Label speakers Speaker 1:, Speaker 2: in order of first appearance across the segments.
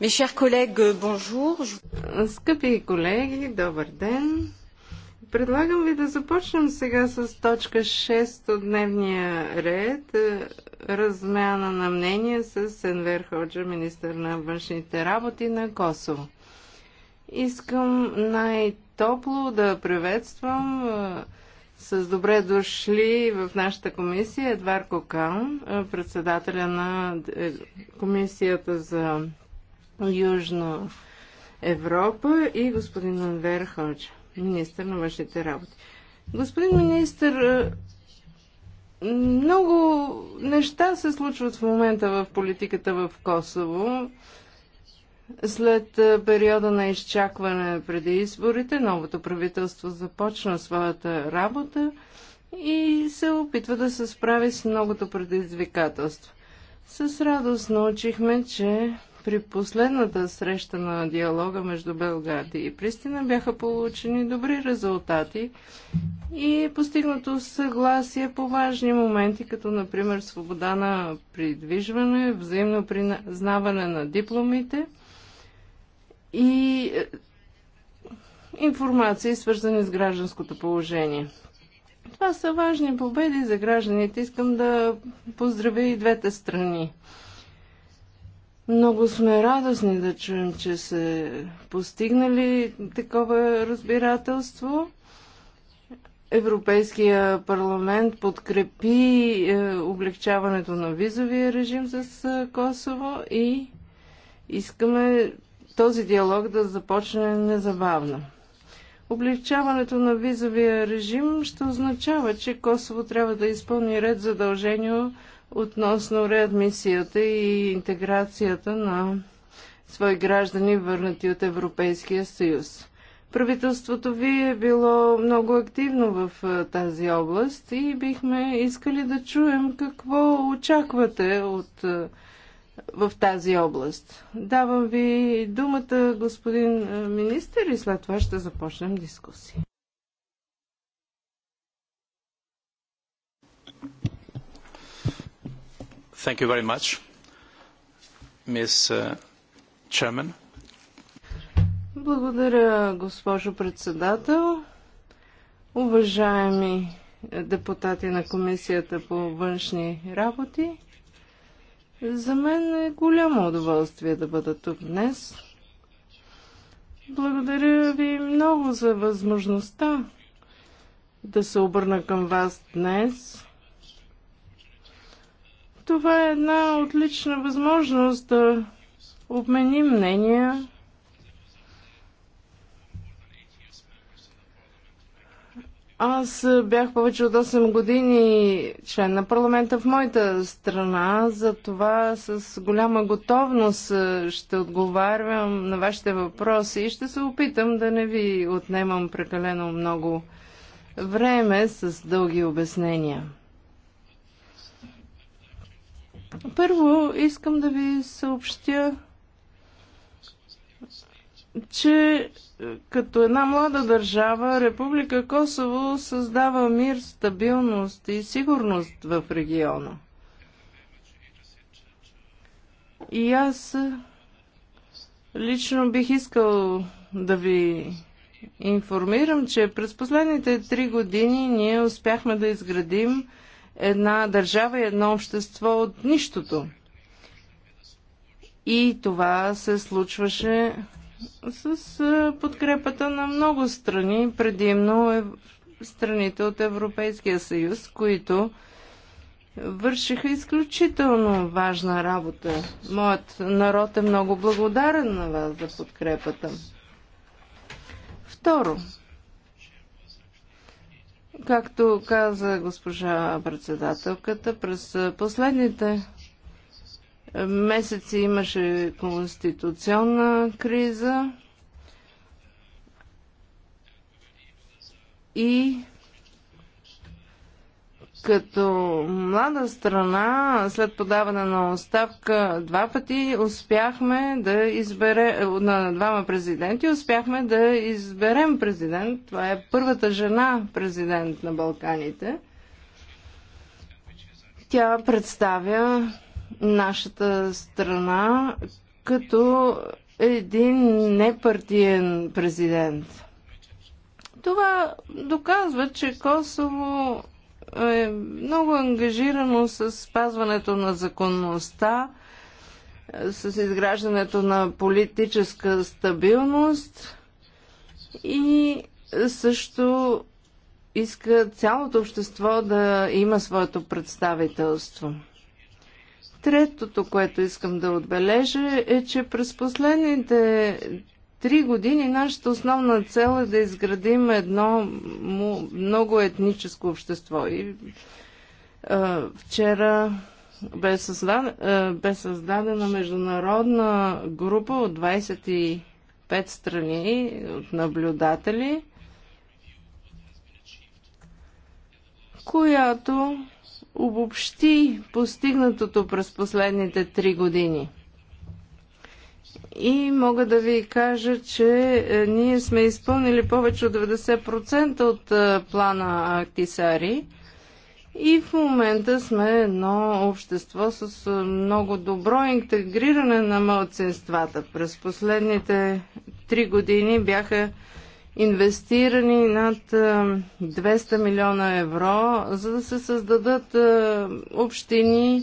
Speaker 1: Mes chers collègues, bonjour. Скъпи колеги, добър ден. Предлагам ви да започнем сега с точка 6 от дневния ред. Размяна на мнение с Енвер Ходжа, министър на външните работи на Косово. Искам най-топло да приветствам с добре дошли в нашата комисия Едвар Кокан, председателя на е, Комисията за Южна Европа и господин Анвер Ходжа, министър на външните работи. Господин министър, е, много неща се случват в момента в политиката в Косово. След е, периода на изчакване преди изборите, новото правителство започна своята работа и се опитва да се справи с многото предизвикателство. С радост научихме, че при последната среща на диалога между Белградия и Пристина бяха получени добри резултати и е постигнато съгласие по важни моменти, като например свобода на придвижване, взаимно признаване на дипломите и е, информации, свързани с гражданското положение. Това са важни победи за гражданите. Искам да поздравя и двете страни. Много сме радостни да чуем, че се постигнали такова разбирателство. Европейския парламент подкрепи е, облегчаването на визовия режим с е, Косово и искаме този диалог да започне незабавно. Облегчаването на визовия режим ще означава, че Косово трябва да изпълни ред задължения относно реадмисията и интеграцията на свои граждани, върнати от Европейския съюз. Правителството ви е било много активно в тази област и бихме искали да чуем какво очаквате от, в тази област. Давам ви думата, господин министър, и след това ще започнем дискусия.
Speaker 2: Thank you very much, Ms. Uh, Chairman.
Speaker 1: Благодаря, госпожо председател. Уважаеми депутати на Комисията по външни работи, за мен е голямо удоволствие да бъда тук днес. Благодаря ви много за възможността да се обърна към вас днес това е една отлична възможност да обменим мнения. Аз бях повече от 8 години член на парламента в моята страна, за това с голяма готовност е, ще отговарям на вашите въпроси и ще се опитам да не ви отнемам прекалено много време с дълги обяснения. Първо искам да ви съобщя, че е, като една млада държава, Република Косово създава мир, стабилност и сигурност в региона. И аз е, лично бих искал да ви информирам, че през последните три години ние успяхме да изградим една държава и едно общество от нищото. И това се случваше с подкрепата на много страни, предимно е, страните от Европейския съюз, които вършиха изключително важна работа. Моят народ е много благодарен на вас за подкрепата. Второ, Както каза госпожа председателката, през последните месеци имаше конституционна криза и като млада страна, след подаване на оставка два пъти успяхме да избере, на двама президенти успяхме да изберем президент. Това е първата жена президент на Балканите. Тя представя нашата страна като един непартиен президент. Това доказва, че Косово е много ангажирано с спазването на законността, с изграждането на политическа стабилност и също иска цялото общество да има своето представителство. Третото, което искам да отбележа е, че през последните три години нашата основна цел е да изградим едно много етническо общество. И а, е, вчера бе, създан, а, е, бе създадена международна група от 25 страни, от наблюдатели, която обобщи постигнатото през последните три години – и мога да ви кажа, че е, ние сме изпълнили повече от 90% от е, плана Актисари. И в момента сме едно общество с е, много добро интегриране на младсинствата. През последните три години бяха инвестирани над 200 милиона евро, за да се създадат общини,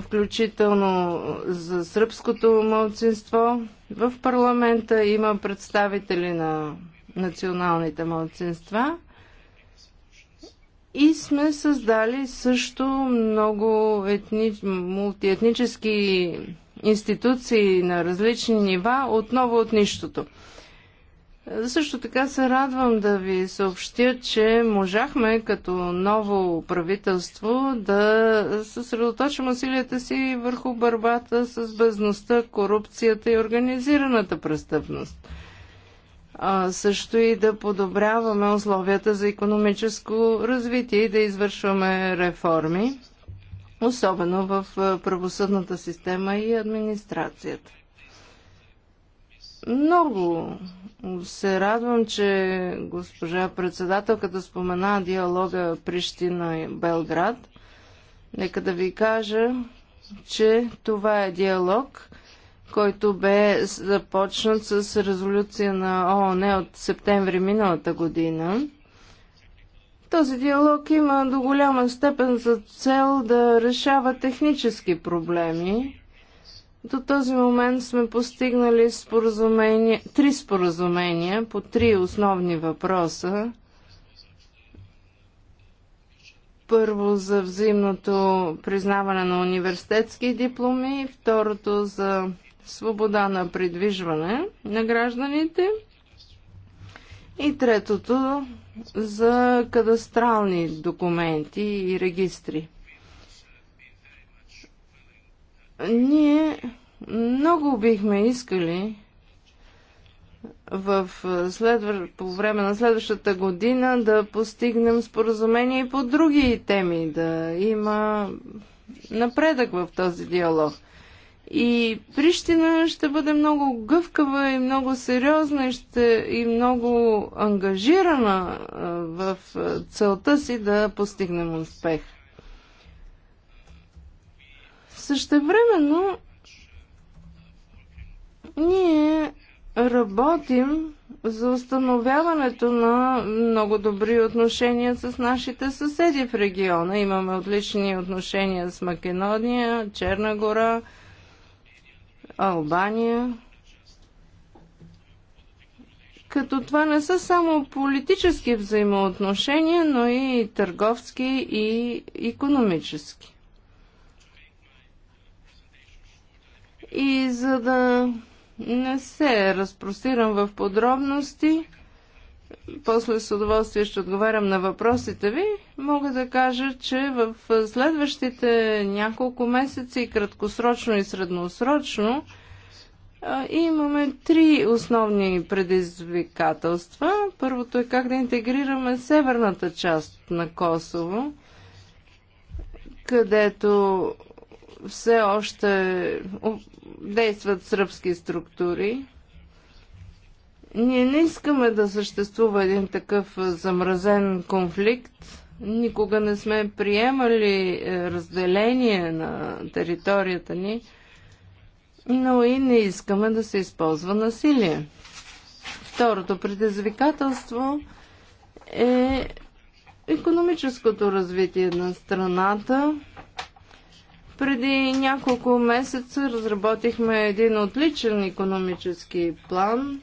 Speaker 1: включително за сръбското младсинство. В парламента има представители на националните младсинства и сме създали също много етни... мултиетнически институции на различни нива, отново от нищото. Също така се радвам да ви съобщя, че можахме като ново правителство да съсредоточим усилията си върху борбата с безността, корупцията и организираната престъпност. А, също и да подобряваме условията за економическо развитие и да извършваме реформи, особено в правосъдната система и администрацията. Много се радвам, че госпожа председателката спомена диалога Прищина-Белград. и Нека да ви кажа, че това е диалог, който бе започнат с резолюция на ООН от септември миналата година. Този диалог има до голяма степен за цел да решава технически проблеми, до този момент сме постигнали споразумение, три споразумения по три основни въпроса. Първо за взаимното признаване на университетски дипломи, второто за свобода на придвижване на гражданите и третото за кадастрални документи и регистри. Ние много бихме искали в следва... по време на следващата година да постигнем споразумение и по други теми, да има напредък в този диалог. И Прищина ще бъде много гъвкава и много сериозна и, ще, и много ангажирана в целта си да постигнем успех. Същевременно ние работим за установяването на много добри отношения с нашите съседи в региона. Имаме отлични отношения с Македония, Черна гора, Албания. Като това не са само политически взаимоотношения, но и търговски и економически. И за да не се разпростирам в подробности, после с удоволствие ще отговарям на въпросите ви, мога да кажа, че в следващите няколко месеца и краткосрочно и средносрочно имаме три основни предизвикателства. Първото е как да интегрираме северната част на Косово, където все още действат сръбски структури. Ние не искаме да съществува един такъв замразен конфликт. Никога не сме приемали е, разделение на територията ни, но и не искаме да се използва насилие. Второто предизвикателство е економическото развитие на страната преди няколко месеца разработихме един отличен економически план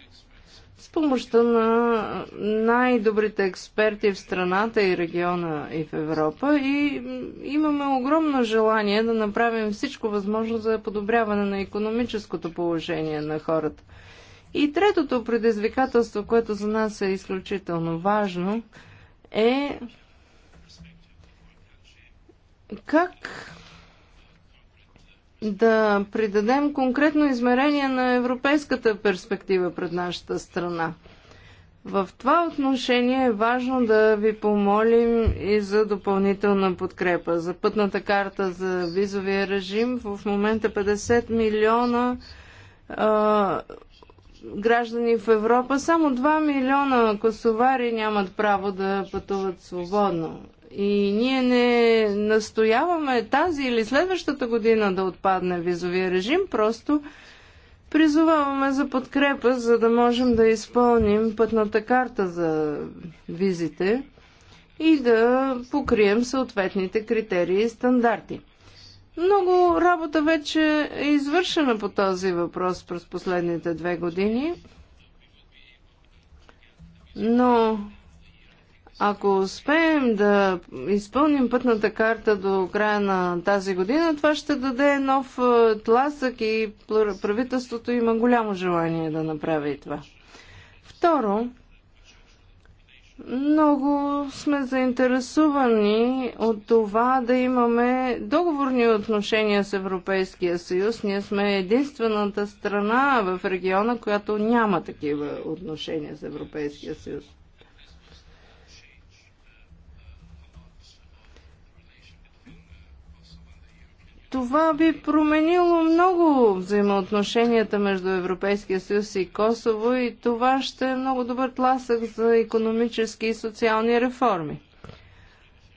Speaker 1: с помощта на най-добрите експерти в страната и региона и в Европа и имаме огромно желание да направим всичко възможно за подобряване на економическото положение на хората. И третото предизвикателство, което за нас е изключително важно, е как да придадем конкретно измерение на европейската перспектива пред нашата страна. В това отношение е важно да ви помолим и за допълнителна подкрепа. За пътната карта за визовия режим в момента 50 милиона а, граждани в Европа, само 2 милиона косовари нямат право да пътуват свободно. И ние не настояваме тази или следващата година да отпадне визовия режим, просто призоваваме за подкрепа, за да можем да изпълним пътната карта за визите и да покрием съответните критерии и стандарти. Много работа вече е извършена по този въпрос през последните две години, но ако успеем да изпълним пътната карта до края на тази година, това ще даде нов е, тласък и правителството има голямо желание да направи това. Второ, много сме заинтересувани от това да имаме договорни отношения с Европейския съюз. Ние сме единствената страна в региона, която няма такива отношения с Европейския съюз. Това би променило много взаимоотношенията между Европейския съюз и Косово и това ще е много добър тласък за економически и социални реформи.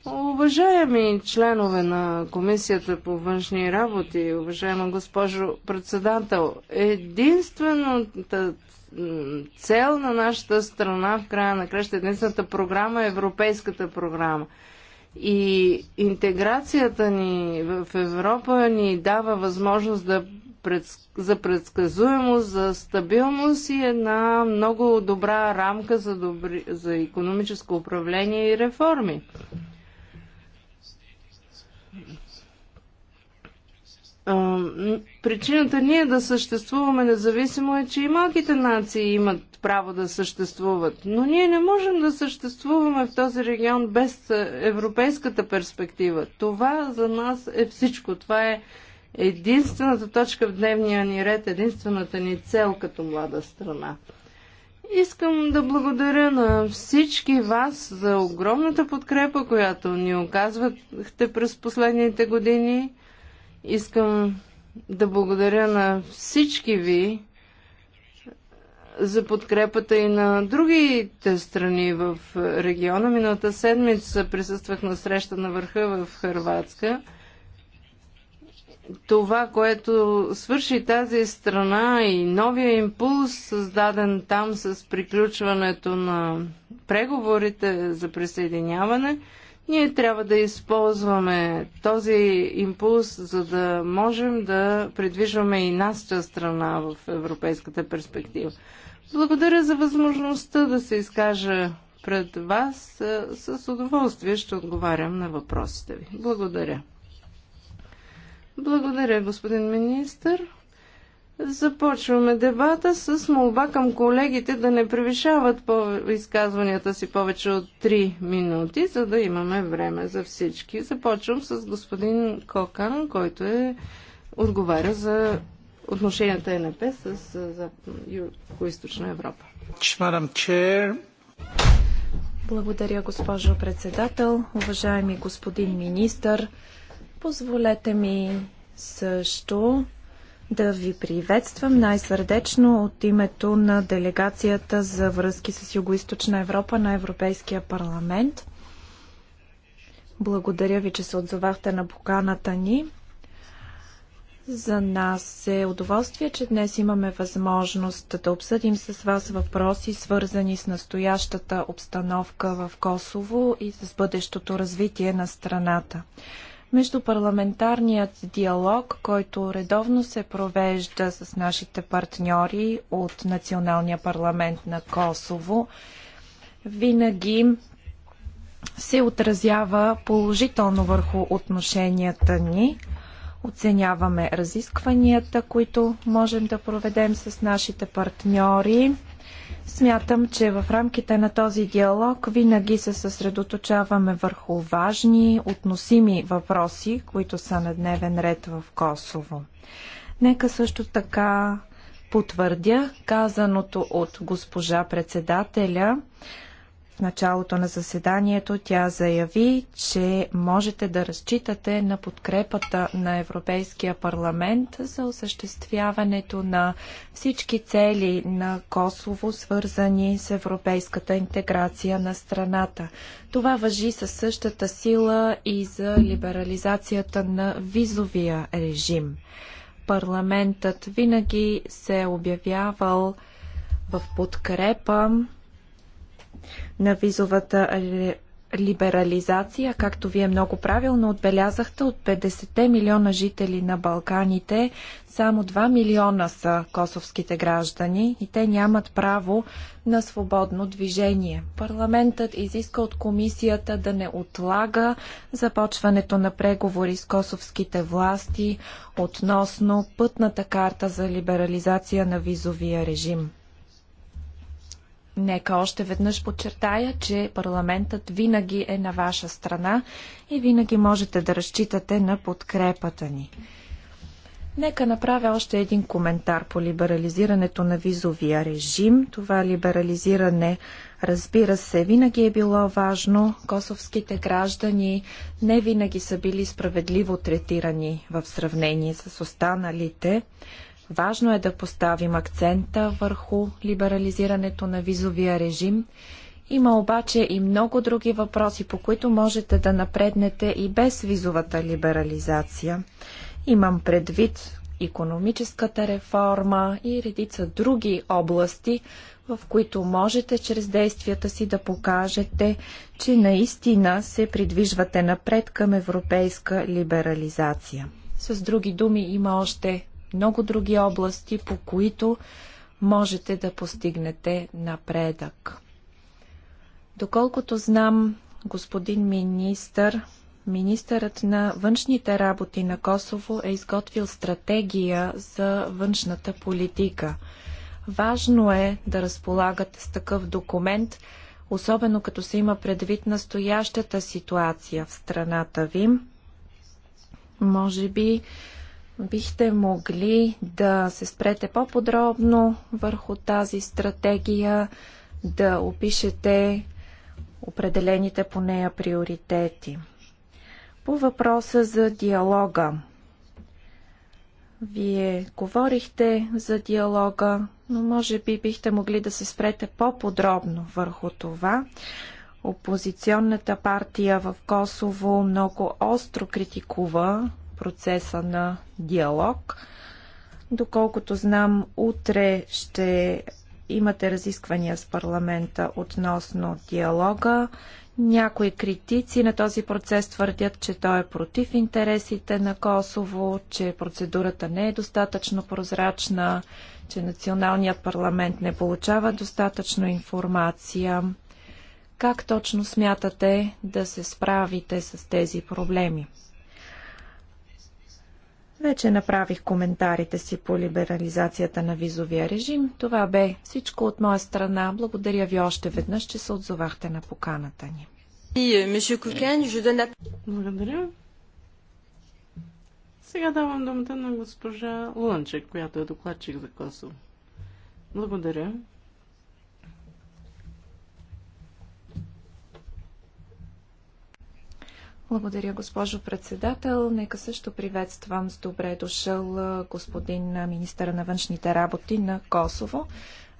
Speaker 1: Уважаеми членове на Комисията по външни работи, уважаема госпожо председател, единствената цел на нашата страна в края на краща, единствената програма е Европейската програма – и интеграцията ни в Европа ни дава възможност да предс... за предсказуемост, за стабилност и една много добра рамка за, добри... за економическо управление и реформи причината ние да съществуваме независимо е, че и малките нации имат право да съществуват. Но ние не можем да съществуваме в този регион без европейската перспектива. Това за нас е всичко. Това е единствената точка в дневния ни ред, единствената ни цел като млада страна. Искам да благодаря на всички вас за огромната подкрепа, която ни оказвахте през последните години. Искам да благодаря на всички ви за подкрепата и на другите страни в региона. Миналата седмица присъствах на среща на върха в Харватска. Това, което свърши тази страна и новия импулс, създаден там с приключването на преговорите за присъединяване – ние трябва да използваме този импулс, за да можем да придвижваме и нашата страна в европейската перспектива. Благодаря за възможността да се изкажа пред вас. С удоволствие ще отговарям на въпросите ви. Благодаря. Благодаря, господин министър. Започваме дебата с молба към колегите да не превишават изказванията си повече от 3 минути, за да имаме време за всички. Започвам с господин Кокан, който е, отговаря за отношенията НП с Юго-Источна Европа.
Speaker 3: Благодаря, госпожо председател, уважаеми господин министър. Позволете ми също да ви приветствам най-сърдечно от името на делегацията за връзки с Юго-Источна Европа на Европейския парламент. Благодаря ви, че се отзовахте на поканата ни. За нас е удоволствие, че днес имаме възможност да обсъдим с вас въпроси, свързани с настоящата обстановка в Косово и с бъдещото развитие на страната. Междупарламентарният диалог, който редовно се провежда с нашите партньори от Националния парламент на Косово, винаги се отразява положително върху отношенията ни. Оценяваме разискванията, които можем да проведем с нашите партньори. Смятам, че в рамките на този диалог винаги се съсредоточаваме върху важни, относими въпроси, които са на дневен ред в Косово. Нека също така потвърдя казаното от госпожа председателя в началото на заседанието тя заяви, че можете да разчитате на подкрепата на Европейския парламент за осъществяването на всички цели на Косово, свързани с европейската интеграция на страната. Това въжи със същата сила и за либерализацията на визовия режим. Парламентът винаги се е обявявал в подкрепа на визовата либерализация, както вие много правилно отбелязахте, от 50 милиона жители на Балканите, само 2 милиона са косовските граждани и те нямат право на свободно движение. Парламентът изиска от комисията да не отлага започването на преговори с косовските власти относно пътната карта за либерализация на визовия режим. Нека още веднъж подчертая, че парламентът винаги е на ваша страна и винаги можете да разчитате на подкрепата ни. Нека направя още един коментар по либерализирането на визовия режим. Това либерализиране, разбира се, винаги е било важно. Косовските граждани не винаги са били справедливо третирани в сравнение с останалите. Важно е да поставим акцента върху либерализирането на визовия режим. Има обаче и много други въпроси, по които можете да напреднете и без визовата либерализация. Имам предвид економическата реформа и редица други области, в които можете чрез действията си да покажете, че наистина се придвижвате напред към европейска либерализация. С други думи, има още много други области, по които можете да постигнете напредък. Доколкото знам, господин министър, министърът на външните работи на Косово е изготвил стратегия за външната политика. Важно е да разполагате с такъв документ, особено като се има предвид настоящата ситуация в страната ви. Може би Бихте могли да се спрете по-подробно върху тази стратегия, да опишете определените по нея приоритети. По въпроса за диалога. Вие говорихте за диалога, но може би бихте могли да се спрете по-подробно върху това. Опозиционната партия в Косово много остро критикува процеса на диалог. Доколкото знам, утре ще имате разисквания с парламента относно диалога. Някои критици на този процес твърдят, че той е против интересите на Косово, че процедурата не е достатъчно прозрачна, че националният парламент не получава достатъчно информация. Как точно смятате да се справите с тези проблеми? Вече направих коментарите си по либерализацията на визовия режим. Това бе всичко от моя страна. Благодаря ви още веднъж, че се отзовахте на поканата ни.
Speaker 1: Благодаря. Сега давам думата на госпожа Лънче, която е докладчик за Косово.
Speaker 3: Благодаря. Благодаря, госпожо председател. Нека също приветствам с добре дошъл господин министъра на външните работи на Косово.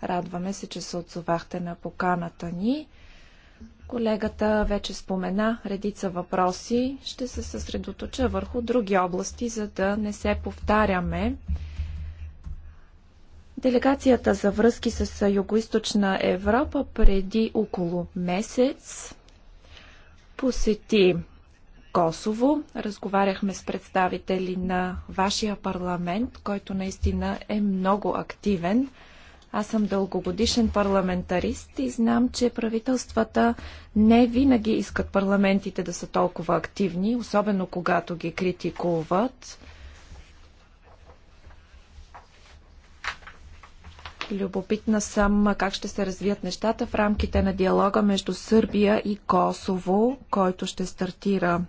Speaker 3: Радваме се, че се отзовахте на поканата ни. Колегата вече спомена редица въпроси. Ще се съсредоточа върху други области, за да не се повтаряме. Делегацията за връзки с Югоизточна Европа преди около месец посети Косово. Разговаряхме с представители на вашия парламент, който наистина е много активен. Аз съм дългогодишен парламентарист и знам, че правителствата не винаги искат парламентите да са толкова активни, особено когато ги критикуват. Любопитна съм как ще се развият нещата в рамките на диалога между Сърбия и Косово, който ще стартира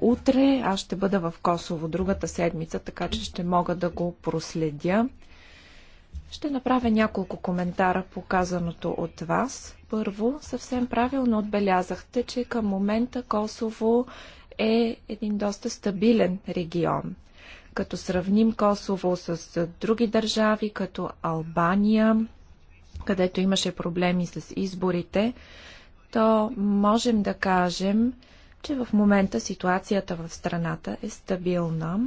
Speaker 3: утре. Аз ще бъда в Косово другата седмица, така че ще мога да го проследя. Ще направя няколко коментара по казаното от вас. Първо, съвсем правилно отбелязахте, че към момента Косово е един доста стабилен регион. Като сравним Косово с други държави, като Албания, където имаше проблеми с изборите, то можем да кажем, че в момента ситуацията в страната е стабилна.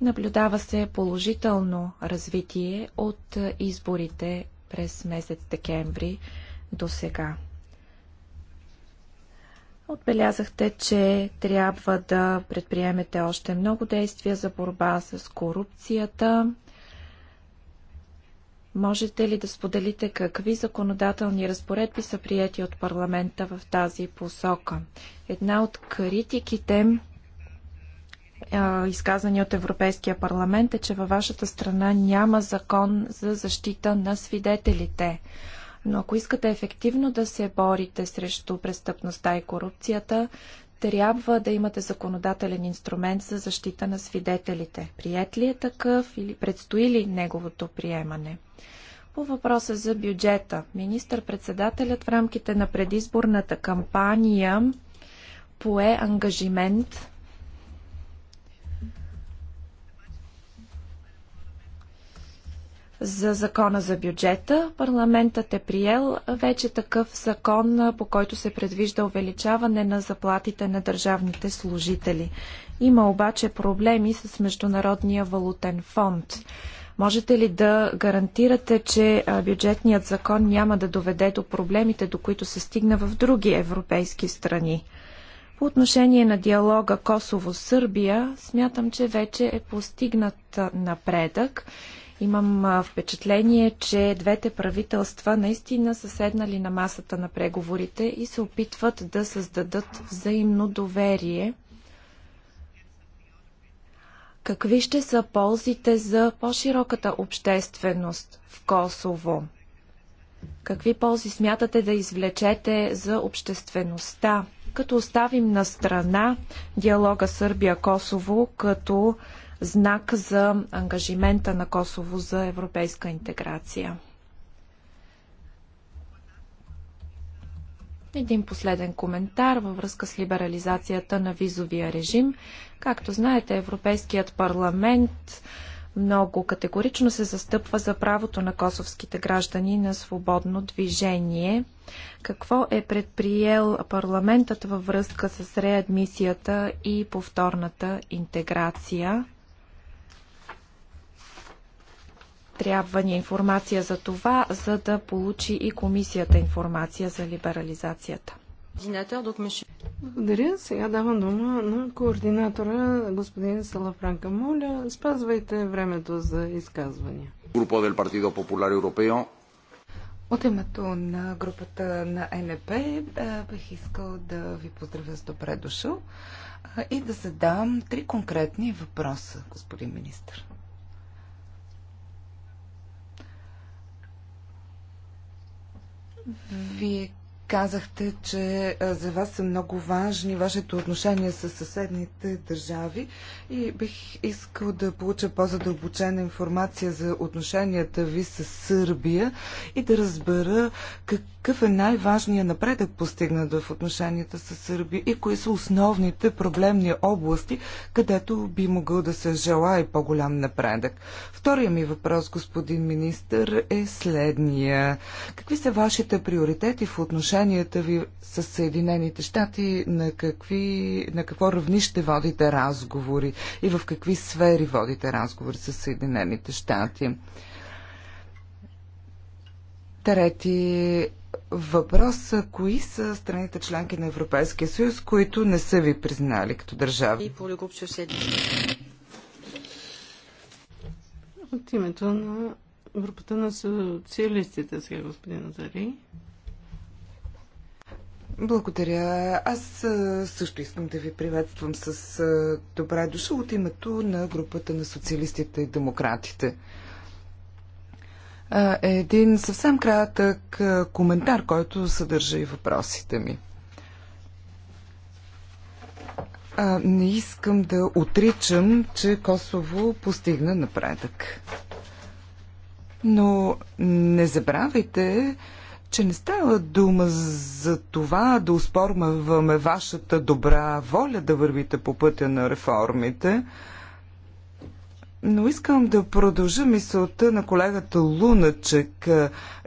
Speaker 3: Наблюдава се положително развитие от изборите през месец декември до сега. Отбелязахте, че трябва да предприемете още много действия за борба с корупцията. Можете ли да споделите какви законодателни разпоредби са прияти от парламента в тази посока? Една от критиките, изказани от Европейския парламент, е, че във вашата страна няма закон за защита на свидетелите. Но ако искате ефективно да се борите срещу престъпността и корупцията, трябва да имате законодателен инструмент за защита на свидетелите. Прият ли е такъв или предстои ли неговото приемане? По въпроса за бюджета, министър-председателят в рамките на предизборната кампания пое ангажимент за закона за бюджета. Парламентът е приел вече такъв закон, по който се предвижда увеличаване на заплатите на държавните служители. Има обаче проблеми с Международния валутен фонд. Можете ли да гарантирате, че бюджетният закон няма да доведе до проблемите, до които се стигна в други европейски страни? По отношение на диалога Косово-Сърбия, смятам, че вече е постигнат напредък Имам впечатление, че двете правителства наистина са седнали на масата на преговорите и се опитват да създадат взаимно доверие. Какви ще са ползите за по-широката общественост в Косово? Какви ползи смятате да извлечете за обществеността? Като оставим на страна диалога Сърбия-Косово като знак за ангажимента на Косово за европейска интеграция. Един последен коментар във връзка с либерализацията на визовия режим. Както знаете, Европейският парламент много категорично се застъпва за правото на косовските граждани на свободно движение. Какво е предприел парламентът във връзка с реадмисията и повторната интеграция? Трябва ни информация за това, за да получи и комисията информация за либерализацията.
Speaker 1: Благодаря. Сега давам дума на координатора господин Салафранка. Моля, спазвайте времето за изказвания.
Speaker 2: Група del партия популяр Европейо.
Speaker 1: От името на групата на НП е,
Speaker 4: бих искал да ви поздравя с добре дошъл е, и да задам три конкретни въпроса, господин министр. Вие Казахте, че за вас са много важни вашето отношение с съседните държави и бих искал да получа по-задълбочена информация за отношенията ви с Сърбия и да разбера какъв е най-важният напредък постигнат в отношенията с Сърбия и кои са основните проблемни области, където би могъл да се желая по-голям напредък. Втория ми въпрос, господин министр, е следния. Какви са вашите приоритети в отношение отношенията ви с Съединените щати, на, какви, на какво равнище водите разговори и в какви сфери водите разговори с Съединените щати? Трети въпрос. Кои са страните членки на Европейския съюз, които не са ви признали като държави?
Speaker 1: От името на групата на социалистите сега, господин Азари.
Speaker 4: Благодаря. Аз също искам да ви приветствам с добра душа от името на групата на социалистите и демократите. Един съвсем кратък коментар, който съдържа и въпросите ми. Не искам да отричам, че Косово постигна напредък. Но не забравяйте, че не става дума за това да успорваме вашата добра воля да вървите по пътя на реформите, но искам да продължа мисълта на колегата Луначек.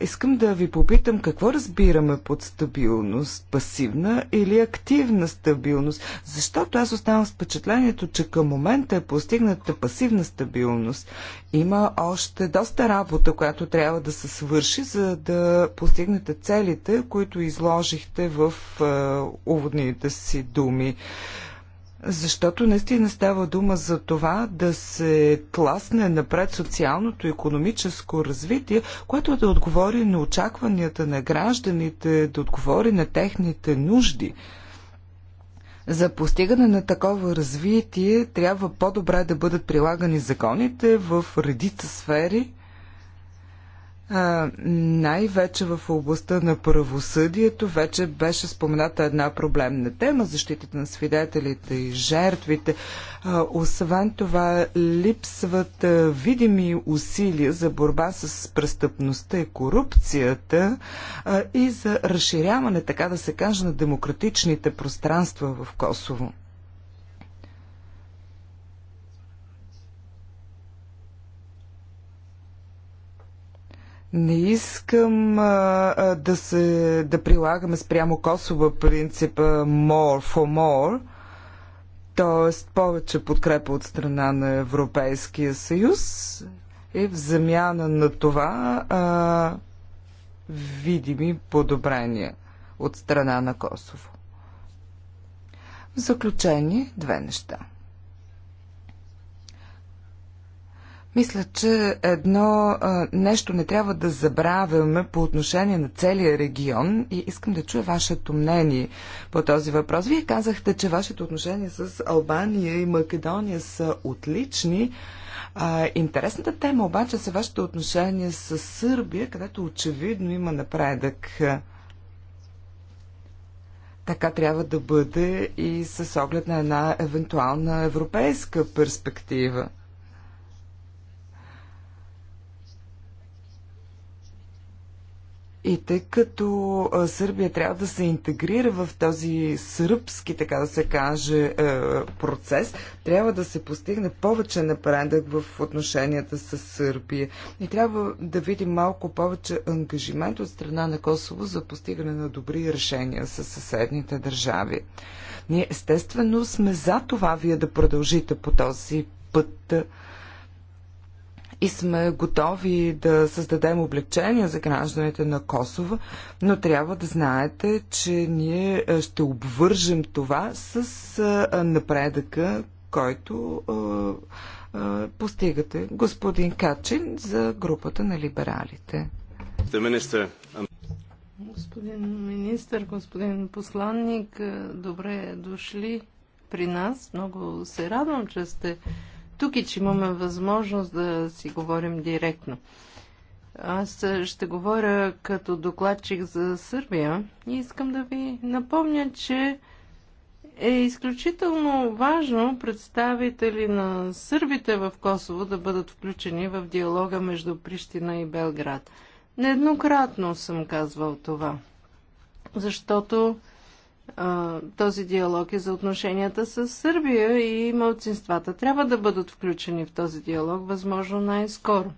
Speaker 4: Искам да ви попитам какво разбираме под стабилност. Пасивна или активна стабилност? Защото аз оставам с впечатлението, че към момента е постигната пасивна стабилност. Има още доста работа, която трябва да се свърши, за да постигнете целите, които изложихте в е, уводните си думи. Защото наистина става дума за това да се тласне напред социалното и економическо развитие, което да отговори на очакванията на гражданите, да отговори на техните нужди. За постигане на такова развитие трябва по-добре да бъдат прилагани законите в редица сфери, най-вече в областта на правосъдието вече беше спомената една проблемна тема защитата на свидетелите и жертвите. А, освен това, липсват а, видими усилия за борба с престъпността и корупцията а, и за разширяване, така да се каже, на демократичните пространства в Косово. Не искам а, а, да, се, да прилагаме спрямо Косово принципа more for more, т.е. повече подкрепа от страна на Европейския съюз и в замяна на това а, видими подобрения от страна на Косово. В заключение две неща – Мисля, че едно а, нещо не трябва да забравяме по отношение на целия регион и искам да чуя вашето мнение по този въпрос. Вие казахте, че вашето отношение с Албания и Македония са отлични. А, интересната тема обаче са вашето отношение с Сърбия, където очевидно има напредък. Така трябва да бъде и с оглед на една евентуална европейска перспектива. И тъй като Сърбия трябва да се интегрира в този сръбски, така да се каже, е, процес, трябва да се постигне повече напредък в отношенията с Сърбия. И трябва да видим малко повече ангажимент от страна на Косово за постигане на добри решения с съседните държави. Ние естествено сме за това вие да продължите по този път и сме готови да създадем облегчения за гражданите на Косово, но трябва да знаете, че ние е, ще обвържем това с е, е, напредъка, който постигате. Господин Качин за групата на либералите.
Speaker 1: Господин министр, господин посланник, добре дошли при нас. Много се радвам, че сте тук и че имаме възможност да си говорим директно. Аз ще говоря като докладчик за Сърбия и искам да ви напомня, че е изключително важно представители на сърбите в Косово да бъдат включени в диалога между Прищина и Белград. Нееднократно съм казвал това, защото този диалог е за отношенията с Сърбия и малцинствата. Трябва да бъдат включени в този диалог, възможно най-скоро.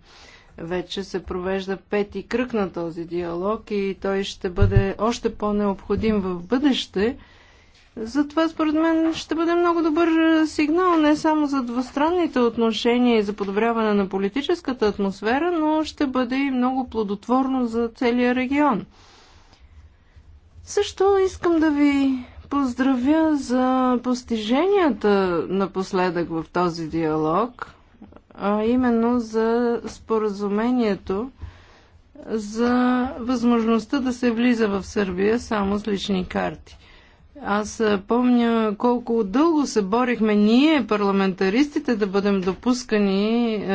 Speaker 1: Вече се провежда пети кръг на този диалог и той ще бъде още по-необходим в бъдеще. Затова, според мен, ще бъде много добър сигнал не само за двустранните отношения и за подобряване на политическата атмосфера, но ще бъде и много плодотворно за целия регион. Също искам да ви поздравя за постиженията напоследък в този диалог, а именно за споразумението за възможността да се влиза в Сърбия само с лични карти. Аз помня колко дълго се борихме ние, парламентаристите, да бъдем допускани е,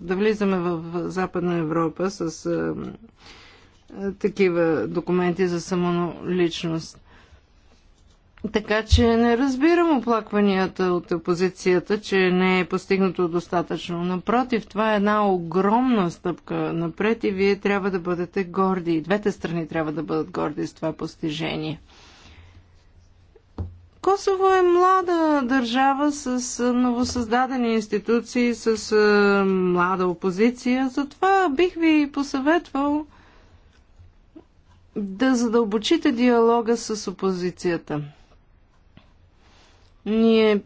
Speaker 1: да влизаме в Западна Европа с е, такива документи за самоличност. Така че не разбирам оплакванията от опозицията, че не е постигнато достатъчно. Напротив, това е една огромна стъпка напред и вие трябва да бъдете горди. И двете страни трябва да бъдат горди с това постижение. Косово е млада държава с новосъздадени институции, с млада опозиция. Затова бих ви посъветвал да задълбочите диалога с опозицията. Ние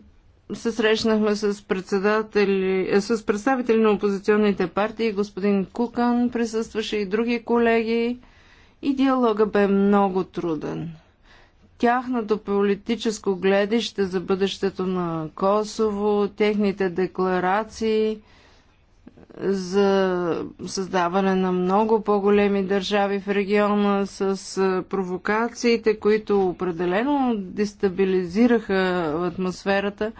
Speaker 1: се срещнахме с, председатели, е, с представители на опозиционните партии, господин Кукан присъстваше и други колеги и диалога бе много труден. Тяхното политическо гледище за бъдещето на Косово, техните декларации – за създаване на много по-големи държави в региона с провокациите, които определено дестабилизираха атмосферата,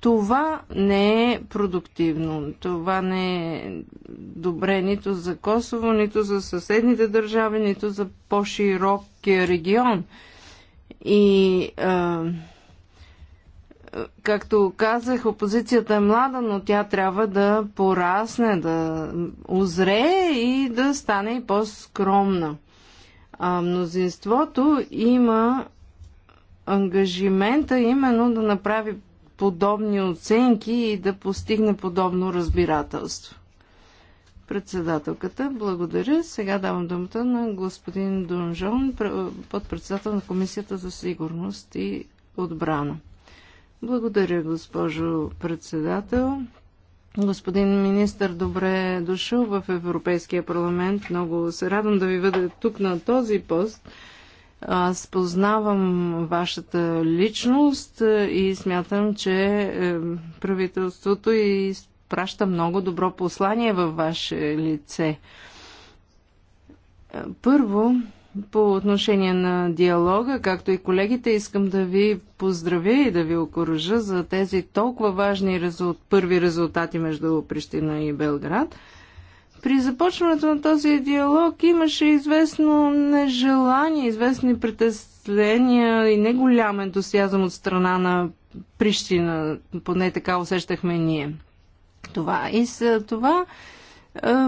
Speaker 1: това не е продуктивно. Това не е добре нито за Косово, нито за съседните държави, нито за по-широкия регион. И а, както казах, опозицията е млада, но тя трябва да порасне, да озрее и да стане и по-скромна. А мнозинството има ангажимента именно да направи подобни оценки и да постигне подобно разбирателство. Председателката, благодаря. Сега давам думата на господин Дунжон, подпредседател на Комисията за сигурност и отбрана. Благодаря, госпожо председател. Господин министр, добре е дошъл в Европейския парламент. Много се радвам да ви бъда тук на този пост. Аз познавам вашата личност е, и смятам, че е, правителството изпраща много добро послание във ваше лице. Е, първо, по отношение на диалога, както и колегите, искам да ви поздравя и да ви окоръжа за тези толкова важни резулт... първи резултати между Прищина и Белград. При започването на този диалог имаше известно нежелание, известни притеснения и неголям ентусиазъм от страна на Прищина, поне така усещахме ние. Това и с това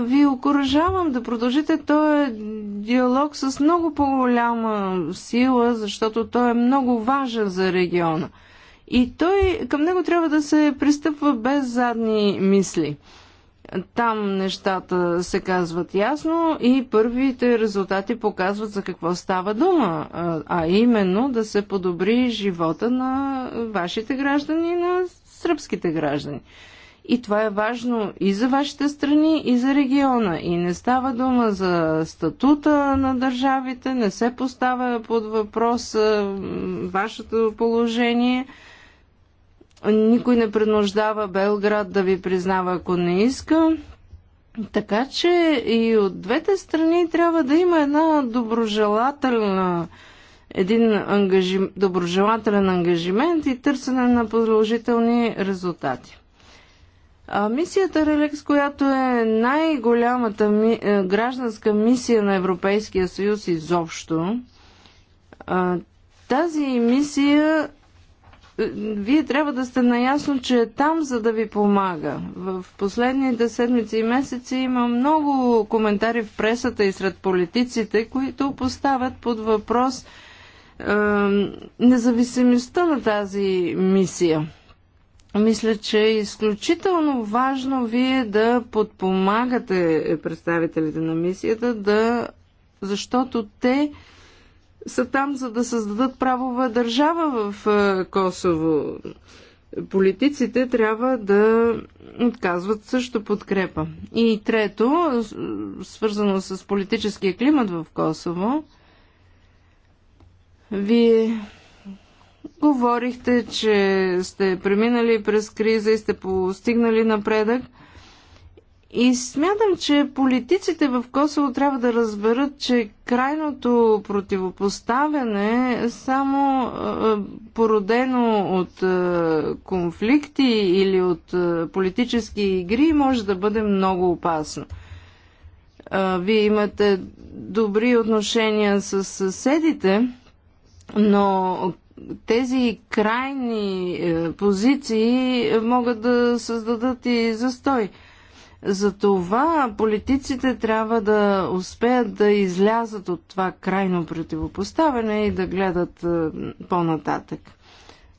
Speaker 1: ви окоръжавам да продължите този е диалог с много по-голяма сила, защото той е много важен за региона. И той, към него трябва да се пристъпва без задни мисли. Там нещата се казват ясно и първите резултати показват за какво става дума, а именно да се подобри живота на вашите граждани и на сръбските граждани. И това е важно и за вашите страни, и за региона. И не става дума за статута на държавите, не се поставя под въпрос вашето положение. Никой не принуждава Белград да ви признава, ако не иска. Така че и от двете страни трябва да има една доброжелателна един ангажим, доброжелателен ангажимент и търсене на положителни резултати. А мисията Релекс, която е най-голямата ми, е, гражданска мисия на Европейския съюз изобщо, а, тази мисия е, вие трябва да сте наясно, че е там, за да ви помага. В последните седмици и месеци има много коментари в пресата и сред политиците, които поставят под въпрос е, независимостта на тази мисия. Мисля, че е изключително важно вие да подпомагате представителите на мисията, да, защото те са там, за да създадат правова държава в е, Косово. Политиците трябва да отказват също подкрепа. И трето, свързано с политическия климат в Косово, вие Говорихте, че сте преминали през криза и сте постигнали напредък. И смятам, че политиците в Косово трябва да разберат, че крайното противопоставяне е само породено от конфликти или от политически игри може да бъде много опасно. Вие имате добри отношения с съседите, но тези крайни е, позиции могат да създадат и застой. Затова политиците трябва да успеят да излязат от това крайно противопоставяне и да гледат е, по-нататък.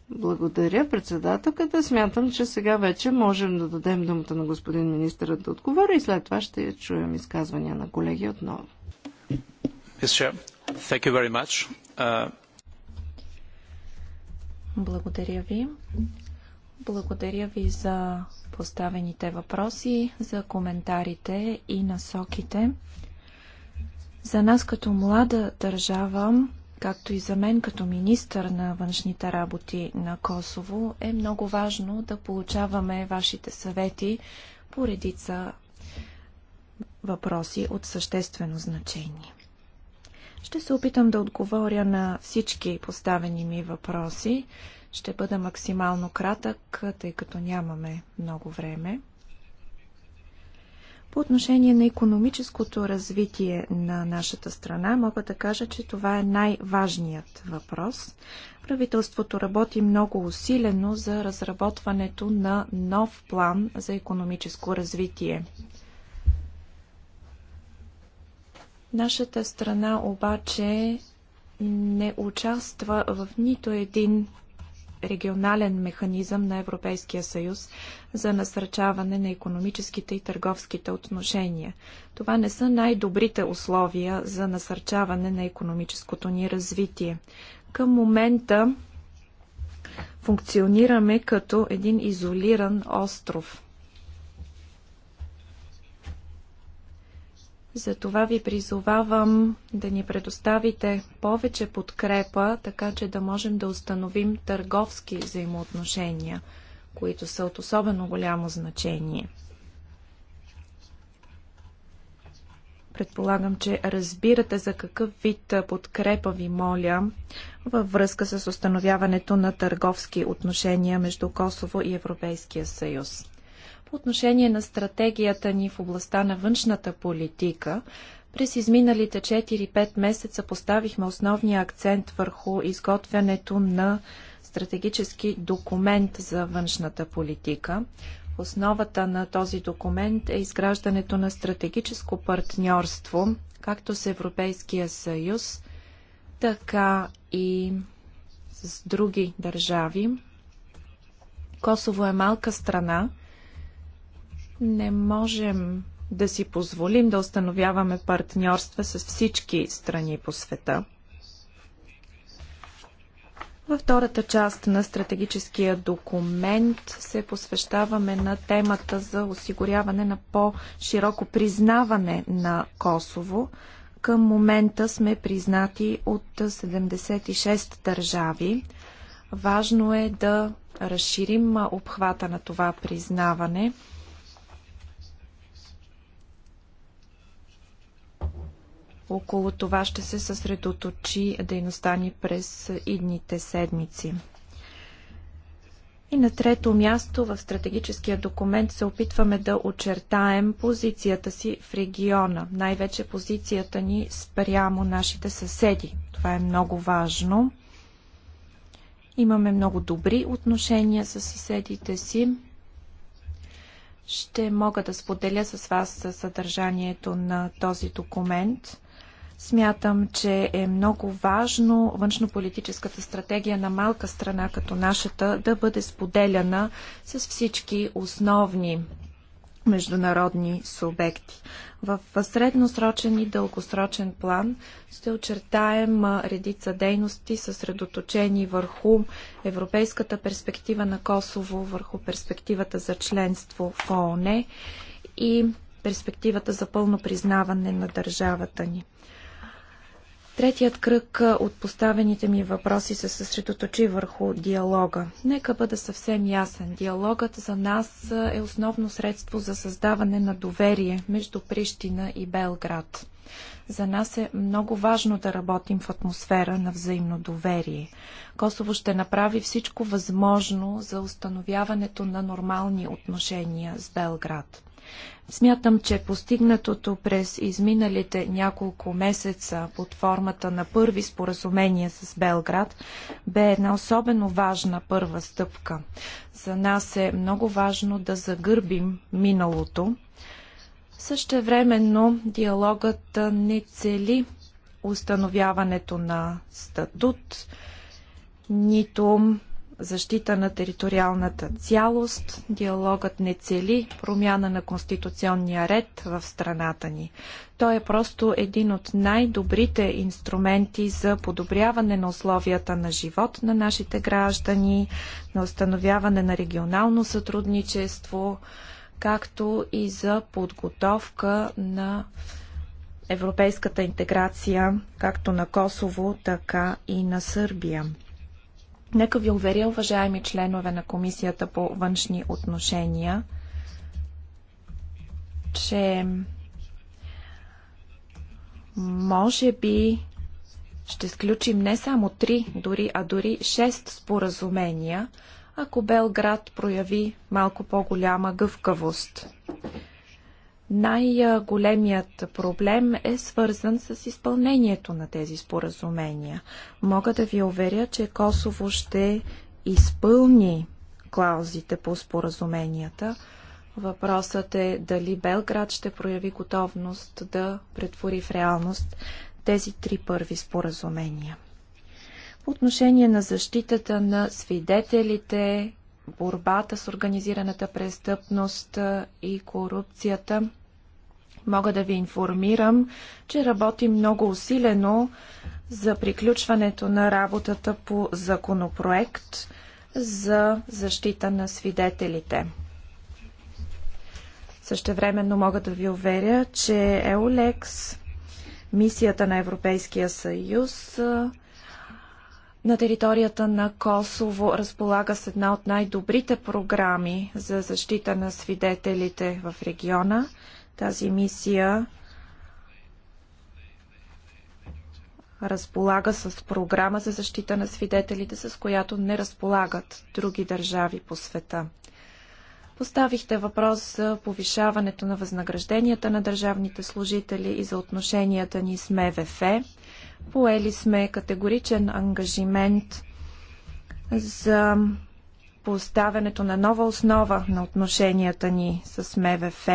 Speaker 1: Благодаря, председателката. Смятам, че сега вече можем да дадем думата на господин министъра да отговори и след това ще чуем изказвания на колеги
Speaker 3: отново. Благодаря ви. Благодаря ви за поставените въпроси, за коментарите и насоките. За нас като млада държава, както и за мен като министър на външните работи на Косово, е много важно да получаваме вашите съвети по редица въпроси от съществено значение. Ще се опитам да отговоря на всички поставени ми въпроси. Ще бъда максимално кратък, тъй като нямаме много време. По отношение на економическото развитие на нашата страна, мога да кажа, че това е най-важният въпрос. Правителството работи много усилено за разработването на нов план за економическо развитие. Нашата страна обаче не участва в нито един регионален механизъм на Европейския съюз за насърчаване на економическите и търговските отношения. Това не са най-добрите условия за насърчаване на економическото ни развитие. Към момента функционираме като един изолиран остров – Затова ви призовавам да ни предоставите повече подкрепа, така че да можем да установим търговски взаимоотношения, които са от особено голямо значение. Предполагам, че разбирате за какъв вид подкрепа ви моля във връзка с установяването на търговски отношения между Косово и Европейския съюз. По отношение на стратегията ни в областта на външната политика, през изминалите 4-5 месеца поставихме основния акцент върху изготвянето на стратегически документ за външната политика. Основата на този документ е изграждането на стратегическо партньорство, както с Европейския съюз, така и с други държави. Косово е малка страна, не можем да си позволим да установяваме партньорства с всички страни по света. Във втората част на стратегическия документ се посвещаваме на темата за осигуряване на по-широко признаване на Косово. Към момента сме признати от 76 държави. Важно е да разширим обхвата на това признаване – Около това ще се съсредоточи дейността ни през идните седмици. И на трето място в стратегическия документ се опитваме да очертаем позицията си в региона, най-вече позицията ни спрямо нашите съседи. Това е много важно. Имаме много добри отношения с съседите си. Ще мога да споделя с вас съдържанието на този документ. Смятам, че е много важно външнополитическата стратегия на малка страна като нашата да бъде споделяна с всички основни международни субекти. В средносрочен и дългосрочен план ще очертаем редица дейности, съсредоточени върху европейската перспектива на Косово, върху перспективата за членство в ООН и перспективата за пълно признаване на държавата ни. Третият кръг от поставените ми въпроси се съсредоточи върху диалога. Нека бъда съвсем ясен. Диалогът за нас е основно средство за създаване на доверие между Прищина и Белград. За нас е много важно да работим в атмосфера на взаимно доверие. Косово ще направи всичко възможно за установяването на нормални отношения с Белград. Смятам, че постигнатото през изминалите няколко месеца под формата на първи споразумения с Белград бе една особено важна първа стъпка. За нас е много важно да загърбим миналото. Същевременно диалогът не цели установяването на статут, нито защита на териториалната цялост. Диалогът не цели промяна на конституционния ред в страната ни. Той е просто един от най-добрите инструменти за подобряване на условията на живот на нашите граждани, на установяване на регионално сътрудничество, както и за подготовка на европейската интеграция както на Косово, така и на Сърбия. Нека ви уверя, уважаеми членове на Комисията по външни отношения, че може би ще сключим не само три, дори, а дори шест споразумения, ако Белград прояви малко по-голяма гъвкавост. Най-големият проблем е свързан с изпълнението на тези споразумения. Мога да ви уверя, че Косово ще изпълни клаузите по споразуменията. Въпросът е дали Белград ще прояви готовност да претвори в реалност тези три първи споразумения. По отношение на защитата на свидетелите, борбата с организираната престъпност и корупцията. Мога да ви информирам, че работим много усилено за приключването на работата по законопроект за защита на свидетелите. Същевременно мога да ви уверя, че Еолекс, мисията на Европейския съюз, на територията на Косово разполага с една от най-добрите програми за защита на свидетелите в региона. Тази мисия разполага с програма за защита на свидетелите, с която не разполагат други държави по света. Поставихте въпрос за повишаването на възнагражденията на държавните служители и за отношенията ни с МВФ. Поели сме категоричен ангажимент за поставянето на нова основа на отношенията ни с МВФ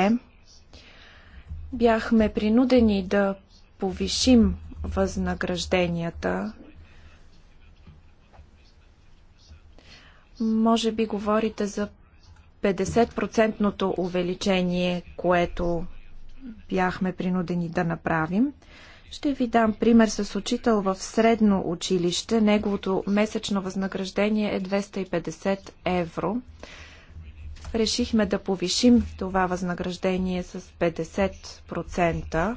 Speaker 3: бяхме принудени да повишим възнагражденията. Може би говорите за 50 увеличение, което бяхме принудени да направим. Ще ви дам пример с учител в средно училище. Неговото месечно възнаграждение е 250 евро. Решихме да повишим това възнаграждение с 50%,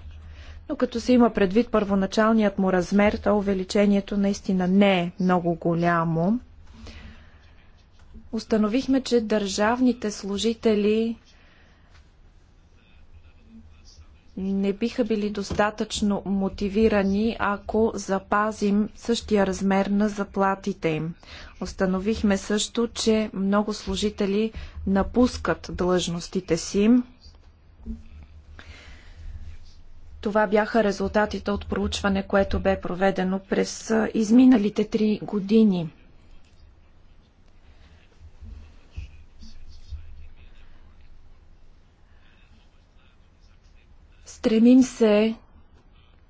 Speaker 3: но като се има предвид първоначалният му размер, то увеличението наистина не е много голямо. Установихме, че държавните служители не биха били достатъчно мотивирани, ако запазим същия размер на заплатите им. Установихме също, че много служители напускат длъжностите си. Това бяха резултатите от проучване, което бе проведено през изминалите три години. Стремим се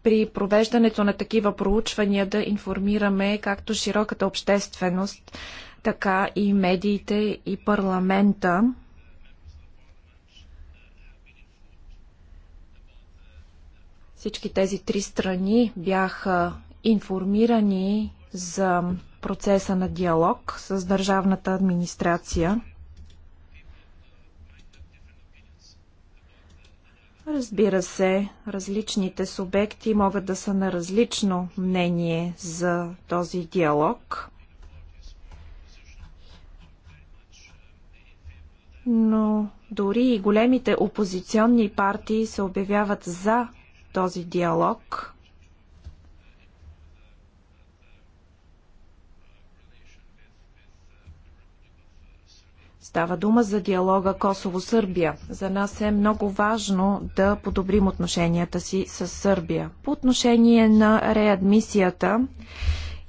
Speaker 3: при провеждането на такива проучвания да информираме както широката общественост, така и медиите и парламента. Всички тези три страни бяха информирани за процеса на диалог с държавната администрация. Разбира се, различните субекти могат да са на различно мнение за този диалог. Но дори и големите опозиционни партии се обявяват за този диалог. Става дума за диалога Косово-Сърбия. За нас е много важно да подобрим отношенията си с Сърбия. По отношение на реадмисията,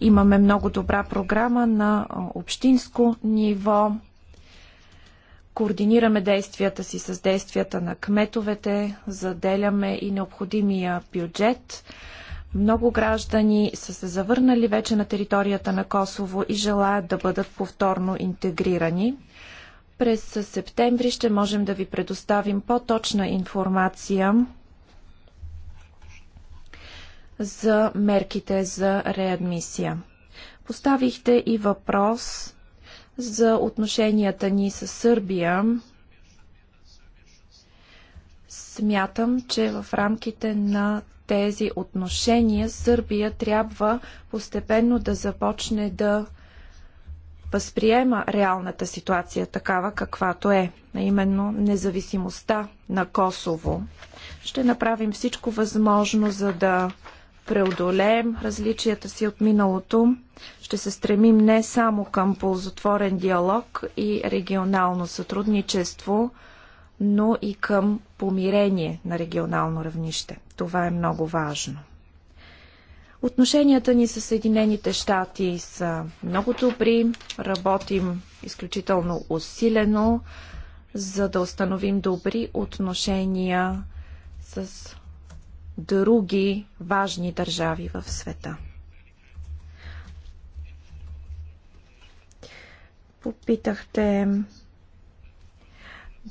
Speaker 3: имаме много добра програма на общинско ниво. Координираме действията си с действията на кметовете, заделяме и необходимия бюджет. Много граждани са се завърнали вече на територията на Косово и желаят да бъдат повторно интегрирани. През септември ще можем да ви предоставим по-точна информация за мерките за реадмисия. Поставихте и въпрос за отношенията ни с Сърбия. Смятам, че в рамките на тези отношения Сърбия трябва постепенно да започне да възприема реалната ситуация такава каквато е, а именно независимостта на Косово. Ще направим всичко възможно, за да преодолеем различията си от миналото. Ще се стремим не само към ползотворен диалог и регионално сътрудничество, но и към помирение на регионално равнище. Това е много важно. Отношенията ни с Съединените щати са много добри, работим изключително усилено, за да установим добри отношения с други важни държави в света. Попитахте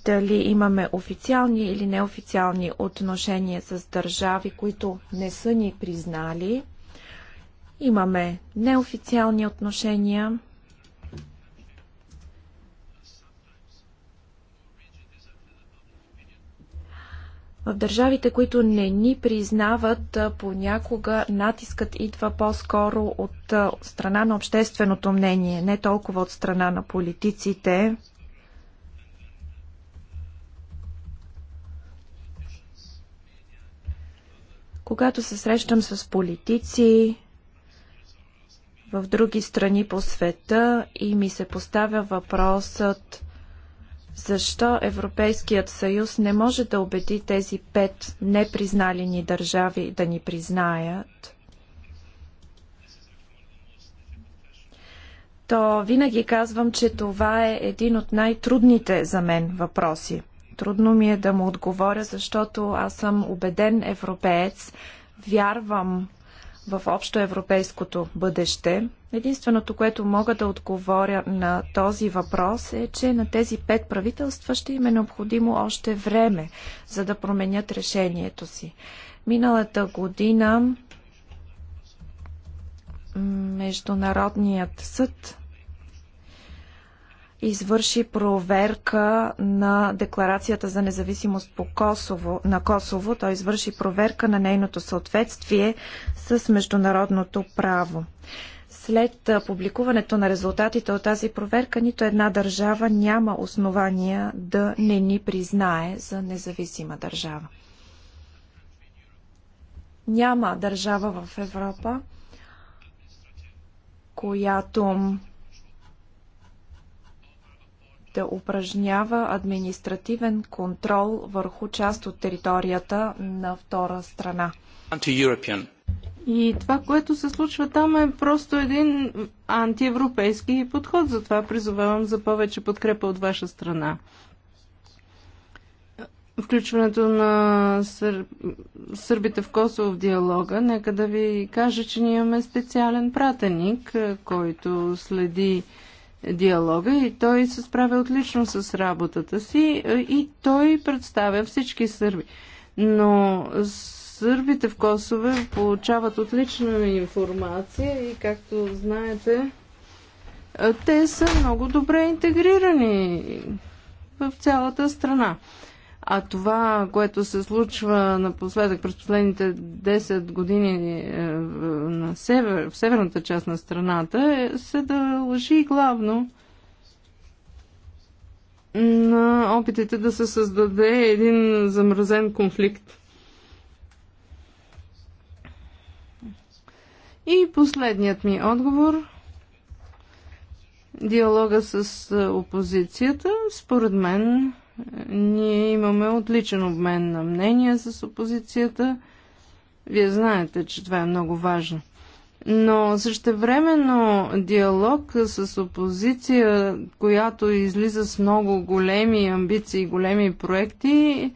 Speaker 3: дали имаме официални или неофициални отношения с държави, които не са ни признали. Имаме неофициални отношения. В държавите, които не ни признават, понякога натискът идва по-скоро от страна на общественото мнение, не толкова от страна на политиците. Когато се срещам с политици, в други страни по света и ми се поставя въпросът защо Европейският съюз не може да убеди тези пет непризнали ни държави да ни признаят. То винаги казвам, че това е един от най-трудните за мен въпроси. Трудно ми е да му отговоря, защото аз съм убеден европеец, вярвам в общоевропейското бъдеще. Единственото, което мога да отговоря на този въпрос е, че на тези пет правителства ще им е необходимо още време, за да променят решението си. Миналата година Международният съд извърши проверка на декларацията за независимост по Косово, на Косово. Той извърши проверка на нейното съответствие с международното право. След публикуването на резултатите от тази проверка, нито една държава няма основания да не ни признае за независима държава. Няма държава в Европа, която да упражнява административен контрол върху част от територията на втора страна. И това, което се случва там е просто един антиевропейски
Speaker 1: подход. Затова призовавам за повече подкрепа от ваша страна. Включването на сър... сърбите в Косово в диалога, нека да ви кажа, че ние имаме специален пратеник, който следи диалога и той се справя отлично с работата си е, и той представя всички сърби. Но сърбите в Косове получават отлична информация и както знаете, е, те са много добре интегрирани в цялата страна. А това, което се случва напоследък през последните 10 години е, на север, в северната част на страната, е, се дължи главно на опитите да се създаде един замразен конфликт. И последният ми отговор диалога с е, опозицията, според мен, ние имаме отличен обмен на мнения с опозицията. Вие знаете, че това е много важно. Но същевременно диалог с опозиция, която излиза с много големи амбиции и големи проекти,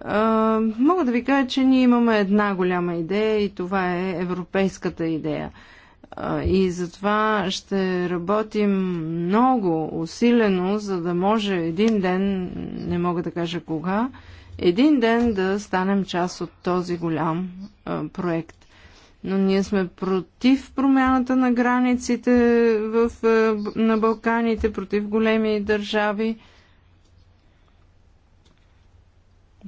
Speaker 1: а, мога да ви кажа, че ние имаме една голяма идея и това е европейската идея – и затова ще работим много усилено, за да може един ден, не мога да кажа кога, един ден да станем част от този голям проект. Но ние сме против промяната на границите в, на Балканите, против големи държави,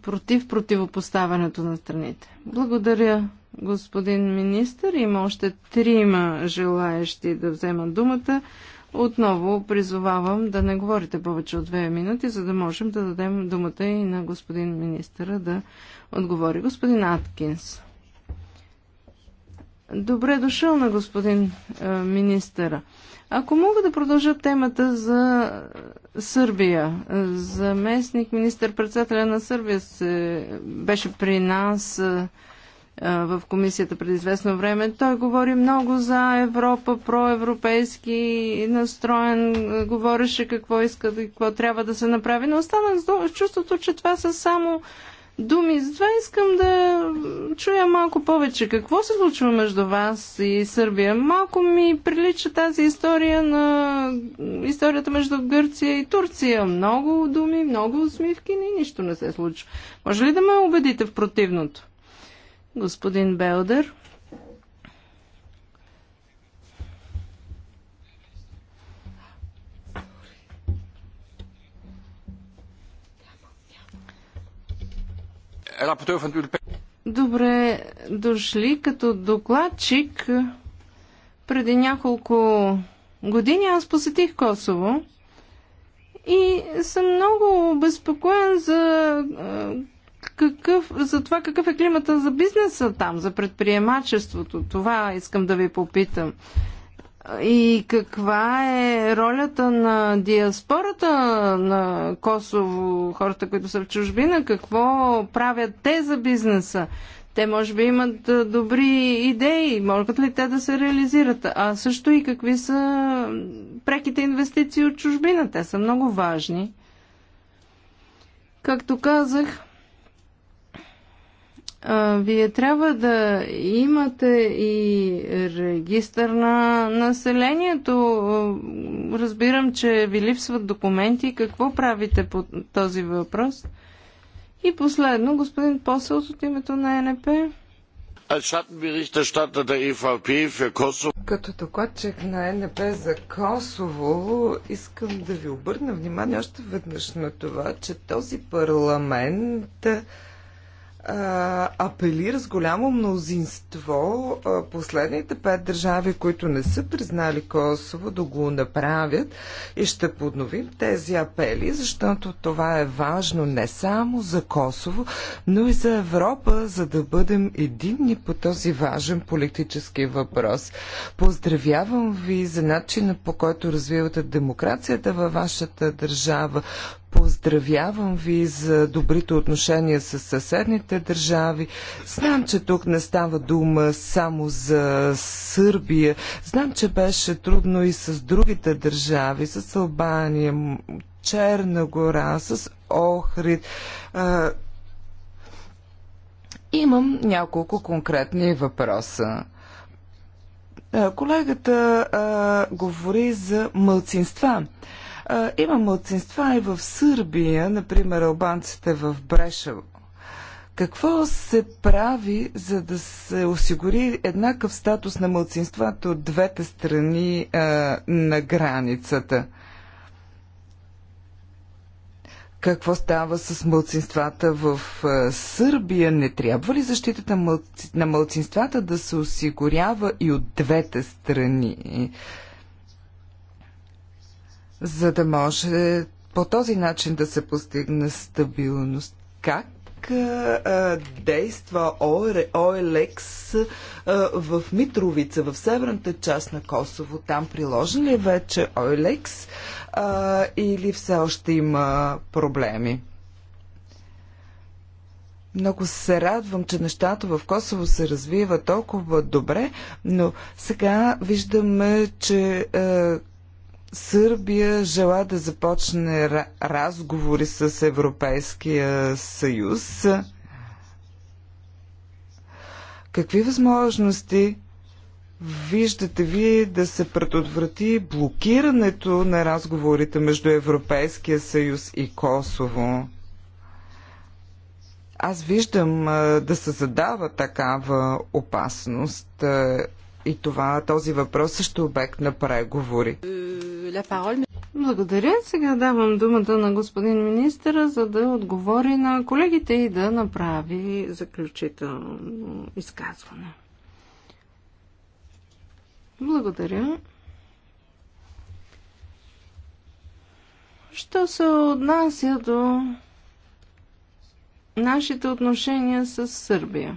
Speaker 1: против противопоставянето на страните. Благодаря господин министр. Има още трима желаещи да вземат думата. Отново призовавам да не говорите повече от две минути, за да можем да дадем думата и на господин министъра да отговори. Господин Аткинс. Добре дошъл на господин е, министъра. Ако мога да продължа темата за е, Сърбия. Заместник министър-председателя на Сърбия се, беше при нас. Е, в комисията преди известно време. Той говори много за Европа, проевропейски настроен, говореше какво иска, какво трябва да се направи, но останах с чувството, че това са само думи. Затова искам да чуя малко повече. Какво се случва между вас и Сърбия? Малко ми прилича тази история на историята между Гърция и Турция. Много думи, много усмивки, ни нищо не се случва. Може ли да ме убедите в противното? господин Белдер. Добре дошли като докладчик. Преди няколко години аз посетих Косово и съм много обезпокоен за какъв, за това какъв е климата за бизнеса там, за предприемачеството. Това искам да ви попитам. И каква е ролята на диаспората на Косово, хората, които са в чужбина, какво правят те за бизнеса? Те може би имат добри идеи, могат ли те да се реализират? А също и какви са преките инвестиции от чужбина? Те са много важни. Както казах, вие трябва да имате и регистър на населението. Разбирам, че ви липсват документи. Какво правите по този въпрос? И последно, господин Посълт от името на НП. E Като докладчик на НП за
Speaker 4: Косово, искам да ви обърна внимание още веднъж на това, че този парламент апелира с голямо мнозинство последните пет държави, които не са признали Косово, да го направят и ще подновим тези апели, защото това е важно не само за Косово, но и за Европа, за да бъдем единни по този важен политически въпрос. Поздравявам ви за начина по който развивате демокрацията във вашата държава. Поздравявам ви за добрите отношения с съседните държави. Знам, че тук не става дума само за Сърбия. Знам, че беше трудно и с другите държави, с Албания, Черна гора, с Охрид. Имам няколко конкретни въпроса. Колегата а, говори за мълцинства. А, има младсинства и в Сърбия, например албанците в Брешево. Какво се прави, за да се осигури еднакъв статус на младсинствата от двете страни а, на границата? Какво става с мълцинствата в Сърбия? Не трябва ли защитата на мълцинствата да се осигурява и от двете страни? за да може по този начин да се постигне стабилност. Как действа ОЛЕКС в Митровица, в северната част на Косово. Там приложен ли е вече ОЛЕКС или все още има проблеми? Много се радвам, че нещата в Косово се развиват толкова добре, но сега виждаме, че Сърбия жела да започне разговори с Европейския съюз. Какви възможности виждате ви да се предотврати блокирането на разговорите между Европейския съюз и Косово? Аз виждам да се задава такава опасност и това, този въпрос също е обект на преговори.
Speaker 1: Е, Благодаря. Сега давам думата на господин министъра, за да отговори на колегите и да направи заключително изказване. Благодаря. Що се отнася до нашите отношения с Сърбия?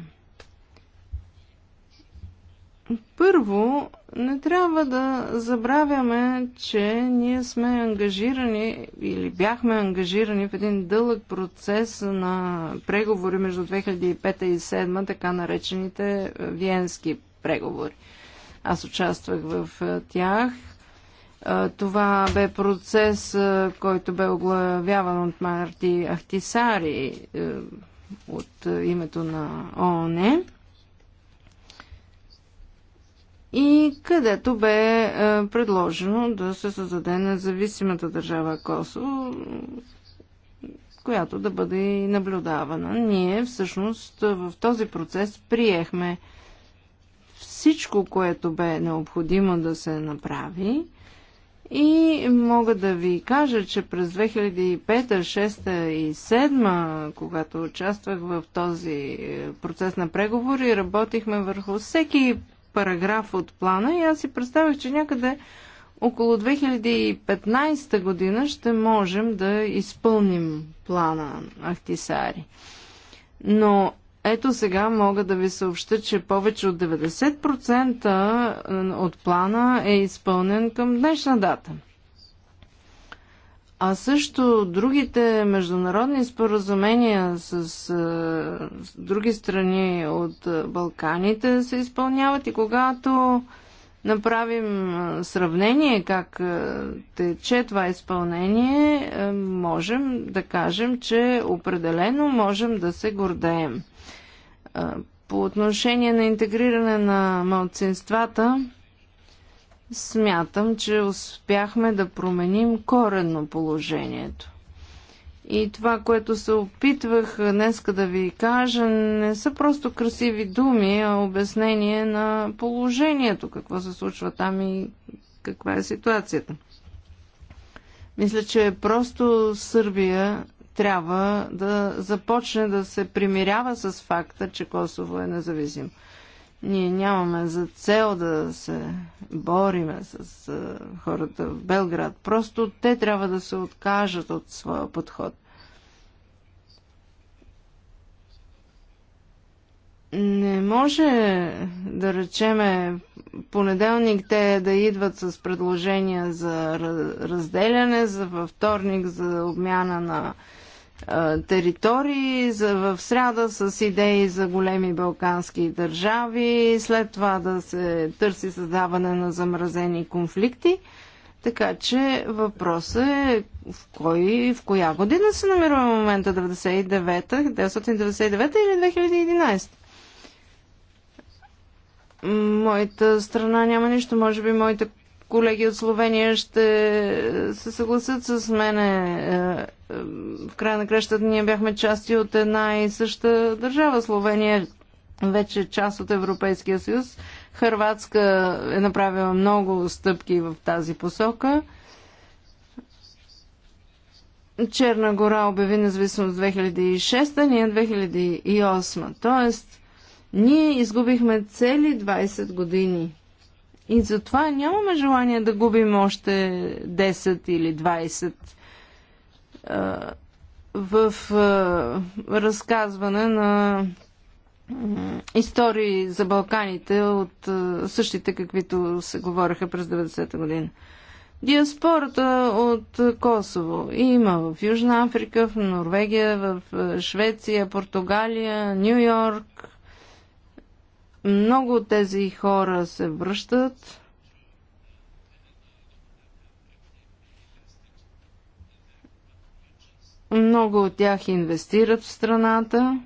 Speaker 1: Първо, не трябва да забравяме, че ние сме ангажирани или бяхме ангажирани в един дълъг процес на преговори между 2005 и 2007, така наречените е, виенски преговори. Аз участвах в е, тях. Е, това бе процес, който бе оглавяван от Марти Ахтисари от името на ООН и където бе е, предложено да се създаде независимата държава Косово, която да бъде и наблюдавана. Ние всъщност в този процес приехме всичко, което бе необходимо да се направи. И мога да ви кажа, че през 2005, 2006 и 2007, когато участвах в този е, процес на преговори, работихме върху всеки параграф от плана и аз си представях, че някъде около 2015 година ще можем да изпълним плана Ахтисари. Но ето сега мога да ви съобща, че повече от 90% е, от плана е изпълнен към днешна дата – а също другите международни споразумения с, с други страни от Балканите се изпълняват и когато направим сравнение как тече това изпълнение, можем да кажем, че определено можем да се гордеем. По отношение на интегриране на малцинствата, смятам, че успяхме да променим коренно положението. И това, което се опитвах днеска да ви кажа, не са просто красиви думи, а обяснение на положението, какво се случва там и каква е ситуацията. Мисля, че просто Сърбия трябва да започне да се примирява с факта, че Косово е независим. Ние нямаме за цел да се бориме с хората в Белград. Просто те трябва да се откажат от своя подход. Не може да речеме понеделник те да идват с предложения за разделяне, за във вторник за обмяна на територии, за, в сряда с идеи за големи балкански държави, след това да се търси създаване на замразени конфликти. Така че въпросът е в, кой, в коя година се намираме в момента? 99-та, или 2011? Моята страна няма нищо. Може би моите колеги от Словения ще се съгласят с мене. Е, е, в края на кращата ние бяхме части от една и съща държава. Словения вече е част от Европейския съюз. Хърватска е направила много стъпки в тази посока. Черна гора обяви независимост 2006, ние 2008. Тоест, ние изгубихме цели 20 години. И затова нямаме желание да губим още 10 или 20 в разказване на истории за Балканите от същите, каквито се говореха през 90-та година. Диаспората от Косово има в Южна Африка, в Норвегия, в Швеция, Португалия, Нью Йорк, много от тези хора се връщат. Много от тях инвестират в страната,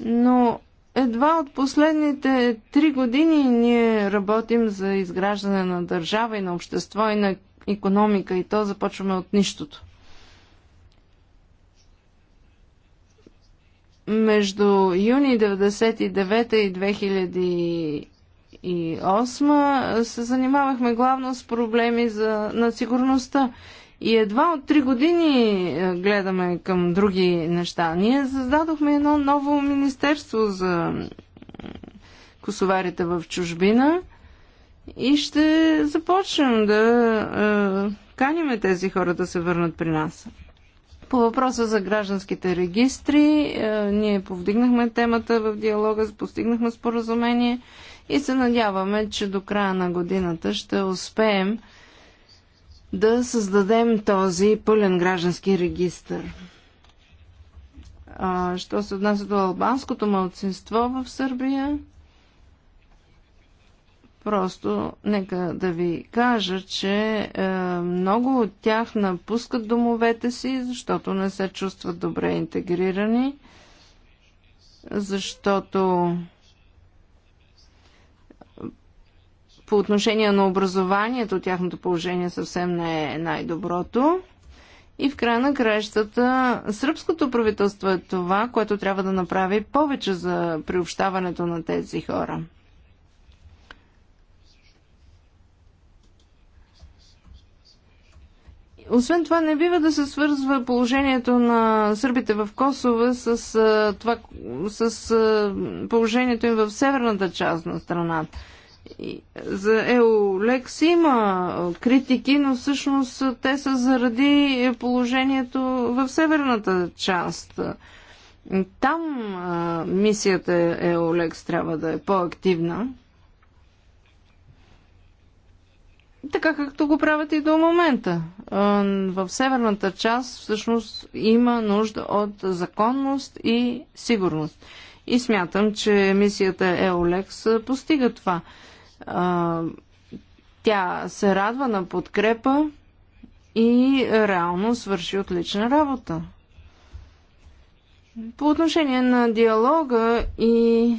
Speaker 1: но едва от последните три години ние работим за изграждане на държава и на общество и на економика и то започваме от нищото. между юни 1999 и 2008 се занимавахме главно с проблеми за, на сигурността. И едва от три години е, гледаме към други неща. Ние създадохме едно ново министерство за косоварите в чужбина и ще започнем да е, каниме тези хора да се върнат при нас. По въпроса за гражданските регистри, е, ние повдигнахме темата в диалога, постигнахме споразумение и се надяваме, че до края на годината ще успеем да създадем този пълен граждански регистр. А, що се отнася до албанското мълцинство в Сърбия, Просто нека да ви кажа, че е, много от тях напускат домовете си, защото не се чувстват добре интегрирани, защото по отношение на образованието тяхното положение съвсем не е най-доброто. И в края на краищата сръбското правителство е това, което трябва да направи повече за приобщаването на тези хора. Освен това, не бива да се свързва положението на сърбите в Косово с, това, с положението им в северната част на страната. За Еолекс има критики, но всъщност те са заради положението в северната част. Там а, мисията Еолекс трябва да е по-активна. така както го правят и до момента. В северната част всъщност има нужда от законност и сигурност. И смятам, че мисията Еолекс постига това. Тя се радва на подкрепа и реално свърши отлична работа. По отношение на диалога и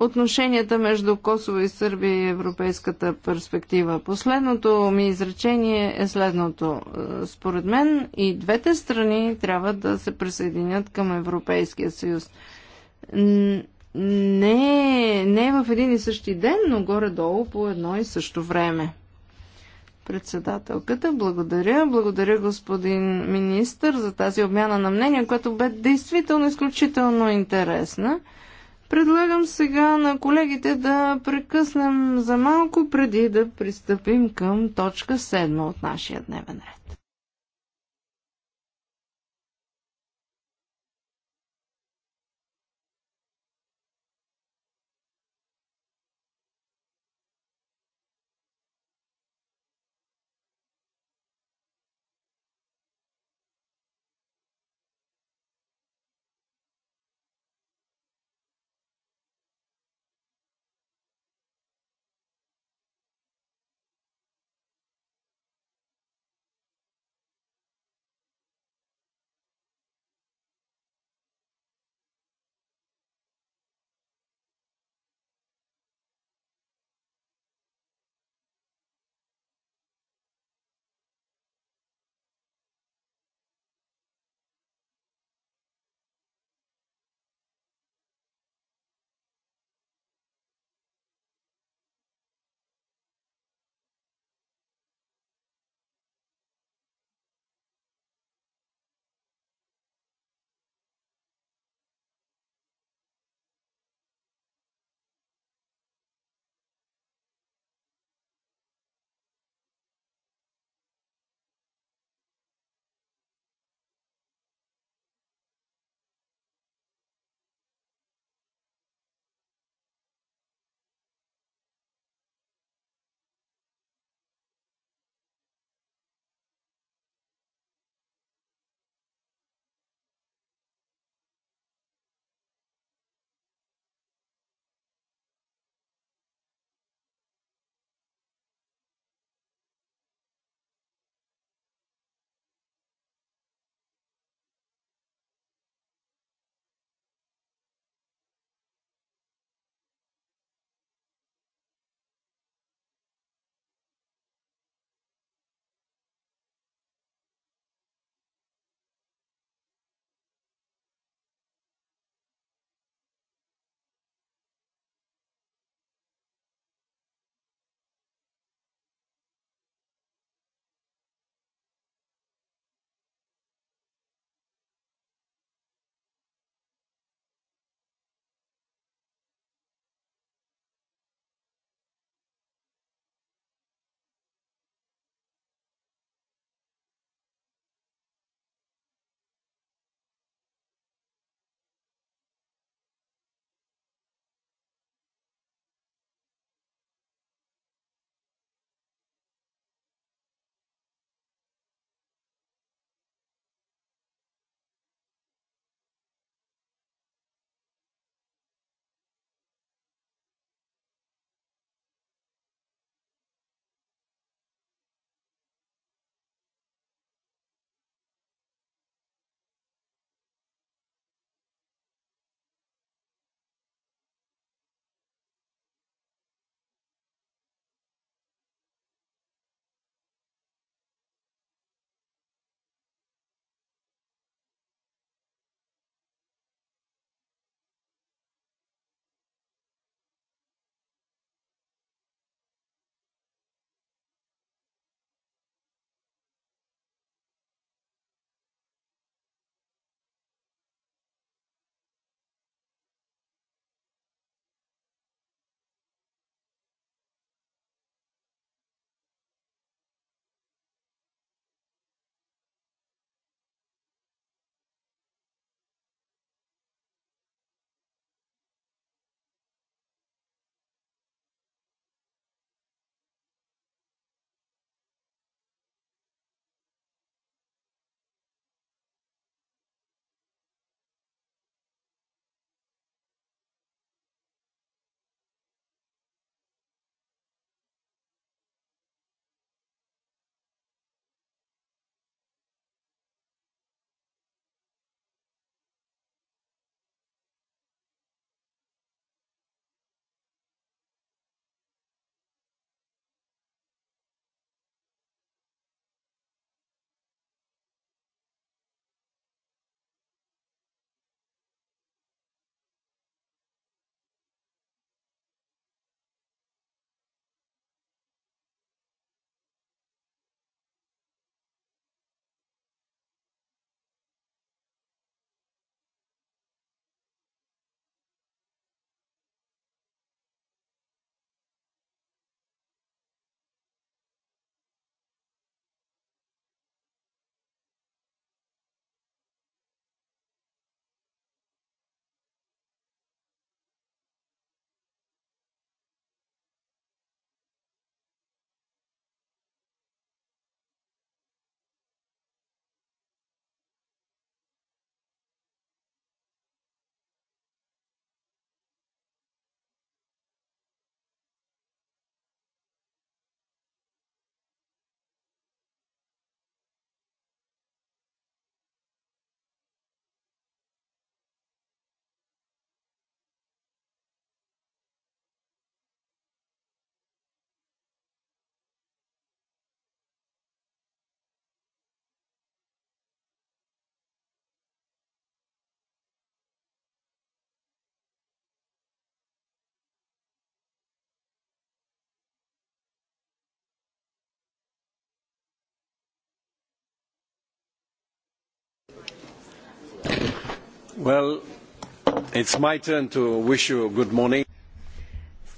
Speaker 1: отношенията между Косово и Сърбия и европейската перспектива. Последното ми изречение е следното. Според мен и двете страни трябва да се присъединят към Европейския съюз. Не, е, не е в един и същи ден, но горе-долу по едно и също време. Председателката, благодаря. Благодаря господин министър за тази обмяна на мнение, която бе действително изключително интересна. Предлагам сега на колегите да прекъснем за малко преди да пристъпим към точка 7 от нашия дневен ред.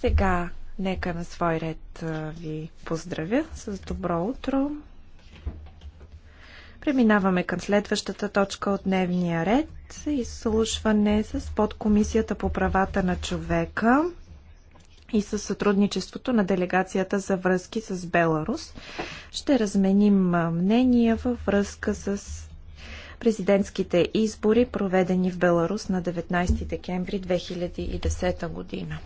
Speaker 3: Сега нека на свой ред ви поздравя с добро утро. Преминаваме към следващата точка от дневния ред. Изслушване с подкомисията по правата на човека и със сътрудничеството на делегацията за връзки с Беларус. Ще разменим мнения във връзка с президентските избори, проведени в Беларус на 19 декември 2010 година.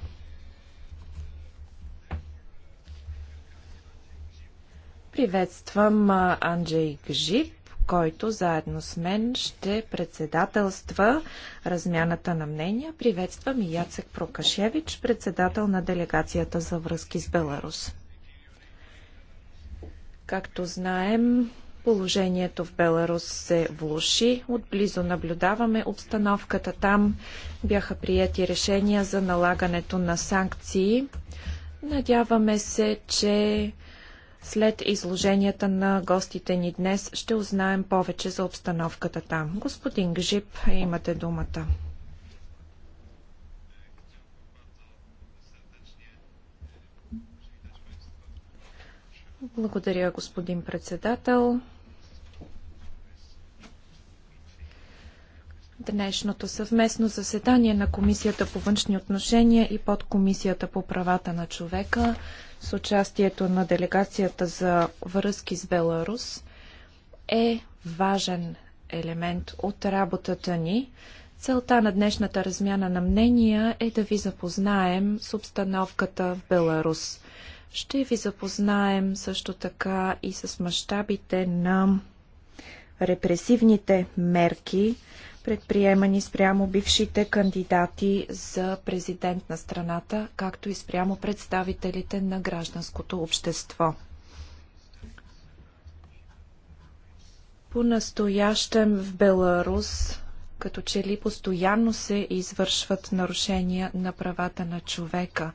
Speaker 3: Приветствам Анджей Гжип, който заедно с мен ще председателства размяната на мнения. Приветствам и Яцек Прокашевич, председател на делегацията за връзки с Беларус. Както знаем, Положението в Беларус се влуши. Отблизо наблюдаваме обстановката там. Бяха прияти решения за налагането на санкции. Надяваме се, че след изложенията на гостите ни днес ще узнаем повече за обстановката там. Господин Гжип, имате думата. Благодаря, господин председател. Днешното съвместно заседание на Комисията по външни отношения и подкомисията по правата на човека с участието на делегацията за връзки с Беларус е важен елемент от работата ни. Целта на днешната размяна на мнения е да ви запознаем с обстановката в Беларус. Ще ви запознаем също така и с мащабите на репресивните мерки, предприемани спрямо бившите кандидати за президент на страната, както и спрямо представителите на гражданското общество. По-настоящем в Беларус като че ли постоянно се извършват нарушения на правата на човека.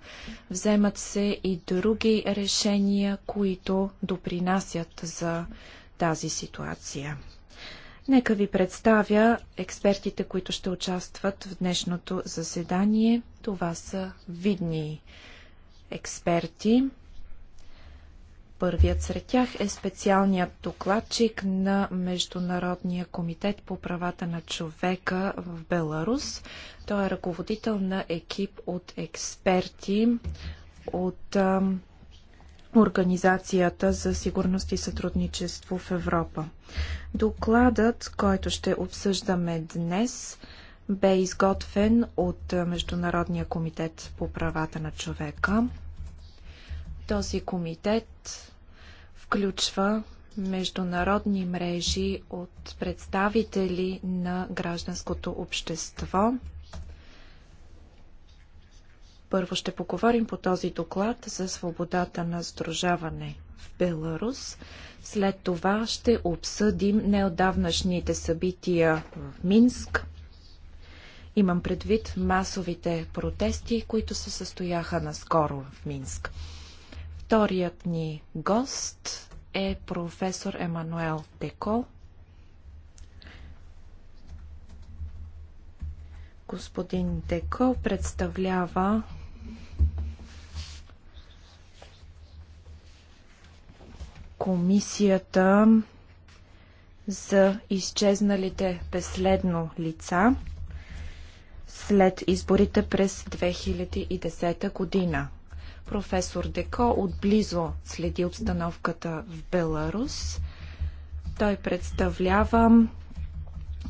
Speaker 3: Вземат се и други решения, които допринасят за тази ситуация. Нека ви представя експертите, които ще участват в днешното заседание. Това са видни експерти. Първият сред тях е специалният докладчик на Международния комитет по правата на човека в Беларус. Той е ръководител на екип от експерти от Организацията за сигурност и сътрудничество в Европа. Докладът, който ще обсъждаме днес, бе изготвен от Международния комитет по правата на човека. Този комитет включва международни мрежи от представители на гражданското общество, първо ще поговорим по този доклад за свободата на сдружаване в Беларус. След това ще обсъдим неодавнашните събития в Минск. Имам предвид масовите протести, които се състояха наскоро в Минск. Вторият ни гост е професор Емануел Деко. Господин Деко представлява комисията за изчезналите безследно лица след изборите през 2010 година. Професор Деко отблизо следи обстановката в Беларус. Той представлява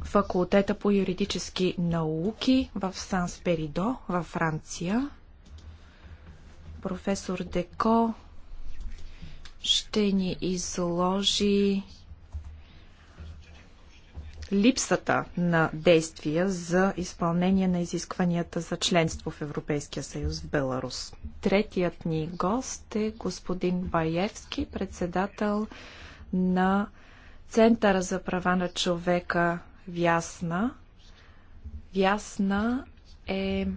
Speaker 3: факултета по юридически науки в Сан Сперидо, във Франция. Професор Деко ще ни изложи липсата на действия за изпълнение на изискванията за членство в Европейския съюз в Беларус. Третият ни гост е господин Баевски, председател на Центъра за права на човека Вясна. Вясна е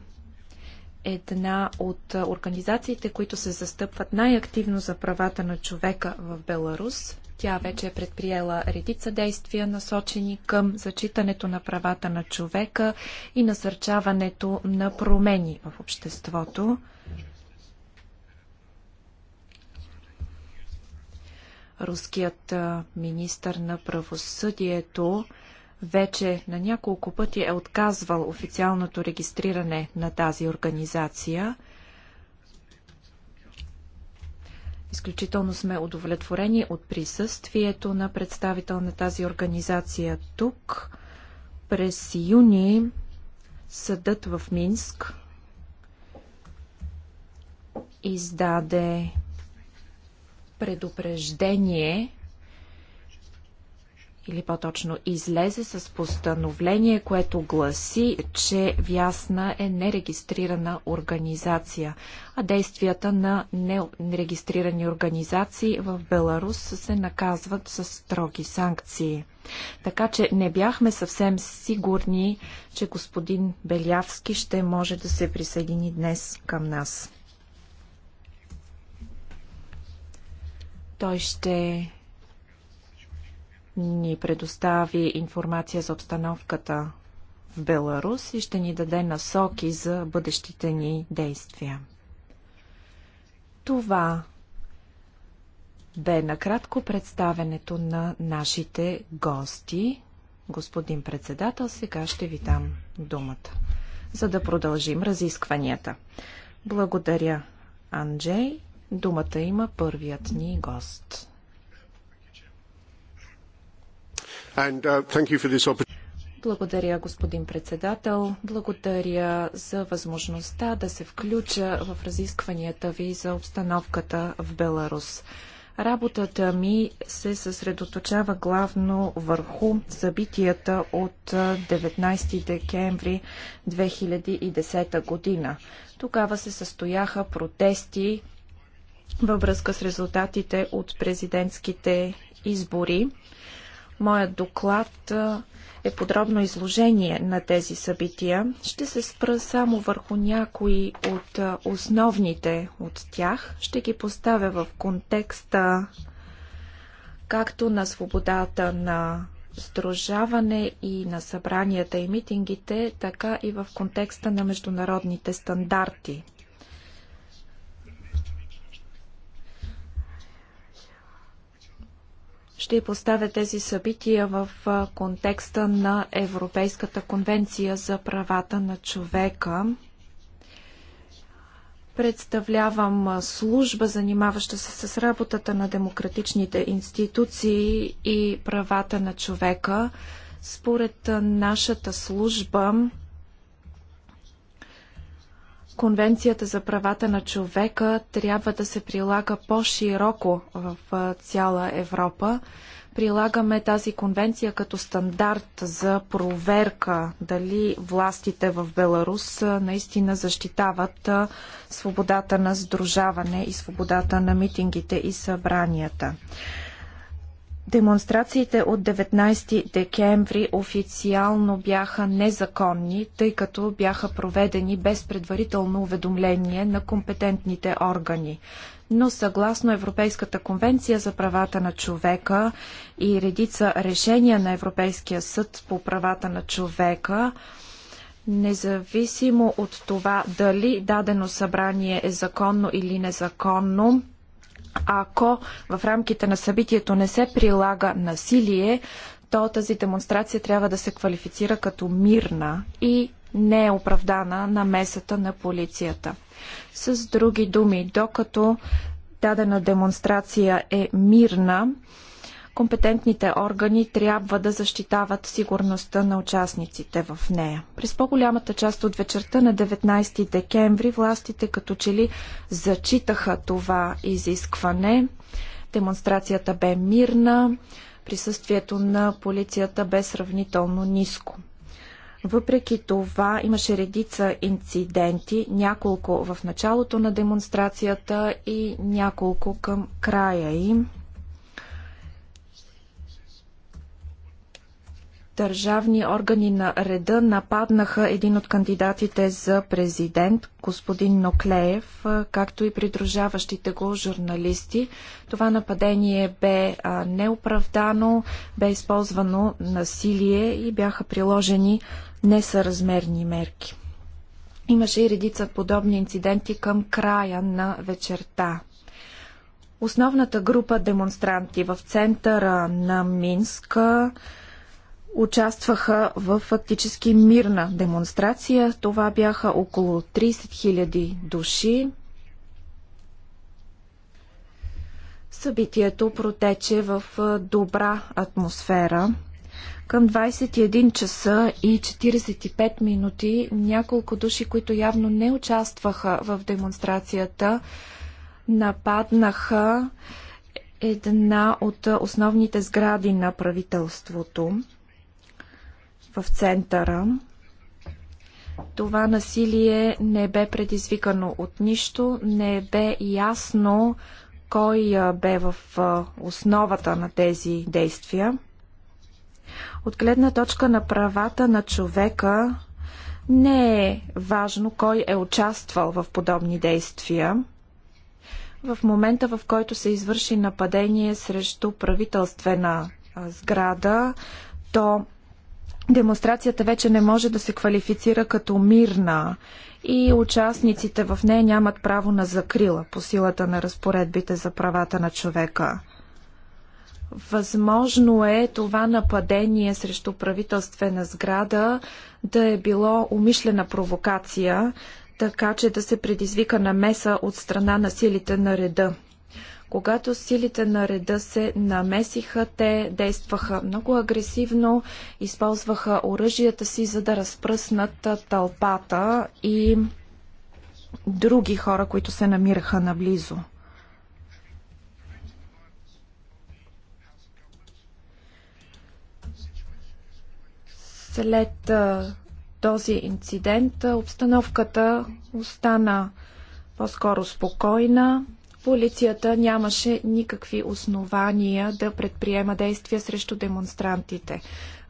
Speaker 3: една от организациите, които се застъпват най-активно за правата на човека в Беларус. Тя вече е предприела редица действия, насочени към зачитането на правата на човека и насърчаването на промени в обществото. Руският министр на правосъдието вече на няколко пъти е отказвал официалното регистриране на тази организация. Изключително сме удовлетворени от присъствието на представител на тази организация тук. През юни съдът в Минск издаде предупреждение или по-точно излезе с постановление, което гласи, че Вясна е нерегистрирана организация, а действията на нерегистрирани организации в Беларус се наказват с строги санкции. Така че не бяхме съвсем сигурни, че господин Белявски ще може да се присъедини днес към нас. Той ще ни предостави информация за обстановката в Беларус и ще ни даде насоки за бъдещите ни действия. Това бе накратко представенето на нашите гости. Господин председател, сега ще ви дам думата, за да продължим разискванията. Благодаря, Анджей. Думата има първият ни гост.
Speaker 1: Uh,
Speaker 3: Благодаря, господин председател. Благодаря за възможността да се включа в разискванията ви за обстановката в Беларус. Работата ми се съсредоточава главно върху събитията от 19 декември 2010 година. Тогава се състояха протести във връзка с резултатите от президентските избори. Моят доклад е подробно изложение на тези събития. Ще се спра само върху някои от основните от тях. Ще ги поставя в контекста както на свободата на сдружаване и на събранията и митингите, така и в контекста на международните стандарти. ще поставя тези събития в контекста на Европейската конвенция за правата на човека. Представлявам служба, занимаваща се с работата на демократичните институции и правата на човека. Според нашата служба, Конвенцията за правата на човека трябва да се прилага по-широко в цяла Европа. Прилагаме тази конвенция като стандарт за проверка дали властите в Беларус наистина защитават свободата на сдружаване и свободата на митингите и събранията. Демонстрациите от 19 декември официално бяха незаконни, тъй като бяха проведени без предварително уведомление на компетентните органи. Но съгласно Европейската конвенция за правата на човека и редица решения на Европейския съд по правата на човека, независимо от това дали дадено събрание е законно или незаконно, ако в рамките на събитието не се прилага насилие, то тази демонстрация трябва да се квалифицира като мирна и не е оправдана на месата на полицията. С други думи, докато дадена демонстрация е мирна, компетентните органи трябва да защитават сигурността на участниците в нея. През по-голямата част от вечерта на 19 декември властите като че ли зачитаха това изискване. Демонстрацията бе мирна, присъствието на полицията бе сравнително ниско. Въпреки това имаше редица инциденти, няколко в началото на демонстрацията и няколко към края им. държавни органи на реда нападнаха един от кандидатите за президент, господин Ноклеев, както и придружаващите го журналисти. Това нападение бе неоправдано, бе използвано насилие и бяха приложени несъразмерни мерки. Имаше и редица подобни инциденти към края на вечерта. Основната група демонстранти в центъра на Минска участваха в фактически мирна демонстрация. Това бяха около 30 000 души. Събитието протече в добра атмосфера. Към 21 часа и 45 минути няколко души, които явно не участваха в демонстрацията, нападнаха една от основните сгради на правителството в центъра. Това насилие не бе предизвикано от нищо, не бе ясно кой бе в основата на тези действия. От гледна точка на правата на човека не е важно кой е участвал в подобни действия. В момента, в който се извърши нападение срещу правителствена сграда, то демонстрацията вече не може да се квалифицира като мирна и участниците в нея нямат право на закрила по силата на разпоредбите за правата на човека. Възможно е това нападение срещу правителствена сграда да е било умишлена провокация, така че да се предизвика намеса от страна на силите на реда. Когато силите на реда се намесиха, те действаха много агресивно, използваха оръжията си, за да разпръснат тълпата и други хора, които се намираха наблизо. След този инцидент обстановката остана по-скоро спокойна полицията нямаше никакви основания да предприема действия срещу демонстрантите.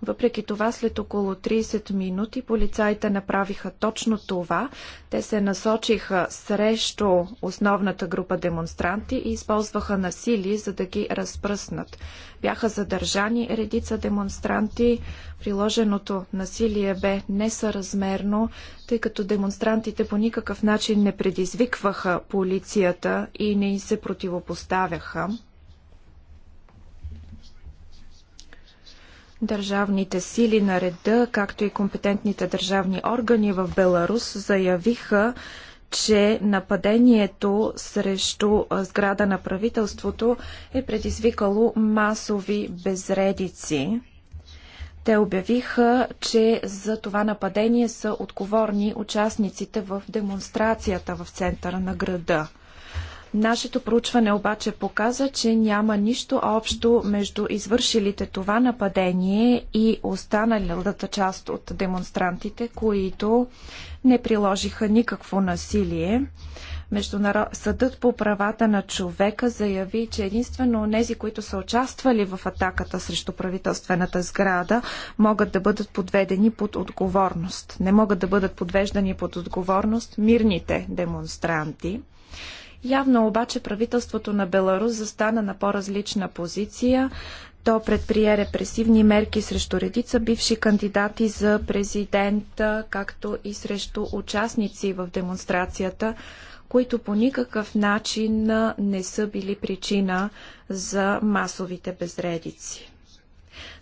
Speaker 3: Въпреки това, след около 30 минути полицаите направиха точно това. Те се насочиха срещу основната група демонстранти и използваха насилие, за да ги разпръснат. Бяха задържани редица демонстранти. Приложеното насилие бе несъразмерно, тъй като демонстрантите по никакъв начин не предизвикваха полицията и не се противопоставяха. Държавните сили на реда, както и компетентните държавни органи в Беларус заявиха, че нападението срещу сграда на правителството е предизвикало масови безредици. Те обявиха, че за това нападение са отговорни участниците в демонстрацията в центъра на града. Нашето проучване обаче показа, че няма нищо общо между извършилите това нападение и останалата част от демонстрантите, които не приложиха никакво насилие. Международ... Съдът по правата на човека заяви, че единствено тези, които са участвали в атаката срещу правителствената сграда, могат да бъдат подведени под отговорност. Не могат да бъдат подвеждани под отговорност мирните демонстранти. Явно обаче правителството на Беларус застана на по-различна позиция. То предприе репресивни мерки срещу редица бивши кандидати за президента, както и срещу участници в демонстрацията, които по никакъв начин не са били причина за масовите безредици.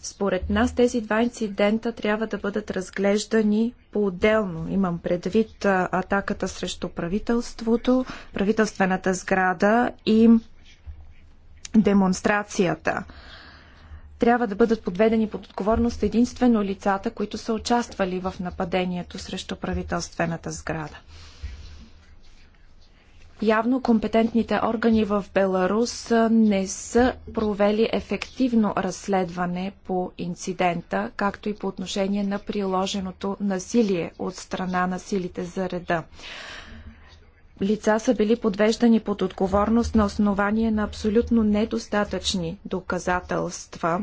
Speaker 3: Според нас тези два инцидента трябва да бъдат разглеждани по-отделно. Имам предвид атаката срещу правителството, правителствената сграда и демонстрацията. Трябва да бъдат подведени под отговорност единствено лицата, които са участвали в нападението срещу правителствената сграда. Явно компетентните органи в Беларус не са провели ефективно разследване по инцидента, както и по отношение на приложеното насилие от страна на силите за реда лица са били подвеждани под отговорност на основание на абсолютно недостатъчни доказателства.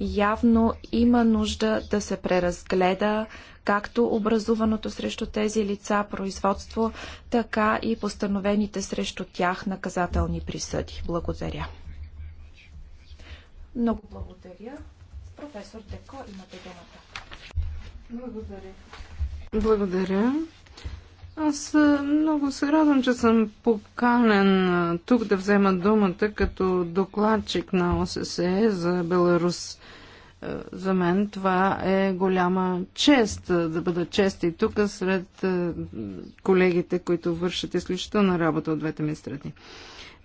Speaker 3: Явно има нужда да се преразгледа както образуваното срещу тези лица производство, така и постановените срещу тях наказателни присъди. Благодаря. Много благодаря. Професор Деко, имате думата. Благодаря.
Speaker 1: Благодаря. Аз много се радвам, че съм поканен тук да взема думата като докладчик на ОССЕ за Беларус. За мен това е голяма чест да бъда чест и тук сред колегите, които вършат изключителна работа от двете ми страни.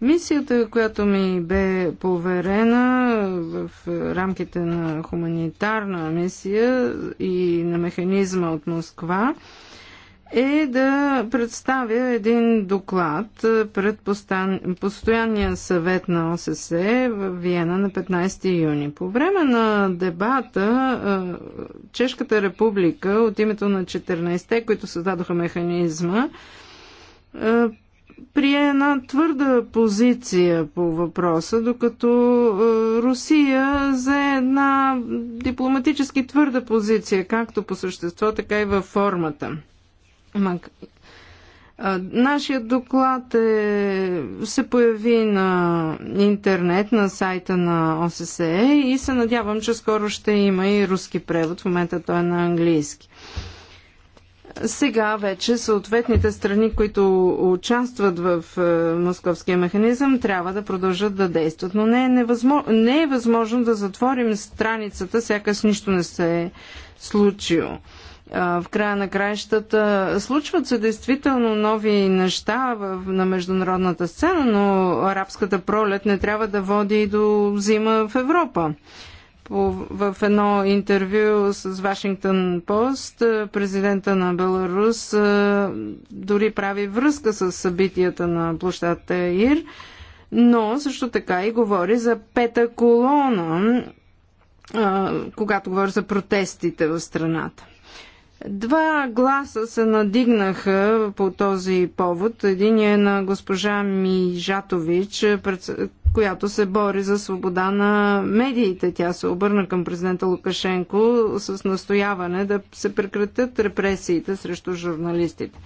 Speaker 1: Мисията, която ми бе поверена в рамките на хуманитарна мисия и на механизма от Москва, е да представя един доклад е, пред Постоянния съвет на ОССЕ в Виена на 15 юни. По време на дебата е, Чешката република от името на 14-те, които създадоха механизма, е, прие една твърда позиция по въпроса, докато Русия за една дипломатически твърда позиция, както по същество, така и във формата. Нашия доклад е, се появи на интернет, на сайта на ОССЕ и се надявам, че скоро ще има и руски превод. В момента той е на английски. Сега вече съответните страни, които участват в е, московския механизъм, трябва да продължат да действат. Но не е, невъзможно, не е възможно да затворим страницата, сякаш нищо не се е случило в края на краищата. Случват се действително нови неща на международната сцена, но арабската пролет не трябва да води и до зима в Европа. в едно интервю с Вашингтон Пост президента на Беларус дори прави връзка с събитията на площадта Ир, но също така и говори за пета колона, когато говори за протестите в страната. Два гласа се надигнаха по този повод. Един е на госпожа Мижатович, която се бори за свобода на медиите. Тя се обърна към президента Лукашенко с настояване да се прекратят репресиите срещу журналистите.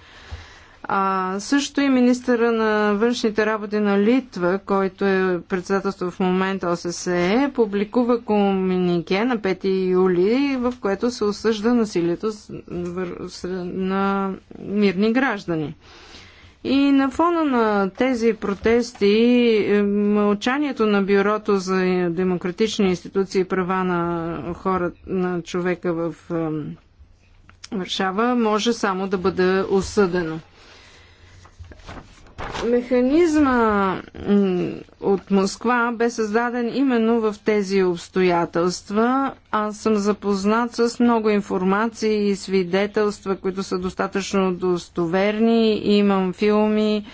Speaker 1: А, също и министъра на външните работи на Литва, който е председателство в момента ОССЕ, публикува комунике на 5 юли, в което се осъжда насилието на мирни граждани. И на фона на тези протести, е, мълчанието на Бюрото за демократични институции и права на хората, на човека в е, Варшава, може само да бъде осъдено. Механизма от Москва бе създаден именно в тези обстоятелства. Аз съм запознат с много информации и свидетелства, които са достатъчно достоверни. Имам филми,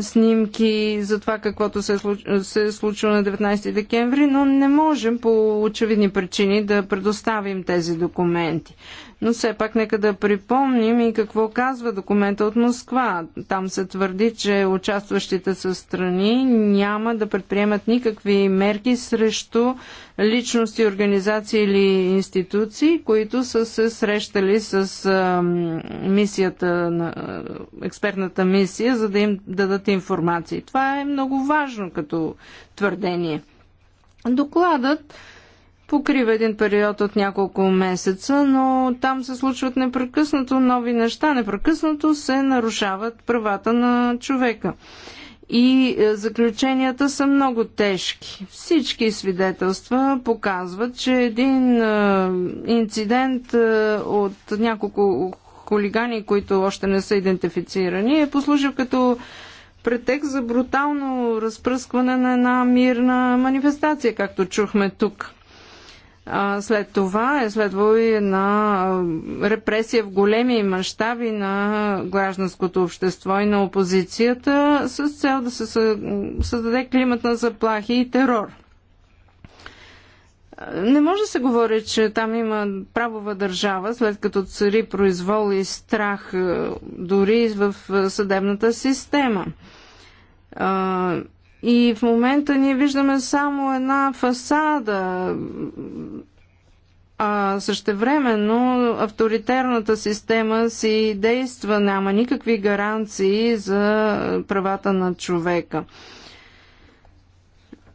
Speaker 1: снимки за това каквото се е, случ... се е случило на 19 декември, но не можем по очевидни причини да предоставим тези документи. Но все пак нека да припомним и какво казва документа от Москва. Там се твърди, че участващите са страни няма да предприемат никакви мерки срещу личности, организации или институции, които са се срещали с а, мисията, на, експертната мисия, за да им дадат информации. Това е много важно като твърдение. Докладът покрива един период от няколко месеца, но там се случват непрекъснато нови неща, непрекъснато се нарушават правата на човека. И е, заключенията са много тежки. Всички свидетелства показват, че един е, инцидент е, от няколко хулигани, които още не са идентифицирани, е послужил като претекст за брутално разпръскване на една мирна манифестация, както чухме тук след това е следвало и на репресия в големи мащаби на гражданското общество и на опозицията с цел да се създаде климат на заплахи и терор. Не може да се говори, че там има правова държава, след като цари произвол и страх дори в съдебната система и в момента ние виждаме само една фасада, а същевременно авторитарната система си действа, няма никакви гаранции за правата на човека.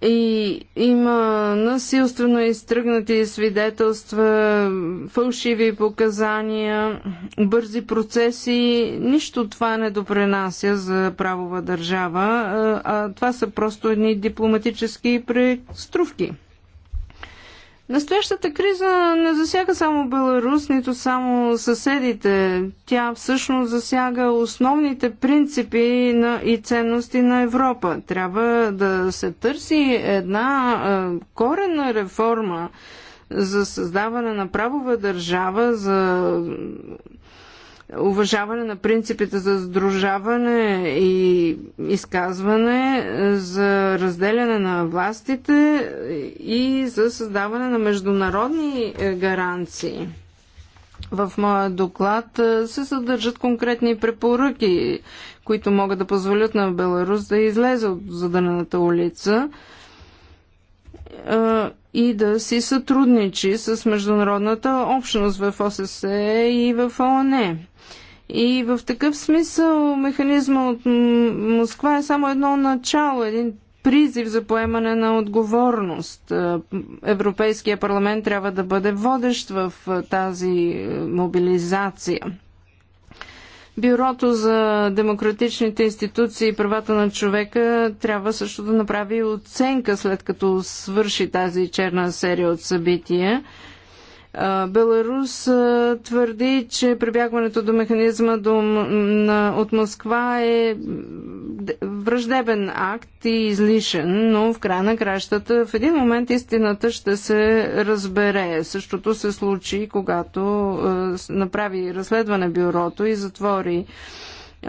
Speaker 1: И има насилствено изтръгнати свидетелства, фалшиви показания, бързи процеси. Нищо това не допренася за правова държава, а това са просто едни дипломатически преструвки. Настоящата криза не засяга само Беларус, нито само съседите. Тя всъщност засяга основните принципи на, и ценности на Европа. Трябва да се търси една корена коренна реформа за създаване на правова държава, за уважаване на принципите за сдружаване и изказване, е, за разделяне на властите и за създаване на международни е, гаранции. В моя доклад е, се съдържат конкретни препоръки, които могат да позволят на Беларус да излезе от задънената улица и да си сътрудничи с международната общност в ОССЕ и в ОНЕ. И в такъв смисъл механизма от Москва е само едно начало, един призив за поемане на отговорност. Е, Европейския парламент трябва да бъде водещ в е, тази е, мобилизация. Бюрото за демократичните институции и правата на човека трябва също да направи оценка след като свърши тази черна серия от събития Беларус твърди, че прибягването до механизма до, на, от Москва е враждебен акт и излишен, но в края на кращата в един момент истината ще се разбере. Същото се случи, когато е, направи разследване бюрото и затвори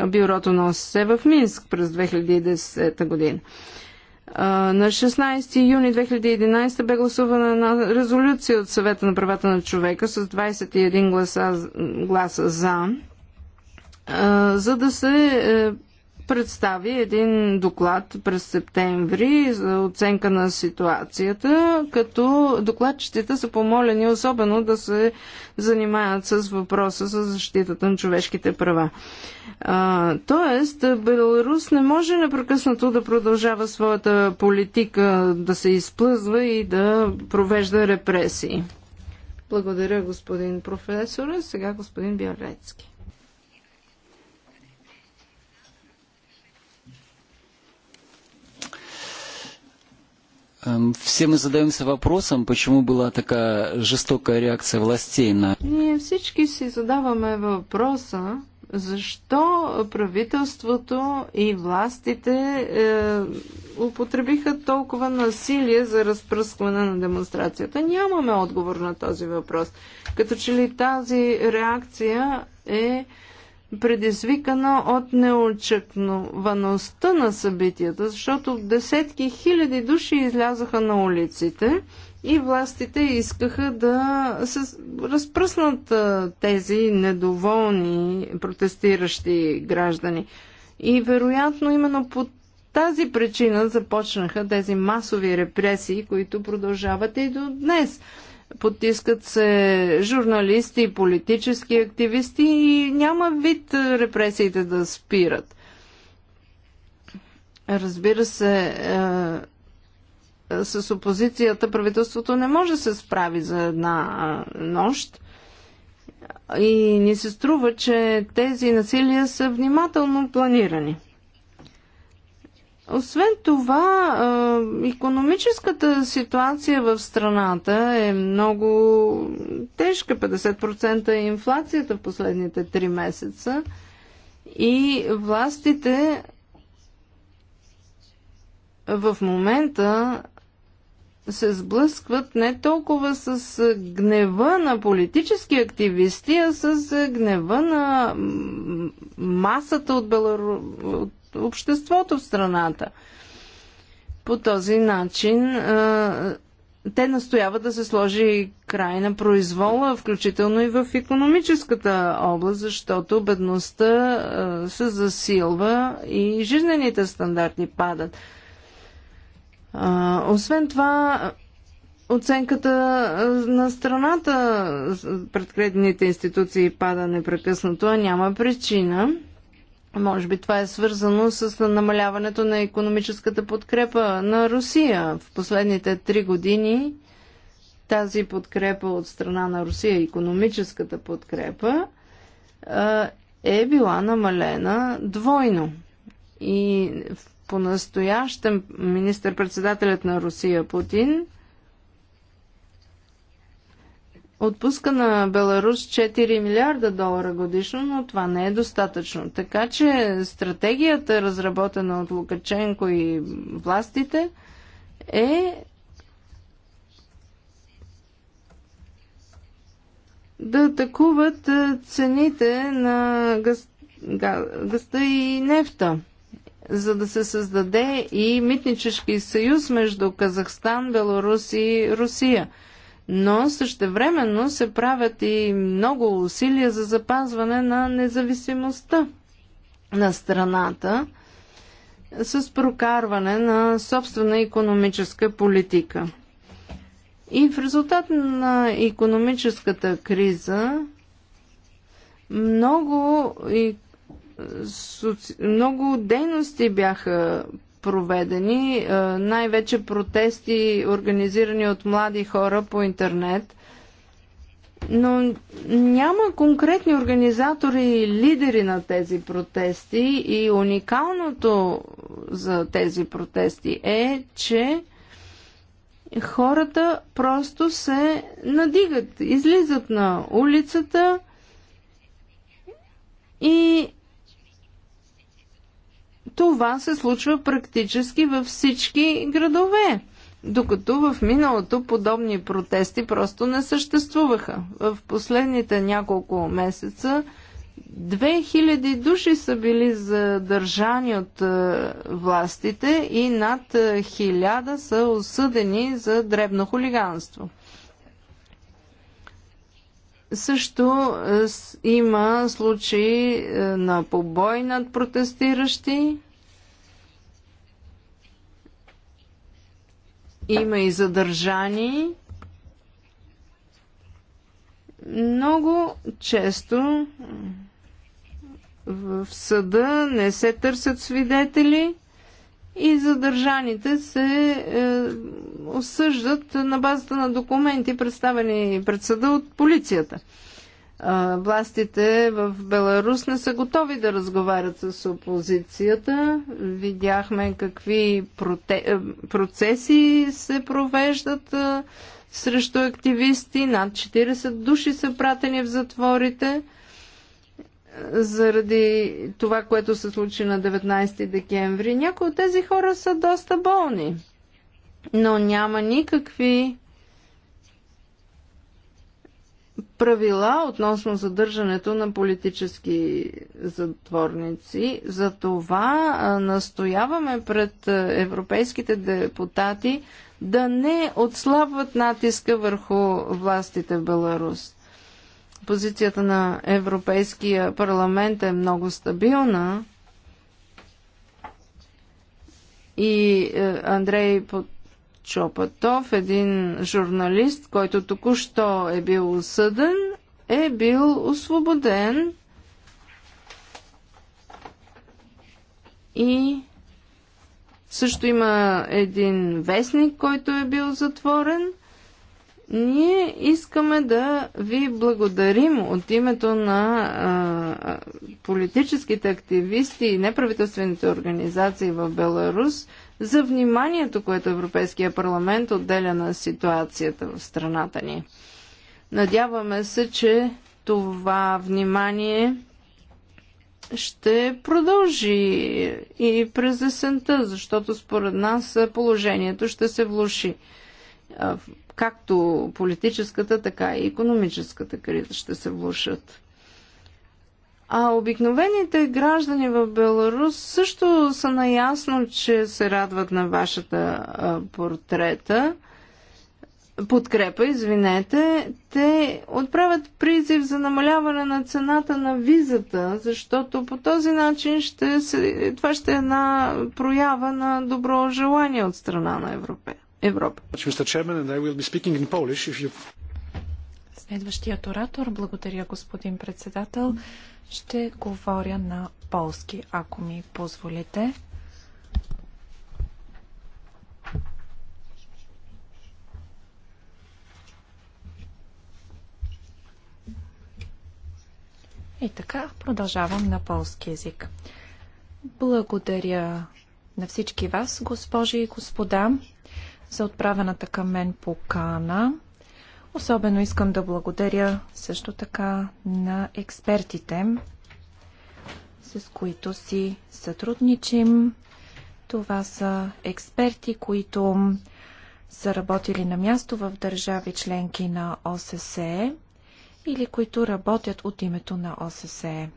Speaker 1: бюрото на ОССЕ в Минск през 2010 година. На 16 юни 2011 бе гласувана една резолюция от съвета на правата на човека с 21 гласа, гласа за, за да се е, представи един доклад през септември за оценка на ситуацията, като докладчетите са помолени особено да се занимаят с въпроса за защитата на човешките права. А, тоест, Беларус не може непрекъснато да продължава своята политика да се изплъзва и да провежда репресии. Благодаря, господин професор. Сега господин Бялецки.
Speaker 2: Все мы задаемся вопросом, почему была такая жестокая реакция властей на...
Speaker 1: Не, всички си задаваме въпроса, защо правителството и властите е, употребиха толкова насилие за разпръскване на демонстрацията? Нямаме отговор на този въпрос. Като че ли тази реакция е предизвикана от неочакваността на събитията, защото десетки хиляди души излязаха на улиците и властите искаха да се разпръснат тези недоволни протестиращи граждани. И вероятно именно по тази причина започнаха тези масови репресии, които продължават и до днес. Потискат се журналисти, политически активисти и няма вид репресиите да спират. Разбира се, с опозицията правителството не може да се справи за една нощ. И ни се струва, че тези насилия са внимателно планирани. Освен това, економическата ситуация в страната е много тежка. 50% е инфлацията в последните 3 месеца. И властите в момента се сблъскват не толкова с гнева на политически активисти, а с гнева на масата от, Белару... от обществото в страната. По този начин те настояват да се сложи край на произвола, включително и в економическата област, защото бедността се засилва и жизнените стандарти падат освен това, оценката на страната пред кредитните институции пада непрекъснато, а няма причина. Може би това е свързано с намаляването на економическата подкрепа на Русия. В последните три години тази подкрепа от страна на Русия, економическата подкрепа, е била намалена двойно. И в по-настоящем министър-председателят на Русия Путин отпуска на Беларус 4 милиарда долара годишно, но това не е достатъчно. Така че стратегията, разработена от Лукаченко и властите, е да атакуват цените на газ, гъста и нефта за да се създаде и митнически съюз между Казахстан, Беларус и Русия. Но същевременно се правят и много усилия за запазване на независимостта на страната с прокарване на собствена економическа политика. И в резултат на економическата криза много и соци... много дейности бяха проведени, е, най-вече протести, организирани от млади хора по интернет. Но няма конкретни организатори и лидери на тези протести и уникалното за тези протести е, че хората просто се надигат, излизат на улицата и това се случва практически във всички градове. Докато в миналото подобни протести просто не съществуваха. В последните няколко месеца 2000 души са били задържани от е, властите и над 1000 е, са осъдени за дребно хулиганство. Също е, има случаи е, на побой над протестиращи. Има и задържани. Много често в съда не се търсят свидетели и задържаните се е, осъждат на базата на документи, представени пред съда от полицията. Властите в Беларус не са готови да разговарят с опозицията. Видяхме какви проте... Е, процеси се провеждат срещу активисти. Над 40 души са пратени в затворите заради това, което се случи на 19 декември. Някои от тези хора са доста болни но няма никакви правила относно задържането на политически затворници. За това настояваме пред европейските депутати да не отслабват натиска върху властите в Беларус. Позицията на Европейския парламент е много стабилна и е, Андрей Чопатов, един журналист, който току-що е бил осъден, е бил освободен и също има един вестник, който е бил затворен. Ние искаме да ви благодарим от името на а, политическите активисти и неправителствените организации в Беларус – за вниманието, което Европейския парламент отделя на ситуацията в страната ни. Надяваме се, че това внимание ще продължи и през есента, защото според нас положението ще се влуши. Както политическата, така и економическата криза ще се влушат. А обикновените граждани в Беларус също са наясно, че се радват на вашата портрета. Подкрепа, извинете, те отправят призив за намаляване на цената на визата, защото по този начин ще се, това ще е една проява на добро желание от страна на
Speaker 3: Европа. Значи, Следващият оратор, благодаря господин председател. Ще говоря на полски, ако ми позволите. И така, продължавам на полски язик. Благодаря на всички вас, госпожи и господа, за отправената към мен покана. Особено искам да благодаря също така на експертите, с които си сътрудничим. Това са експерти, които са работили на място в държави членки на ОССЕ или които работят от името на ОССЕ.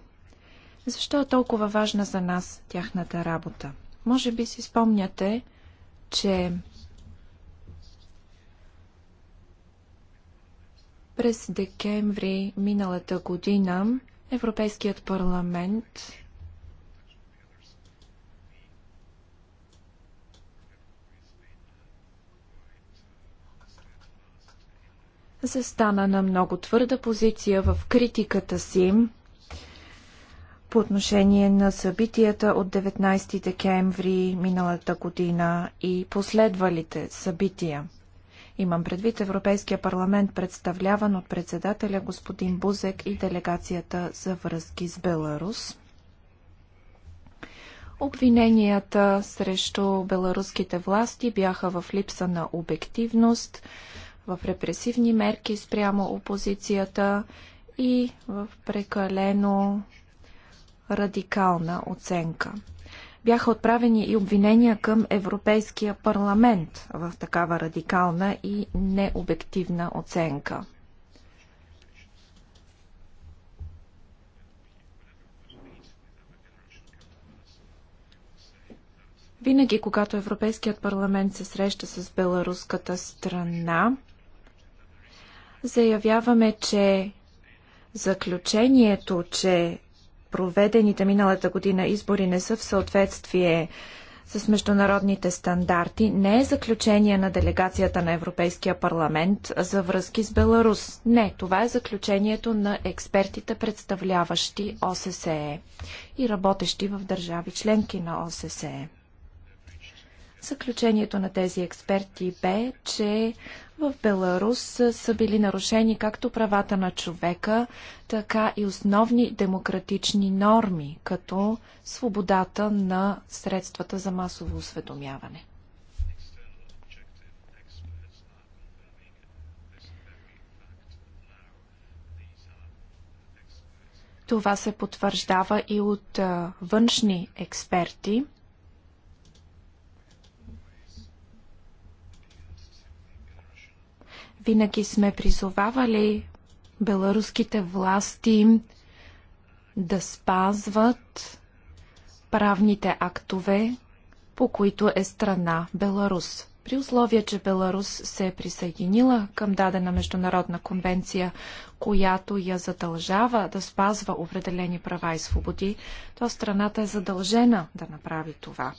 Speaker 3: Защо е толкова важна за нас тяхната работа? Може би си спомняте, че През декември миналата година Европейският парламент застана на много твърда позиция в критиката си по отношение на събитията от 19 декември миналата година и последвалите събития. Имам предвид Европейския парламент, представляван от председателя господин Бузек и делегацията за връзки с Беларус. Обвиненията срещу беларуските власти бяха в липса на обективност, в репресивни мерки спрямо опозицията и в прекалено радикална оценка. Бяха отправени и обвинения към Европейския парламент в такава радикална и необективна оценка. Винаги, когато Европейският парламент се среща с беларуската страна, заявяваме, че заключението, че проведените миналата година избори не са в съответствие с международните стандарти, не е заключение на делегацията на Европейския парламент за връзки с Беларус. Не, това е заключението на експертите, представляващи ОССЕ и работещи в държави членки на ОССЕ. Заключението на тези експерти бе, че в Беларус са били нарушени както правата на човека, така и основни демократични норми, като свободата на средствата за масово осведомяване. Това се потвърждава и от външни експерти – Винаги сме призовавали беларуските власти да спазват правните актове, по които е страна Беларус. При условие, че Беларус се е присъединила към дадена международна конвенция, която я задължава да спазва определени права и свободи, то страната е задължена да направи това.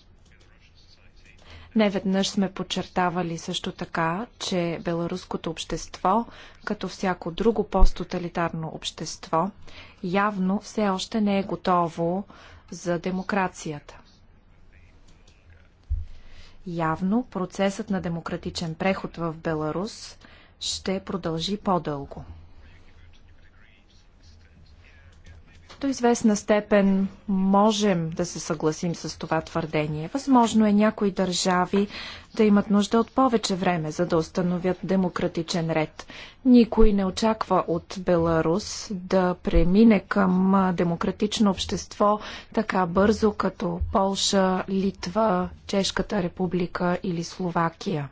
Speaker 3: Неведнъж сме подчертавали също така, че беларуското общество, като всяко друго посттоталитарно общество, явно все още не е готово за демокрацията. Явно процесът на демократичен преход в Беларус ще продължи по-дълго. До известна степен можем да се съгласим с това твърдение. Възможно е някои държави да имат нужда от повече време, за да установят демократичен ред. Никой не очаква от Беларус да премине към демократично общество така бързо като Полша, Литва, Чешката република или Словакия.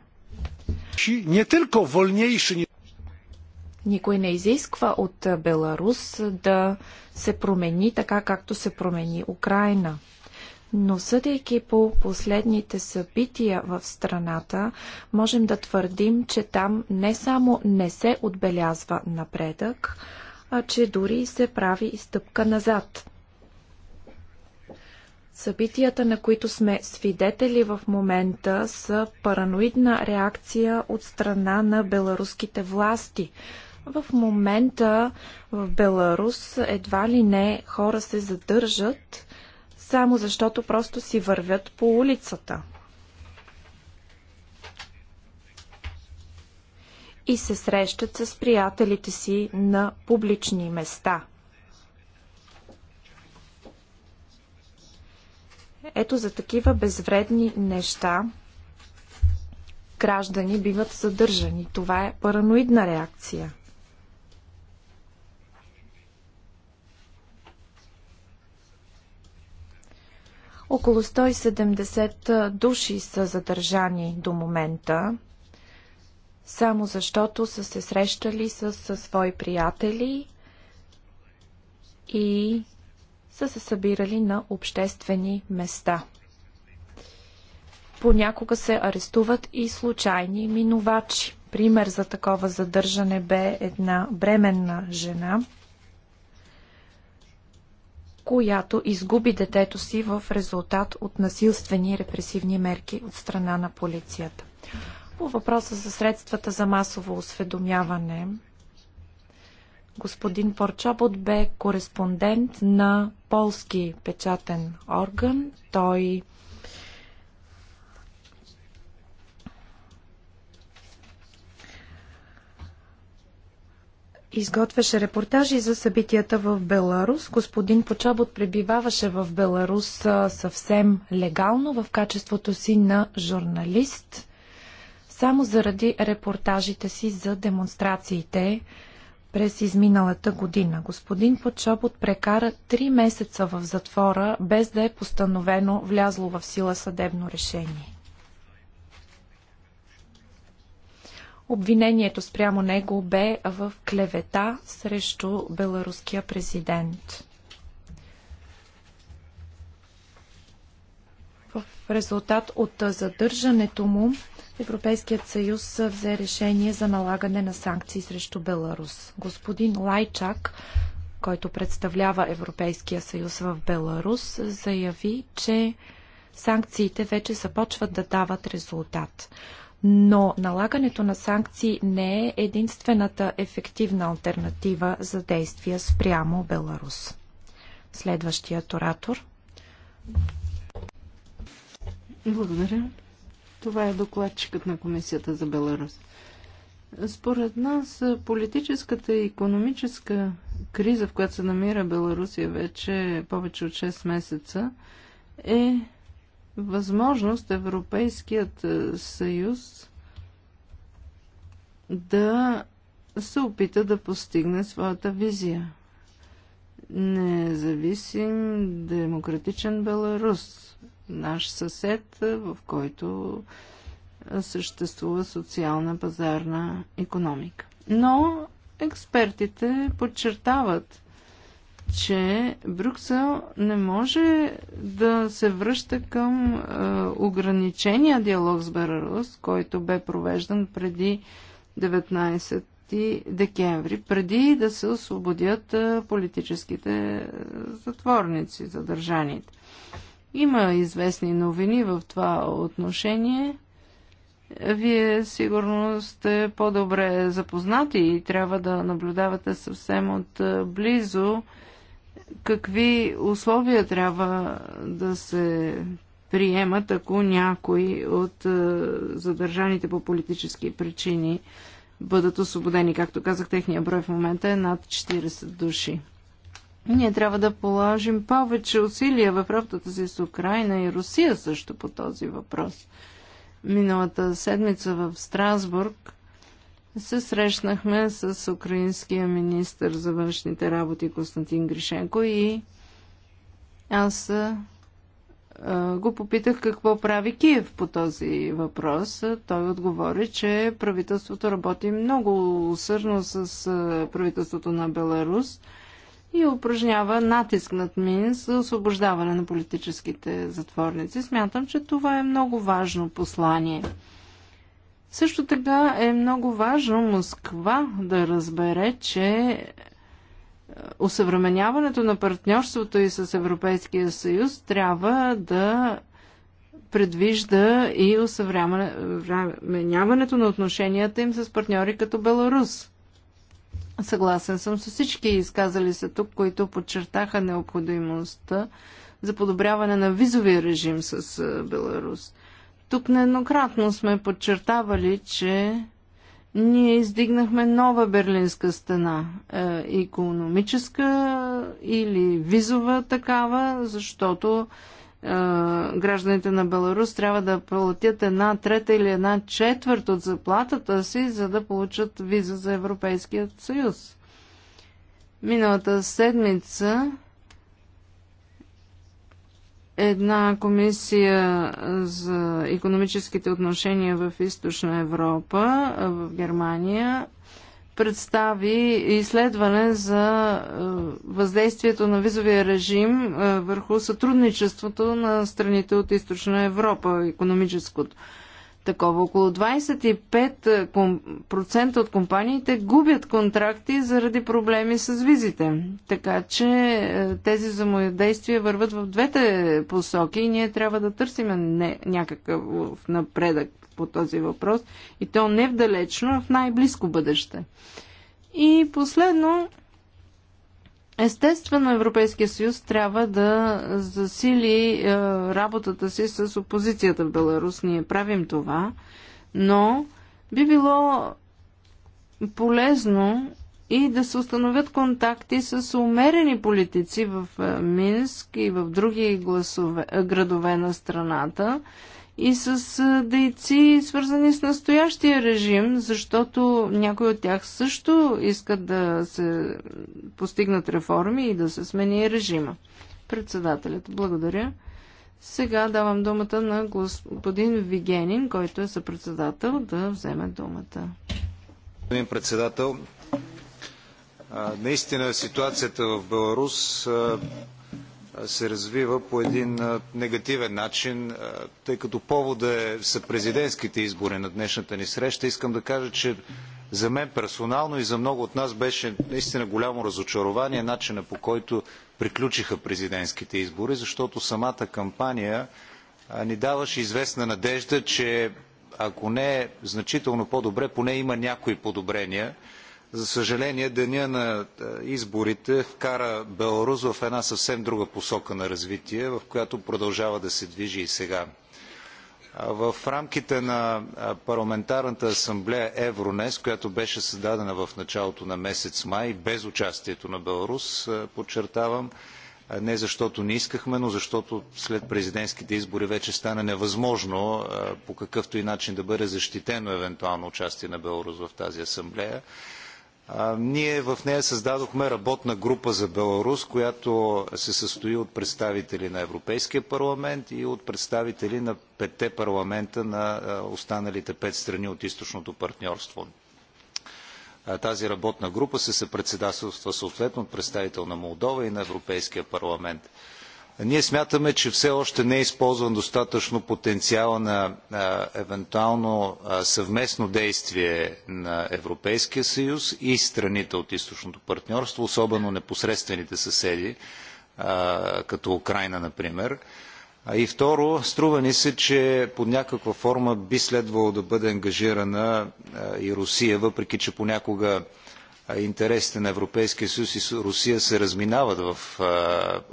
Speaker 2: Не только волнейши,
Speaker 3: никой не изисква от Беларус да се промени така, както се промени Украина. Но съдейки по последните събития в страната, можем да твърдим, че там не само не се отбелязва напредък, а че дори се прави стъпка назад. Събитията, на които сме свидетели в момента, са параноидна реакция от страна на беларуските власти. В момента в Беларус едва ли не хора се задържат само защото просто си вървят по улицата. И се срещат с приятелите си на публични места. Ето за такива безвредни неща граждани биват задържани. Това е параноидна реакция. Около 170 души са задържани до момента, само защото са се срещали с, с свои приятели и са се събирали на обществени места. Понякога се арестуват и случайни минувачи. Пример за такова задържане бе една бременна жена – която изгуби детето си в резултат от насилствени репресивни мерки от страна на полицията. По въпроса за средствата за масово осведомяване, господин Порчобот бе кореспондент на полски печатен орган. Той изготвяше репортажи за събитията в Беларус. Господин Почабот пребиваваше в Беларус съвсем легално в качеството си на журналист, само заради репортажите си за демонстрациите през изминалата година. Господин Почобот прекара три месеца в затвора, без да е постановено влязло в сила съдебно решение. Обвинението спрямо него бе в клевета срещу беларуския президент. В резултат от задържането му Европейският съюз взе решение за налагане на санкции срещу Беларус. Господин Лайчак, който представлява Европейския съюз в Беларус, заяви, че санкциите вече започват да дават резултат но налагането на санкции не е единствената ефективна альтернатива за действия спрямо Беларус. Следващият оратор. Благодаря.
Speaker 1: Това е докладчикът на Комисията за Беларус. Според нас политическата и економическа криза, в която се намира Беларусия вече повече от 6 месеца, е възможност Европейският е, съюз да се опита да постигне своята визия. Независим демократичен Беларус, наш съсед, е, в който съществува социална пазарна економика. Но експертите подчертават, че Брюксел не може да се връща към е, ограничения диалог с Беларус, който бе провеждан преди 19 декември, преди да се освободят е, политическите е, затворници, задържаните. Има известни новини в това отношение. Вие сигурно сте по-добре запознати и трябва да наблюдавате съвсем от близо какви условия трябва да се приемат, ако някои от е, задържаните по политически причини бъдат освободени. Както казах, техния брой в момента е над 40 души. Ние трябва да положим повече усилия в работата си с Украина и Русия също по този въпрос. Миналата седмица в Страсбург се срещнахме с украинския министр за външните работи Константин Гришенко и аз го попитах какво прави Киев по този въпрос. Той отговори, че правителството работи много усърдно с правителството на Беларус и упражнява натиск над Минск за освобождаване на политическите затворници. Смятам, че това е много важно послание. Също така е много важно Москва да разбере, че усъвременяването е, на партньорството и с Европейския съюз трябва да предвижда и усъвременяването на отношенията им с партньори като Беларус. Съгласен съм с всички изказали се тук, които подчертаха необходимостта за подобряване на визовия режим с е, Беларус. Тук нееднократно сме подчертавали, че ние издигнахме нова берлинска стена, економическа или визова такава, защото е, гражданите на Беларус трябва да платят една трета или една четвърт от заплатата си, за да получат виза за Европейския съюз. Миналата седмица една комисия за економическите отношения в Източна Европа, в Германия, представи изследване за въздействието на визовия режим върху сътрудничеството на страните от Източна Европа, економическото такова. Около 25% е, от компаниите губят контракти заради проблеми с визите. Така че е, тези взаимодействия върват в двете посоки и ние трябва да търсим не, някакъв напредък по този въпрос. И то не в далечно, а в най-близко бъдеще. И последно, Естествено, Европейския съюз трябва да засили е, работата си с опозицията в Беларус. Ние правим това, но би било полезно и да се установят контакти с умерени политици в е, Минск и в други гласове, е, градове на страната и с е, дейци, свързани с настоящия режим, защото някои от тях също искат да се постигнат реформи и да се смени режима. Председателят, благодаря. Сега давам думата на господин Вигенин, който е съпредседател, да вземе думата.
Speaker 2: Господин председател, Наистина ситуацията в Беларус се развива по един негативен начин, тъй като повода е, са президентските избори на днешната ни среща. Искам да кажа, че за мен персонално и за много от нас беше наистина голямо разочарование начина по който приключиха президентските избори, защото самата кампания ни даваше известна надежда, че ако не е значително по-добре, поне има някои подобрения – за съжаление, деня на е, изборите вкара Беларус в една съвсем друга посока на развитие, в която продължава да се движи и сега. В рамките на парламентарната асамблея Евронес, която беше създадена в началото на месец май, без участието на Беларус, подчертавам, не защото не искахме, но защото след президентските избори вече стана невъзможно по какъвто и начин да бъде защитено евентуално участие на Беларус в тази асамблея. Ние в нея създадохме работна група за Беларус, която се състои от представители на Европейския парламент и от представители на петте парламента на останалите пет страни от източното партньорство. Тази работна група се съпредседателства съответно от представител на Молдова и на Европейския парламент. Ние смятаме, че все още не е използван достатъчно потенциала на евентуално съвместно действие на Европейския съюз и страните от източното партньорство, особено непосредствените съседи, като Украина, например. И второ, струва ни се, че под някаква форма би следвало да бъде ангажирана и Русия, въпреки че понякога интересите на Европейския съюз и Русия се разминават в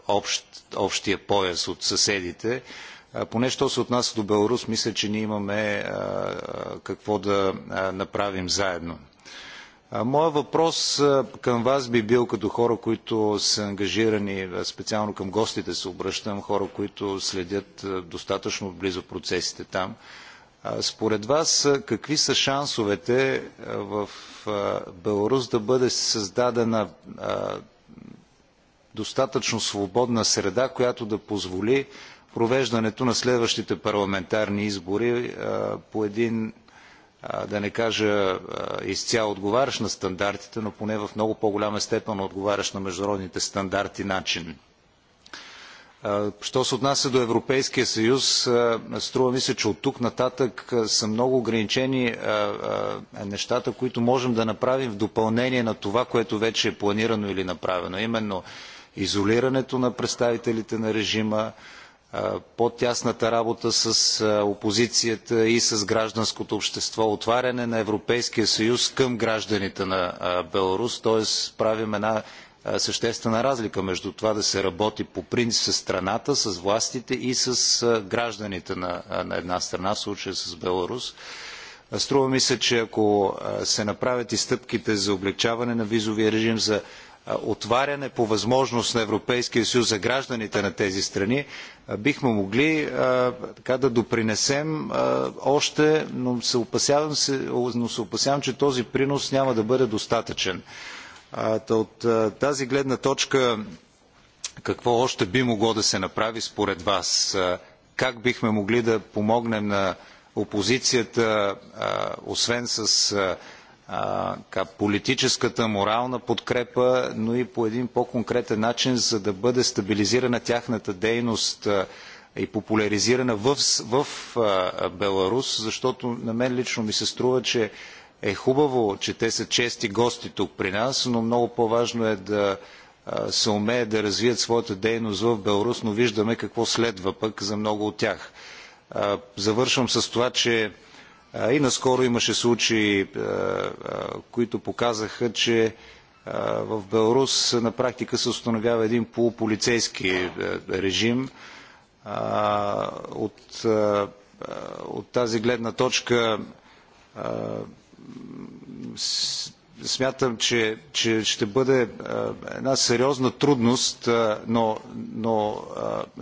Speaker 2: общ, общия пояс от съседите. Поне що се отнася до Беларус, мисля, че ние имаме какво да направим заедно. Моят въпрос към вас би бил като хора, които са ангажирани, специално към гостите се обръщам, хора, които следят достатъчно близо процесите там. Според вас, какви са шансовете в Беларус да бъде създадена достатъчно свободна среда, която да позволи провеждането на следващите парламентарни избори по един, да не кажа изцяло отговарящ на стандартите, но поне в много по-голяма степен отговарящ на международните стандарти начин. Що се отнася до Европейския съюз, струва ми се, че от тук нататък са много ограничени нещата, които можем да направим в допълнение на това, което вече е планирано или направено. Именно изолирането на представителите на режима, по-тясната работа с опозицията и с гражданското общество, отваряне на Европейския съюз към гражданите на Беларус, т.е. правим една съществена разлика между това да се работи по принцип с страната, с властите и с гражданите на, на една страна, в случая с Беларус. Струва ми се, че ако се направят и стъпките за облегчаване на визовия режим, за отваряне по възможност на Европейския съюз за гражданите на тези страни, бихме могли така да допринесем още, но се, опасявам, но се опасявам, че този принос няма да бъде достатъчен от тази гледна точка, какво още би могло да се направи според вас? Как бихме могли да помогнем на опозицията, освен с политическата, морална подкрепа, но и по един по-конкретен начин, за да бъде стабилизирана тяхната дейност и популяризирана в, в Беларус, защото на мен лично ми се струва, че е хубаво, че те са чести гости тук при нас, но много по-важно е да се умеят да развият своята дейност в Беларус, но виждаме какво следва пък за много от тях. Завършвам с това, че и наскоро имаше случаи, които показаха, че в Беларус на практика се установява един полуполицейски режим. От, от тази гледна точка смятам, че, че ще бъде една сериозна трудност, но, но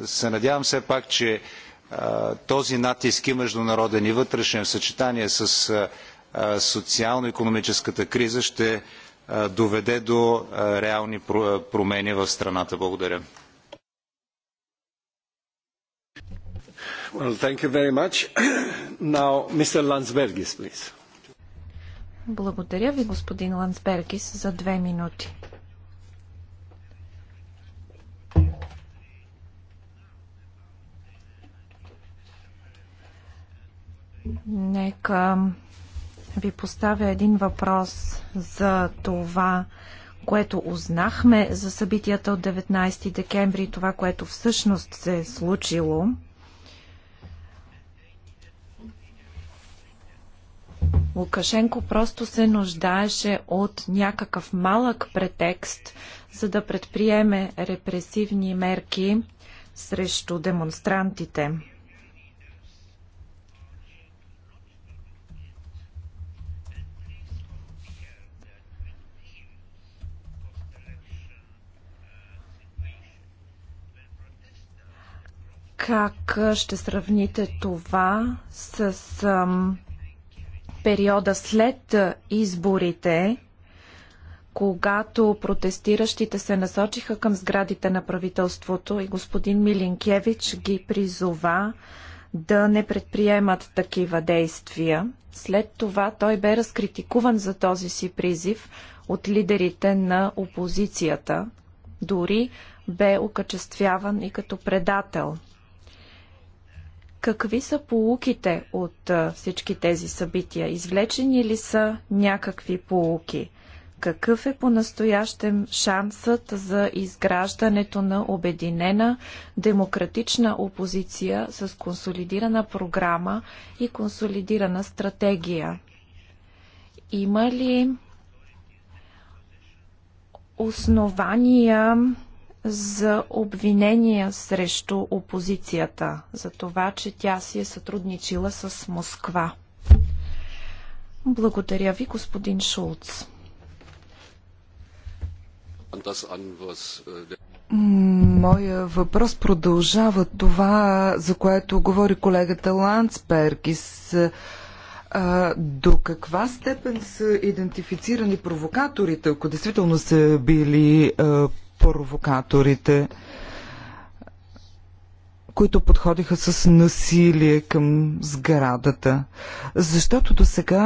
Speaker 2: се надявам все пак, че този натиск и международен и вътрешен в съчетание с социално-економическата криза ще доведе до реални промени в страната. Благодаря. Well, thank you very much. Now, Mr. Landsbergis, please.
Speaker 3: Благодаря ви, господин Ландсбергис, за две минути. Нека ви поставя един въпрос за това, което узнахме за събитията от 19 декември и това, което всъщност се е случило. Лукашенко просто се нуждаеше от някакъв малък претекст, за да предприеме репресивни мерки срещу демонстрантите. Как ще сравните това с периода след изборите, когато протестиращите се насочиха към сградите на правителството и господин Милинкевич ги призова да не предприемат такива действия. След това той бе разкритикуван за този си призив от лидерите на опозицията. Дори бе окачествяван и като предател. Какви са полуките от всички тези събития? Извлечени ли са някакви полуки? Какъв е по-настоящем шансът за изграждането на обединена демократична опозиция с консолидирана програма и консолидирана стратегия? Има ли основания за обвинения срещу опозицията, за това, че тя си е сътрудничила с Москва. Благодаря ви, господин Шулц.
Speaker 4: Моя въпрос продължава това, за което говори колегата Ландсберг. До каква степен са идентифицирани провокаторите, ако действително са били провокаторите, които подходиха с насилие към сградата. Защото до сега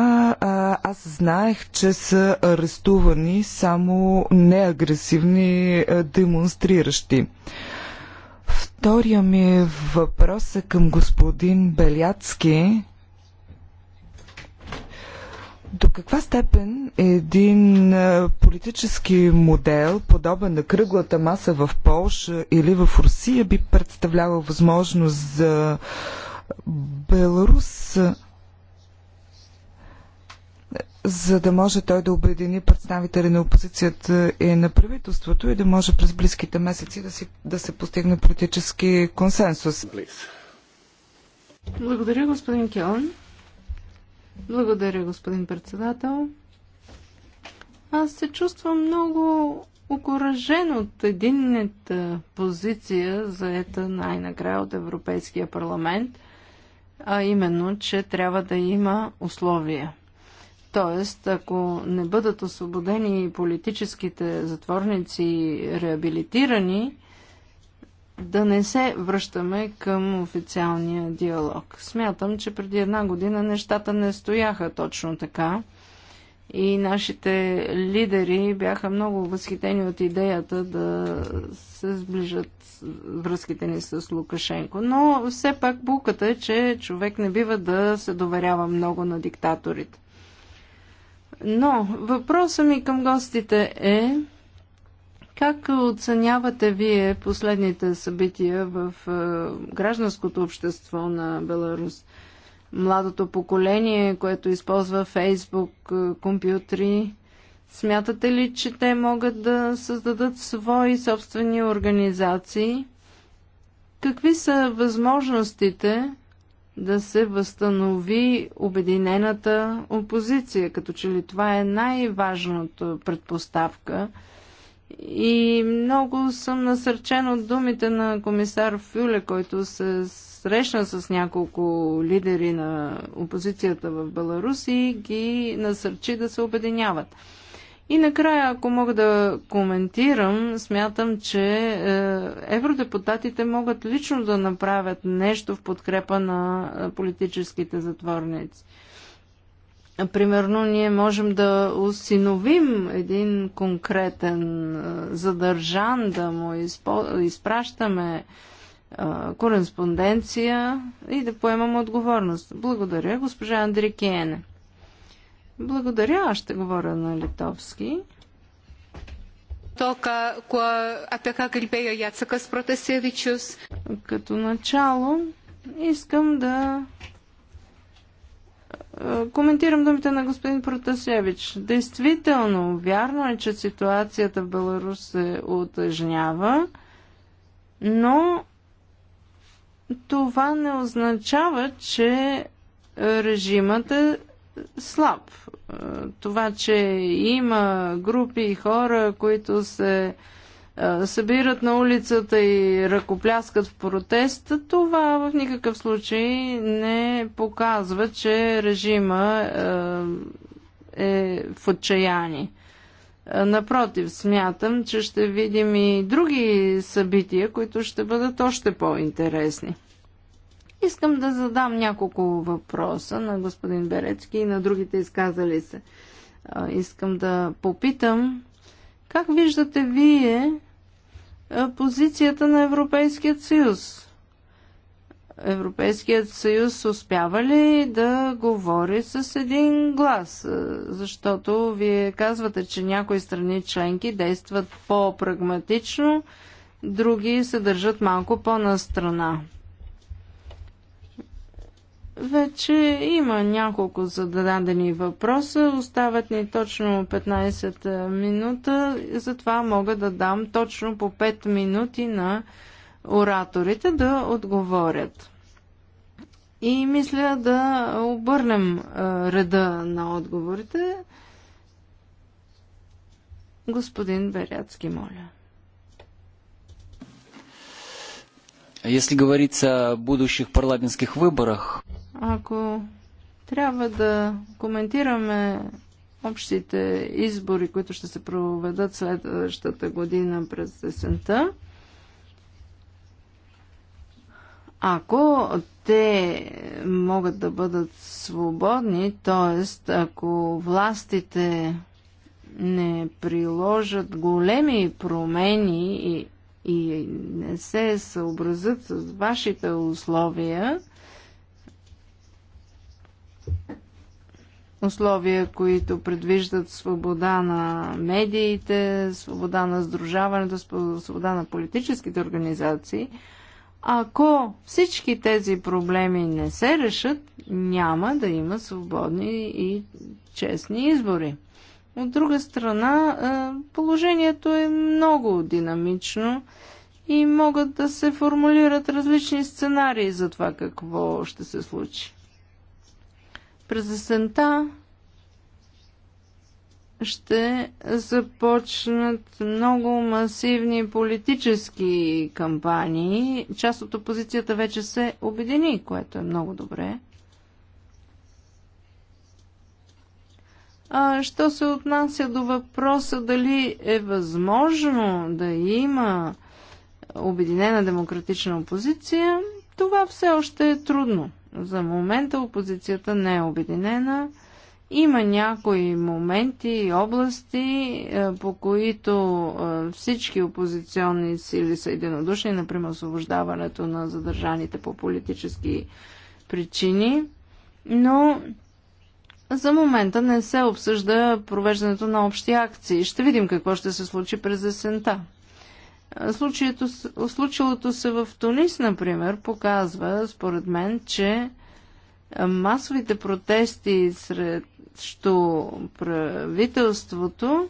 Speaker 4: аз знаех, че са арестувани само неагресивни демонстриращи. Втория ми въпрос е към господин Беляцки до каква степен един политически модел, подобен на кръглата маса в Полша или в Русия, би представлявал възможност за Беларус, за да може той да обедини представители на опозицията и на правителството и да може през близките месеци да, си, да се постигне политически консенсус?
Speaker 1: Благодаря, господин Келн. Благодаря, господин председател. Аз се чувствам много окоръжен от единната позиция, заета най-накрая от Европейския парламент, а именно, че трябва да има условия. Тоест, ако не бъдат освободени политическите затворници и реабилитирани, да не се връщаме към официалния диалог. Смятам, че преди една година нещата не стояха точно така и нашите лидери бяха много възхитени от идеята да се сближат връзките ни с Лукашенко. Но все пак булката е, че човек не бива да се доверява много на диктаторите. Но въпросът ми към гостите е как оценявате вие последните събития в е, гражданското общество на Беларус? Младото поколение, което използва Фейсбук, компютри, смятате ли, че те могат да създадат свои собствени организации? Какви са възможностите да се възстанови обединената опозиция? Като че ли това е най-важната предпоставка – и много съм насърчен от думите на комисар Фюле, който се срещна с няколко лидери на опозицията в Беларус и ги насърчи да се обединяват. И накрая, ако мога да коментирам, смятам, че е, евродепутатите могат лично да направят нещо в подкрепа на е, политическите затворници. Примерно ние можем да осиновим един конкретен задържан, да му изпращаме кореспонденция и да поемам отговорност. Благодаря, госпожа Киене. Благодаря, аз ще говоря на литовски. Тока, apie грибея kalbėjo с Протасевичус. Като начало искам да е, коментирам думите на господин Протасевич. Действително, вярно е, че ситуацията в Беларус се отъжнява, но това не означава, че режимът е слаб. Е, това, че има групи и хора, които се е, събират на улицата и ръкопляскат в протест, това в никакъв случай не показва, че режима е, е в отчаяние. Е, напротив, смятам, че ще видим и други събития, които ще бъдат още по-интересни. Искам да задам няколко въпроса на господин Берецки и на другите изказали се. Искам да попитам как виждате вие е, позицията на Европейският съюз. Европейският съюз успява ли да говори с един глас? Е, защото вие казвате, че някои страни членки действат по-прагматично, други се държат малко по-настрана. Вече има няколко зададени въпроса. Остават ни точно 15 е, минута. Затова мога да дам точно по 5 минути на ораторите да отговорят. И мисля да обърнем е, реда на отговорите. Господин Беряцки, моля.
Speaker 2: Если говорить о будущих парламентских выборах,
Speaker 1: ако трябва да коментираме общите избори, които ще се проведат следващата година през есента, ако те могат да бъдат свободни, т.е. ако властите не приложат големи промени и, и не се съобразят с вашите условия, условия, които предвиждат свобода на медиите, свобода на сдружаването, свобода на политическите организации. Ако всички тези проблеми не се решат, няма да има свободни и честни избори. От друга страна, е, положението е много динамично и могат да се формулират различни сценарии за това какво ще се случи. През есента ще започнат много масивни политически кампании. Част от опозицията вече се обедини, което е много добре. А, що се отнася до въпроса дали е възможно да има обединена демократична опозиция, това все още е трудно. За момента опозицията не е обединена. Има някои моменти и области, е, по които е, всички опозиционни сили са единодушни, например освобождаването на задържаните по политически причини, но за момента не се обсъжда провеждането на общи акции. Ще видим какво ще се случи през есента случилото се в Тунис, например, показва, според мен, че масовите протести срещу правителството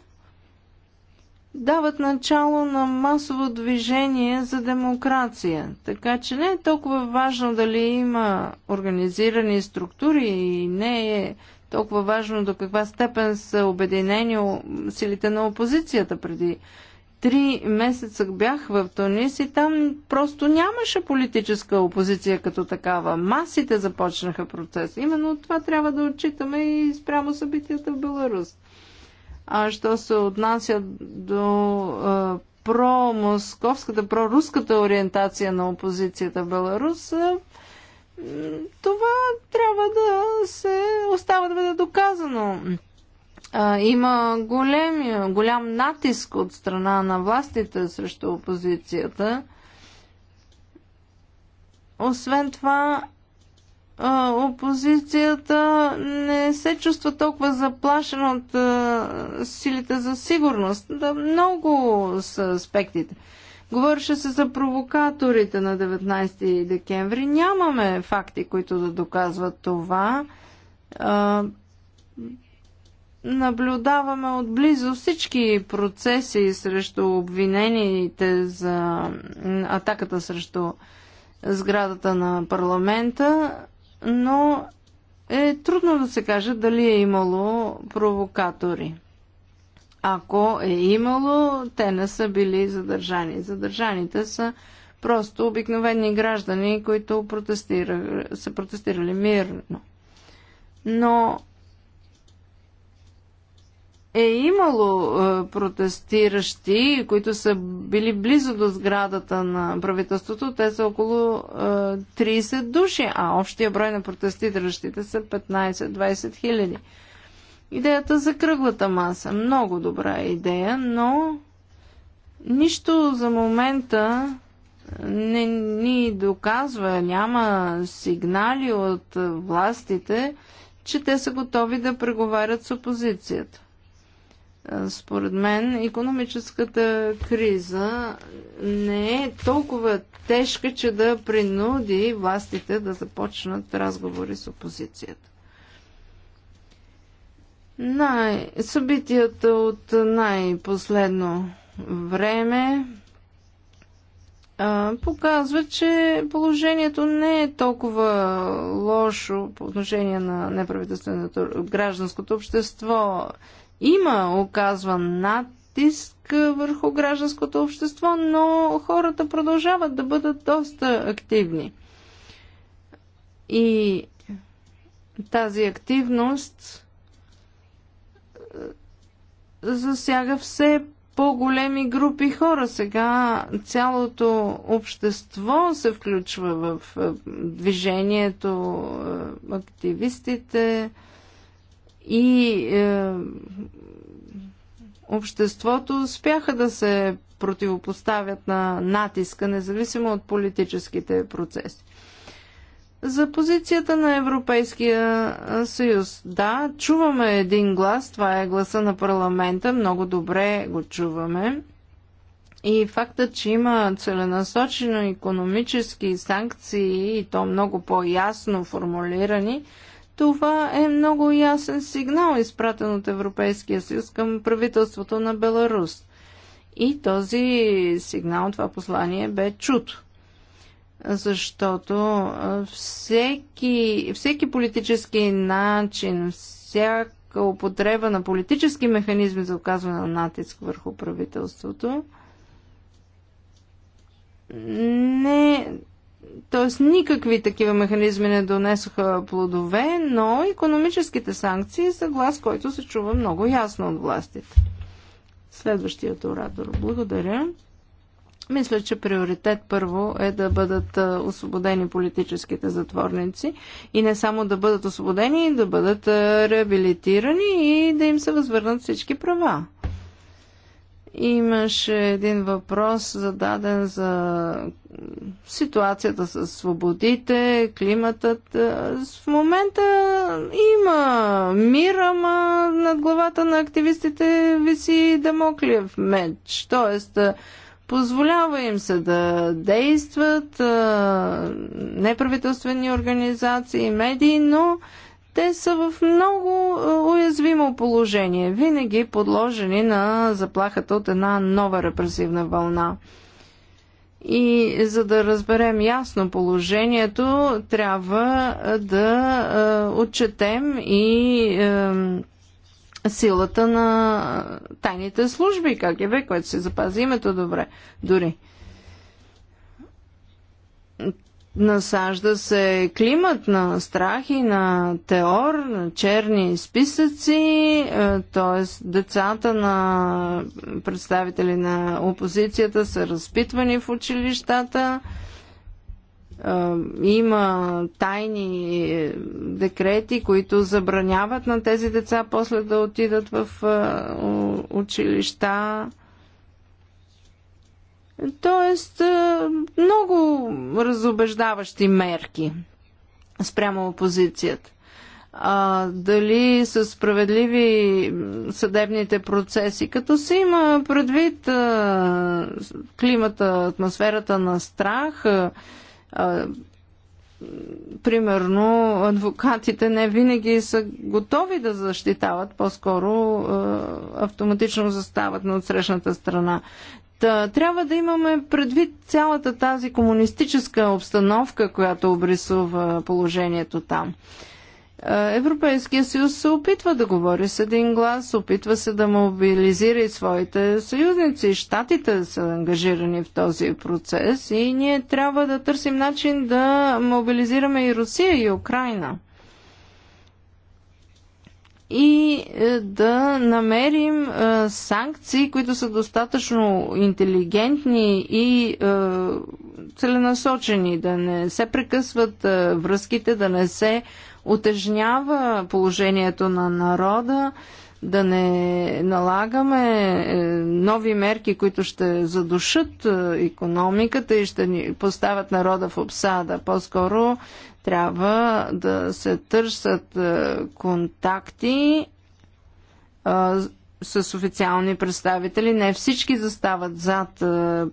Speaker 1: дават начало на масово движение за демокрация. Така че не е толкова важно дали има организирани структури и не е толкова важно до каква степен са обединени силите на опозицията преди три месеца бях в Тунис и там просто нямаше политическа опозиция като такава. Масите започнаха процес. Именно това трябва да отчитаме и спрямо събитията в Беларус. А що се отнася до а, промосковската, проруската ориентация на опозицията в Беларус, това трябва да се остава да бъде доказано а, има голем, голям натиск от страна на властите срещу опозицията. Освен това, а, опозицията не се чувства толкова заплашена от а, силите за сигурност. Да, много са аспектите. Говореше се за провокаторите на 19 декември. Нямаме факти, които да доказват това. А, наблюдаваме отблизо всички процеси срещу обвинените за атаката срещу сградата на парламента, но е трудно да се каже дали е имало провокатори. Ако е имало, те не са били задържани. Задържаните са просто обикновени граждани, които протестира, са протестирали мирно. Но е имало е, протестиращи, които са били близо до сградата на правителството. Те са около 30 е, души, а общия брой на протестиращите са 15-20 хиляди. Идеята за кръглата маса. Много добра идея, но нищо за момента не ни доказва, няма сигнали от е, властите, че те са готови да преговарят с опозицията. Според мен економическата криза не е толкова тежка, че да принуди властите да започнат разговори с опозицията. Най- събитията от най-последно време а, показва, че положението не е толкова лошо по отношение на неправителственото гражданското общество има оказван натиск върху гражданското общество, но хората продължават да бъдат доста активни. И тази активност засяга все по-големи групи хора. Сега цялото общество се включва в движението, активистите, и е, обществото успяха да се противопоставят на натиска, независимо от политическите процеси. За позицията на Европейския е, съюз. Да, чуваме един глас, това е гласа на парламента, много добре го чуваме. И факта, че има целенасочено економически санкции и то много по-ясно формулирани, това е много ясен сигнал, изпратен от Европейския съюз към правителството на Беларус. И този сигнал, това послание бе чуто. Защото всеки, всеки политически начин, всяка употреба на политически механизми за оказване на натиск върху правителството не Тоест никакви такива механизми не донесоха плодове, но економическите санкции са глас, който се чува много ясно от властите. Следващият оратор. Благодаря. Мисля, че приоритет първо е да бъдат освободени политическите затворници и не само да бъдат освободени, да бъдат реабилитирани и да им се възвърнат всички права. Имаше един въпрос зададен за ситуацията с свободите, климатът. В момента има мир, ама над главата на активистите виси дамоклиев меч. Тоест, позволява им се да действат неправителствени организации, медии, но те са в много е, уязвимо положение, винаги подложени на заплахата от една нова репресивна вълна. И за да разберем ясно положението, трябва е, да е, отчетем и силата на тайните служби, как е бе, което се запази името добре, дори Насажда се климат на страх и на теор, на черни списъци, т.е. децата на представители на опозицията са разпитвани в училищата. Е, има тайни е, декрети, които забраняват на тези деца после да отидат в е, училища. Тоест, много разобеждаващи мерки спрямо опозицията. А, дали са справедливи съдебните процеси, като се има предвид а, климата, атмосферата на страх, а, а, примерно адвокатите не винаги са готови да защитават, по-скоро автоматично застават на отсрещната страна. Та, трябва да имаме предвид цялата тази комунистическа обстановка, която обрисува положението там. Европейския съюз се опитва да говори с един глас, опитва се да мобилизира и своите съюзници. Штатите са ангажирани в този процес и ние трябва да търсим начин да мобилизираме и Русия и Украина и е, да намерим е, санкции, които са достатъчно интелигентни и е, целенасочени, да не се прекъсват връзките, да не се отежнява положението на народа, да не налагаме нови мерки, които ще задушат економиката и ще ни поставят народа в обсада. По-скоро трябва да се търсят е, контакти е, с официални представители. Не всички застават зад е,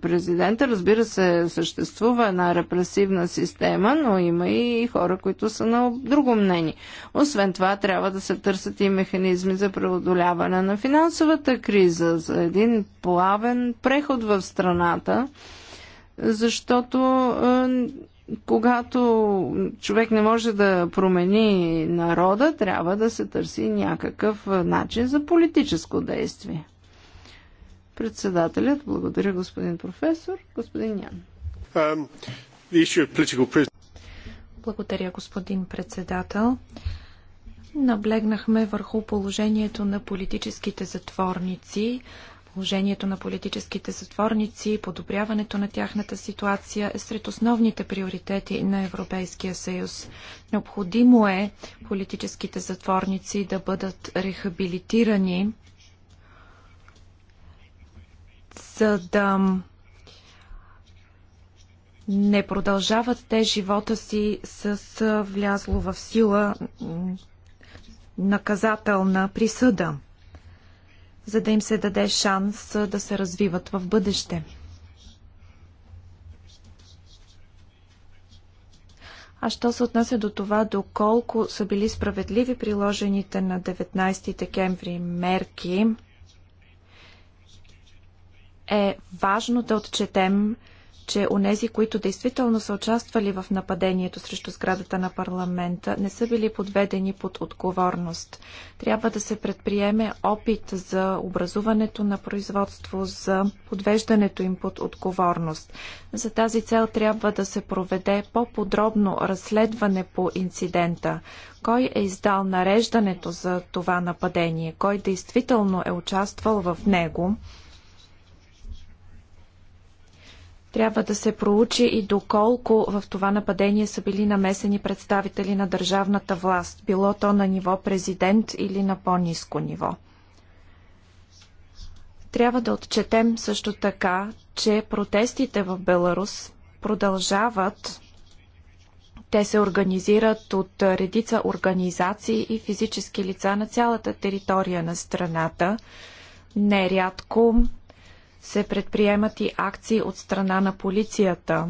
Speaker 1: президента. Разбира се, съществува една репресивна система, но има и хора, които са на друго мнение. Освен това, трябва да се търсят и механизми за преодоляване на финансовата криза, за един плавен преход в страната, защото когато човек не може да промени народа, трябва да се търси някакъв начин за политическо действие. Председателят, благодаря господин професор, господин Ян.
Speaker 2: Um,
Speaker 3: благодаря, господин председател. Наблегнахме върху положението на политическите затворници. Положението на политическите затворници, подобряването на тяхната ситуация е сред основните приоритети на Европейския съюз. Необходимо е политическите затворници да бъдат рехабилитирани, за да не продължават те живота си с влязло в сила наказателна присъда за да им се даде шанс да се развиват в бъдеще. А що се отнася до това, доколко са били справедливи приложените на 19 декември мерки, е важно да отчетем, че онези, които действително са участвали в нападението срещу сградата на парламента, не са били подведени под отговорност. Трябва да се предприеме опит за образуването на производство, за подвеждането им под отговорност. За тази цел трябва да се проведе по-подробно разследване по инцидента. Кой е издал нареждането за това нападение? Кой действително е участвал в него? Трябва да се проучи и доколко в това нападение са били намесени представители на държавната власт, било то на ниво президент или на по-низко ниво. Трябва да отчетем също така, че протестите в Беларус продължават. Те се организират от редица организации и физически лица на цялата територия на страната. Нерядко се предприемат и акции от страна на полицията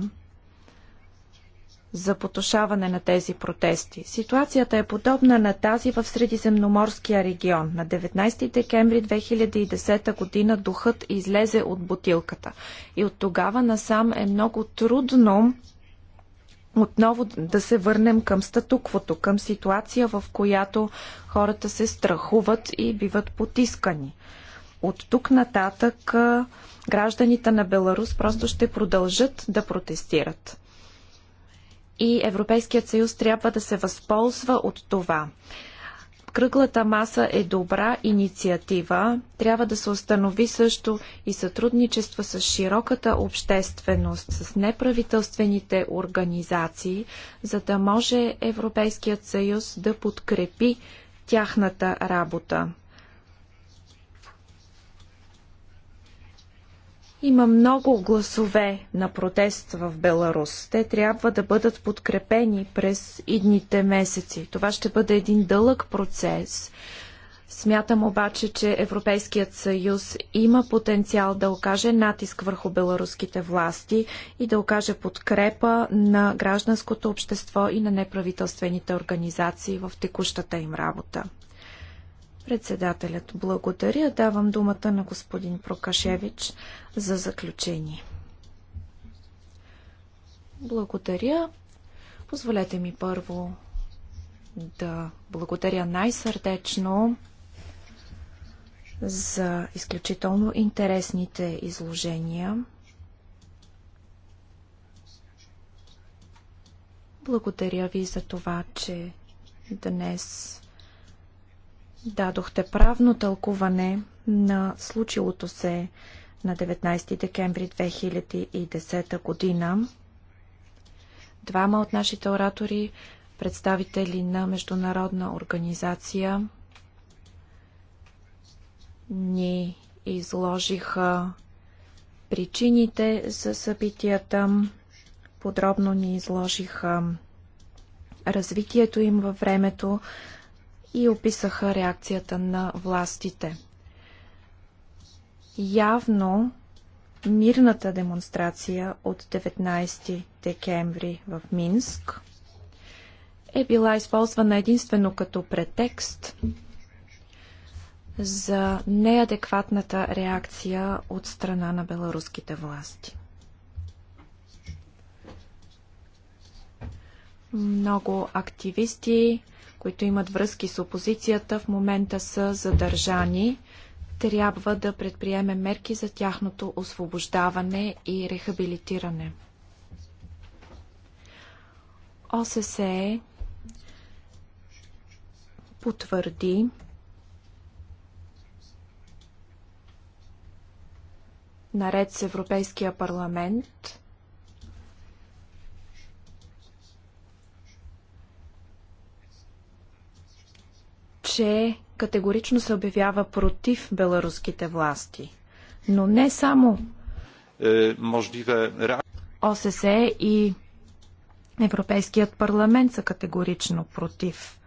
Speaker 3: за потушаване на тези протести. Ситуацията е подобна на тази в Средиземноморския регион. На 19 декември 2010 година духът излезе от бутилката. И от тогава насам е много трудно отново да се върнем към статуквото, към ситуация, в която хората се страхуват и биват потискани. От тук нататък гражданите на Беларус просто ще продължат да протестират. И Европейският съюз трябва да се възползва от това. Кръглата маса е добра инициатива. Трябва да се установи също и сътрудничество с широката общественост, с неправителствените организации, за да може Европейският съюз да подкрепи тяхната работа. Има много гласове на протест в Беларус. Те трябва да бъдат подкрепени през идните месеци. Това ще бъде един дълъг процес. Смятам обаче, че Европейският съюз има потенциал да окаже натиск върху беларуските власти и да окаже подкрепа на гражданското общество и на неправителствените организации в текущата им работа. Председателят благодаря. Давам думата на господин Прокашевич за заключение. Благодаря. Позволете ми първо да благодаря най-сърдечно за изключително интересните изложения. Благодаря ви за това, че днес дадохте правно тълкуване на случилото се на 19 декември 2010 година. Двама от нашите оратори, представители на международна организация, ни изложиха причините за събитията, подробно ни изложиха развитието им във времето, и описаха реакцията на властите. Явно мирната демонстрация от 19 декември в Минск е била използвана единствено като претекст за неадекватната реакция от страна на беларуските власти. Много активисти, които имат връзки с опозицията, в момента са задържани. Трябва да предприеме мерки за тяхното освобождаване и рехабилитиране. ОССЕ потвърди, наред с Европейския парламент, че категорично се обявява против беларуските власти. Но не само е, ОССЕ и Европейският парламент са категорично против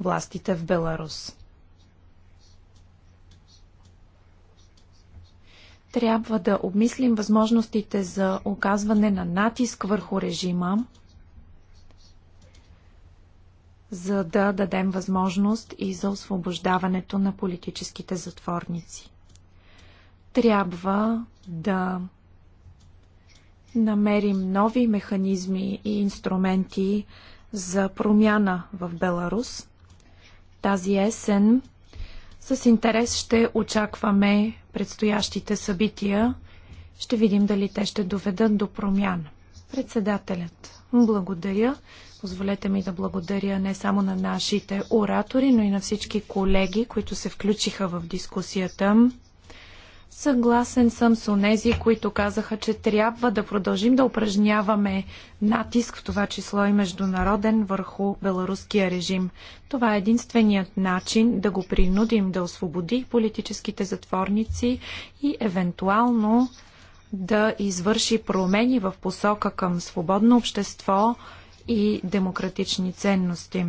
Speaker 3: властите в Беларус. Трябва да обмислим възможностите за оказване на натиск върху режима за да дадем възможност и за освобождаването на политическите затворници. Трябва да намерим нови механизми и инструменти за промяна в Беларус. Тази есен с интерес ще очакваме предстоящите събития. Ще видим дали те ще доведат до промяна. Председателят благодаря. Позволете ми да благодаря не само на нашите оратори, но и на всички колеги, които се включиха в дискусията. Съгласен съм с онези, които казаха, че трябва да продължим да упражняваме натиск, в това число и международен, върху беларуския режим. Това е единственият начин да го принудим да освободи политическите затворници и евентуално да извърши промени в посока към свободно общество и демократични ценности.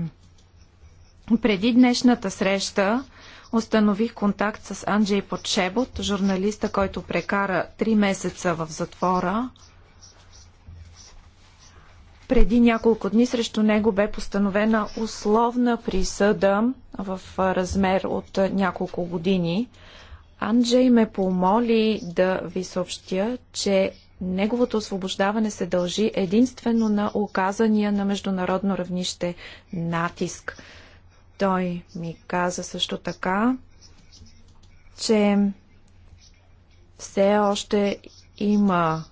Speaker 3: Преди днешната среща установих контакт с Анджей Подшебот, журналиста, който прекара три месеца в затвора. Преди няколко дни срещу него бе постановена условна присъда в размер от няколко години. Анджей ме помоли да ви съобщя, че неговото освобождаване се дължи единствено на оказания на международно равнище натиск. Той ми каза също така, че все още има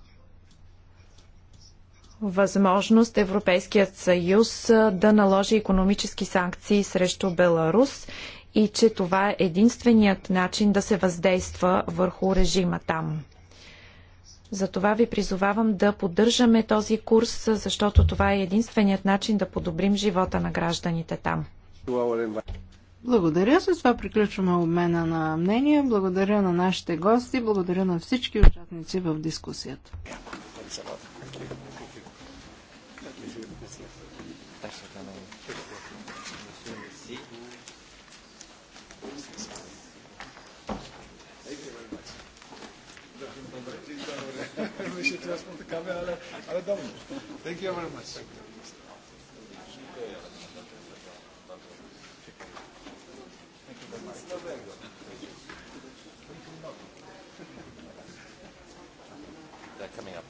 Speaker 3: възможност Европейският съюз да наложи економически санкции срещу Беларус и че това е единственият начин да се въздейства върху режима там. Затова ви призовавам да поддържаме този курс, защото това е единственият начин да подобрим живота на гражданите там. Благодаря. С това приключваме обмена на мнения.
Speaker 1: Благодаря на нашите гости. Благодаря на всички участници в дискусията.
Speaker 2: Kamy, ale, ale dobrze. Thank you very much. They're coming up.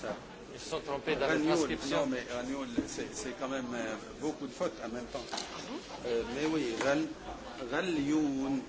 Speaker 2: ça. Ils se sont trompés dans Ragnoul, la transcription. Non, mais Ragnoul, c'est quand même beaucoup de fautes en même temps. Ah bon euh, mais oui, Ragnoul.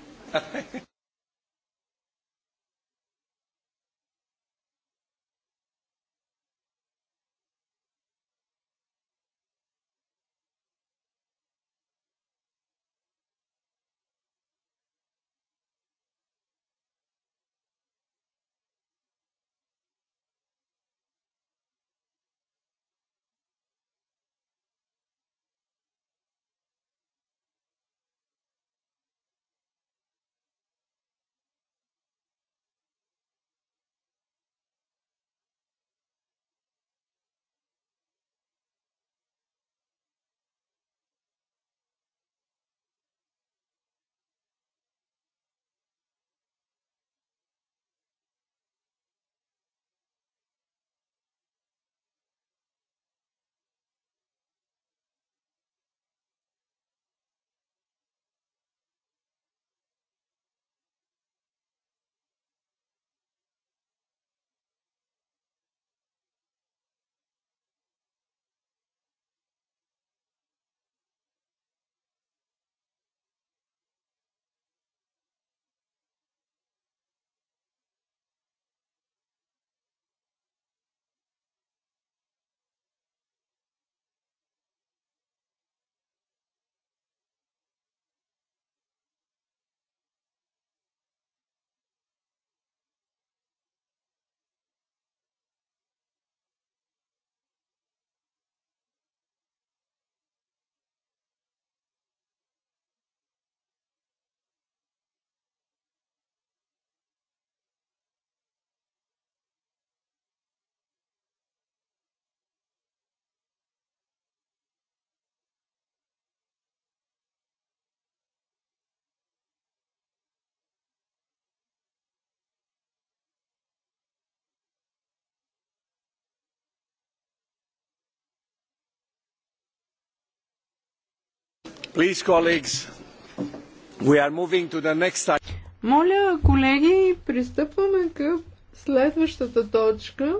Speaker 1: Моля, колеги, пристъпваме към следващата точка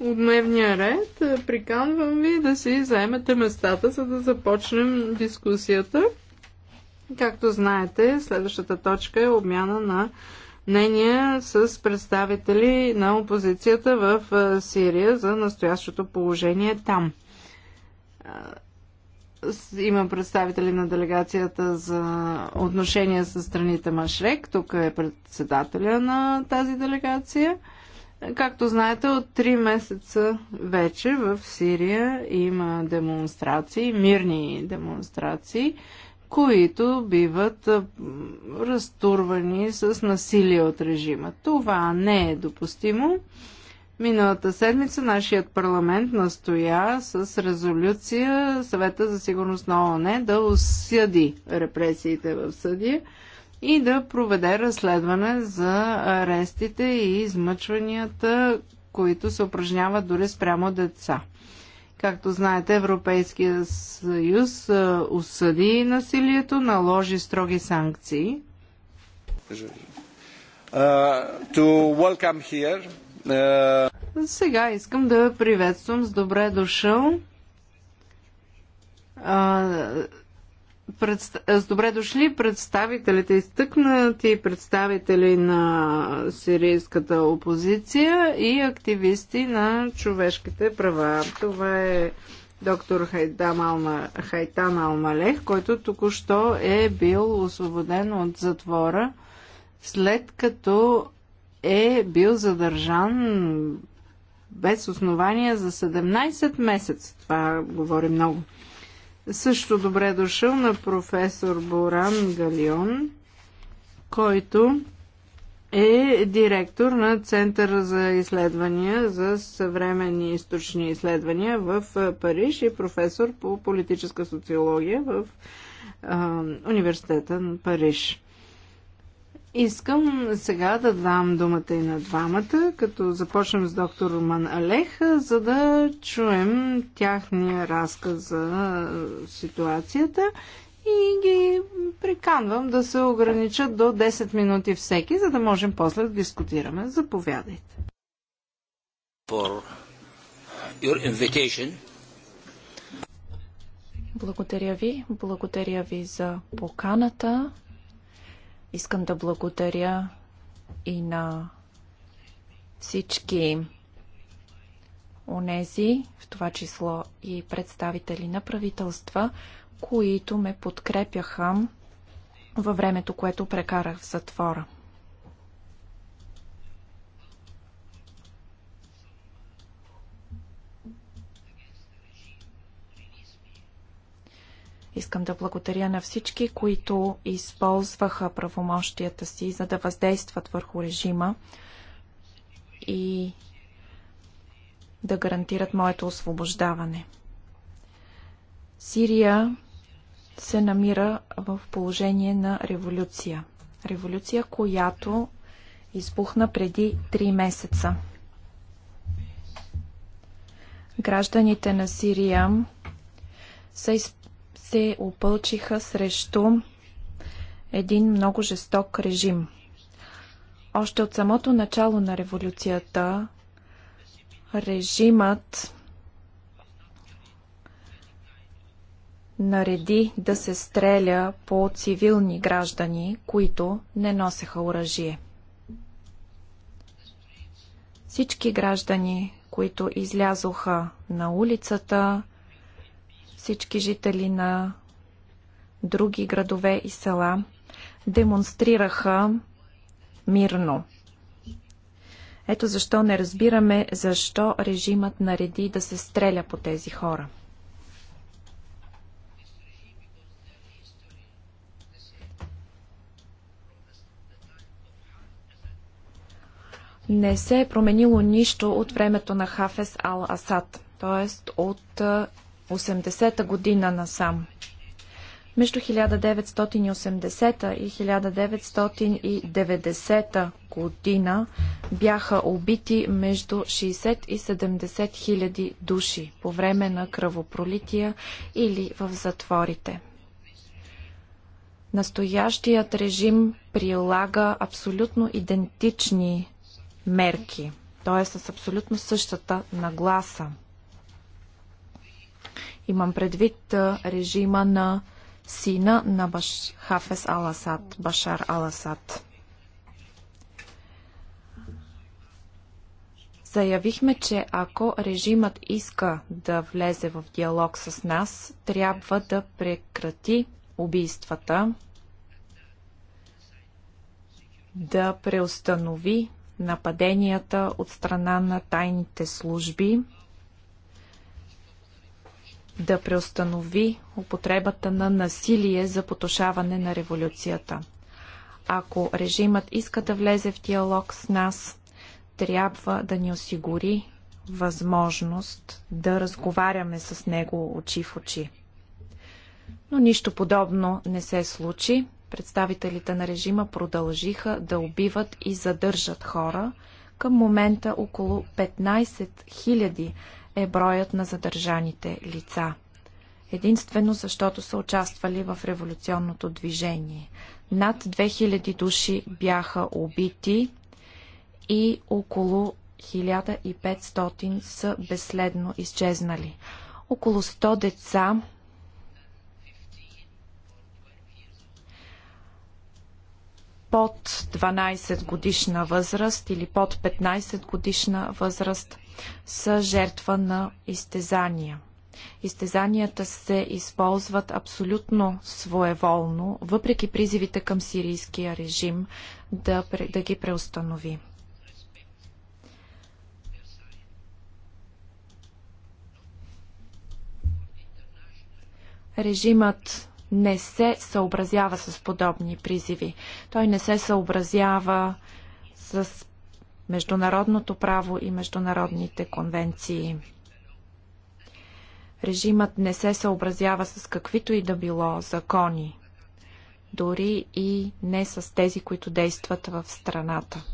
Speaker 1: от дневния ред. Приканвам ви да си заемете местата, за да започнем дискусията. Както знаете, следващата точка е обмяна на мнения с представители на опозицията в Сирия за настоящото положение там. Има представители на делегацията за отношения с страните Машрек. Тук е председателя на тази делегация. Както знаете, от три месеца вече в Сирия има демонстрации, мирни демонстрации, които биват разтурвани с насилие от режима. Това не е допустимо. Миналата седмица нашият парламент настоя с резолюция съвета за сигурност на ООН да осъди репресиите в съдия и да проведе разследване за арестите и измъчванията, които се упражняват дори спрямо деца. Както знаете, Европейския съюз осъди насилието, наложи строги санкции.
Speaker 2: Uh, to welcome here е,
Speaker 1: сега искам да приветствам с добре дошъл Предста... С добре дошли представителите, изтъкнати представители на сирийската опозиция и активисти на човешките права. Това е доктор Алма... Хайтан Алмалех, който току-що е бил освободен от затвора, след като е бил задържан без основания за 17 месеца. Това говори много. Също добре е дошъл на професор Боран Галион, който е директор на Център за изследвания за съвременни източни изследвания в Париж и професор по политическа социология в а, университета на Париж. Искам сега да дам думата и на двамата, като започнем с доктор Роман Алех, за да чуем тяхния разказ за ситуацията и ги приканвам да се ограничат до 10 минути всеки, за да можем после да дискутираме. Заповядайте.
Speaker 3: Благодаря ви. Благодаря ви за поканата. Искам да благодаря и на всички онези, в това число и представители на правителства, които ме подкрепяха във времето, което прекарах в затвора. Искам да благодаря на всички, които използваха правомощията си, за да въздействат върху режима и да гарантират моето освобождаване. Сирия се намира в положение на революция. Революция, която избухна преди три месеца. Гражданите на Сирия са изпълнени се опълчиха срещу един много жесток режим. Още от самото начало на революцията режимът нареди да се стреля по цивилни граждани, които не носеха оръжие. Всички граждани, които излязоха на улицата, всички жители на други градове и села демонстрираха мирно. Ето защо не разбираме защо режимът нареди да се стреля по тези хора. Не се е променило нищо от времето на Хафес Ал-Асад, т.е. от 80-та година насам. Между 1980 и 1990 година бяха убити между 60 и 70 хиляди души по време на кръвопролития или в затворите. Настоящият режим прилага абсолютно идентични мерки, т.е. с абсолютно същата нагласа – Имам предвид режима на сина на Баш... Хафес Аласад, Башар Аласад. Заявихме, че ако режимът иска да влезе в диалог с нас, трябва да прекрати убийствата, да преустанови нападенията от страна на тайните служби, да преустанови употребата на насилие за потушаване на революцията. Ако режимът иска да влезе в диалог с нас, трябва да ни осигури възможност да разговаряме с него очи в очи. Но нищо подобно не се случи. Представителите на режима продължиха да убиват и задържат хора. Към момента около 15 000 е броят на задържаните лица. Единствено защото са участвали в революционното движение. Над 2000 души бяха убити и около 1500 са безследно изчезнали. Около 100 деца под 12 годишна възраст или под 15 годишна възраст са жертва на изтезания. Изтезанията се използват абсолютно своеволно, въпреки призивите към сирийския режим да, да ги преустанови. Режимът не се съобразява с подобни призиви. Той не се съобразява с международното право и международните конвенции. Режимът не се съобразява с каквито и да било закони, дори и не с тези, които действат в страната.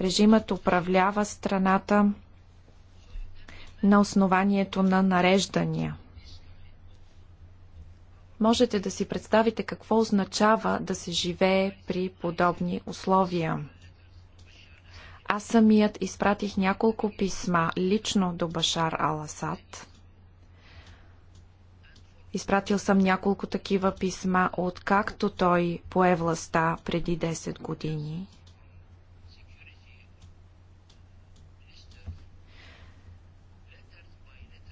Speaker 3: Режимът управлява страната на основанието на нареждания. Можете да си представите какво означава да се живее при подобни условия. Аз самият изпратих няколко писма лично до Башар Ал-Асад. Изпратил съм няколко такива писма, откакто той пое властта преди 10 години.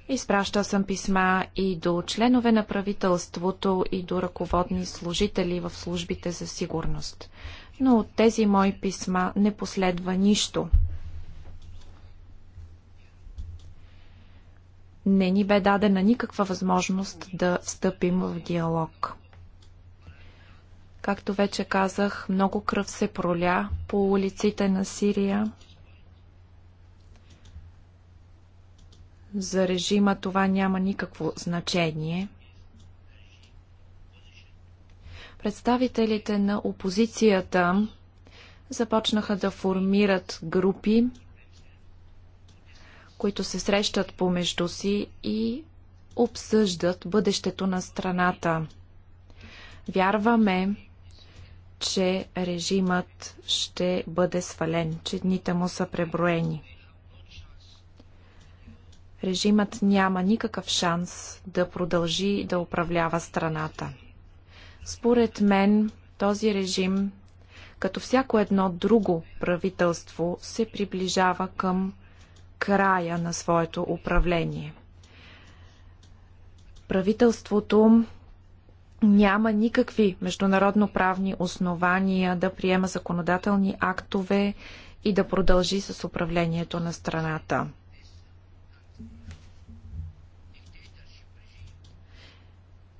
Speaker 3: Изпращал съм писма и до членове на правителството и до ръководни служители в службите за сигурност но от тези мои писма не последва нищо. Не ни бе дадена никаква възможност да встъпим в диалог. Както вече казах, много кръв се проля по улиците на Сирия. За режима това няма никакво значение – Представителите на опозицията започнаха да формират групи, които се срещат помежду си и обсъждат бъдещето на страната. Вярваме, че режимът ще бъде свален, че дните му са преброени. Режимът няма никакъв шанс да продължи да управлява страната. Според мен този режим, като всяко едно друго правителство, се приближава към края на своето управление. Правителството няма никакви международно-правни основания да приема законодателни актове и да продължи с управлението на страната.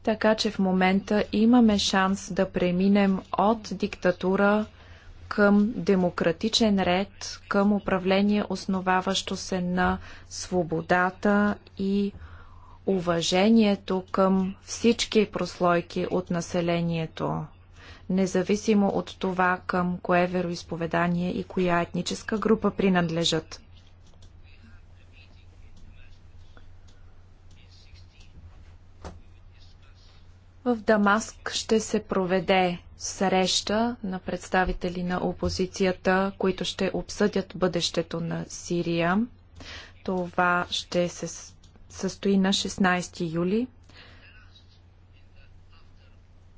Speaker 3: Така че в момента имаме шанс да преминем от диктатура към демократичен ред, към управление, основаващо се на свободата и уважението към всички прослойки от населението, независимо от това към кое вероисповедание и коя етническа група принадлежат В Дамаск ще се проведе среща на представители на опозицията, които ще обсъдят бъдещето на Сирия. Това ще се състои на 16 юли.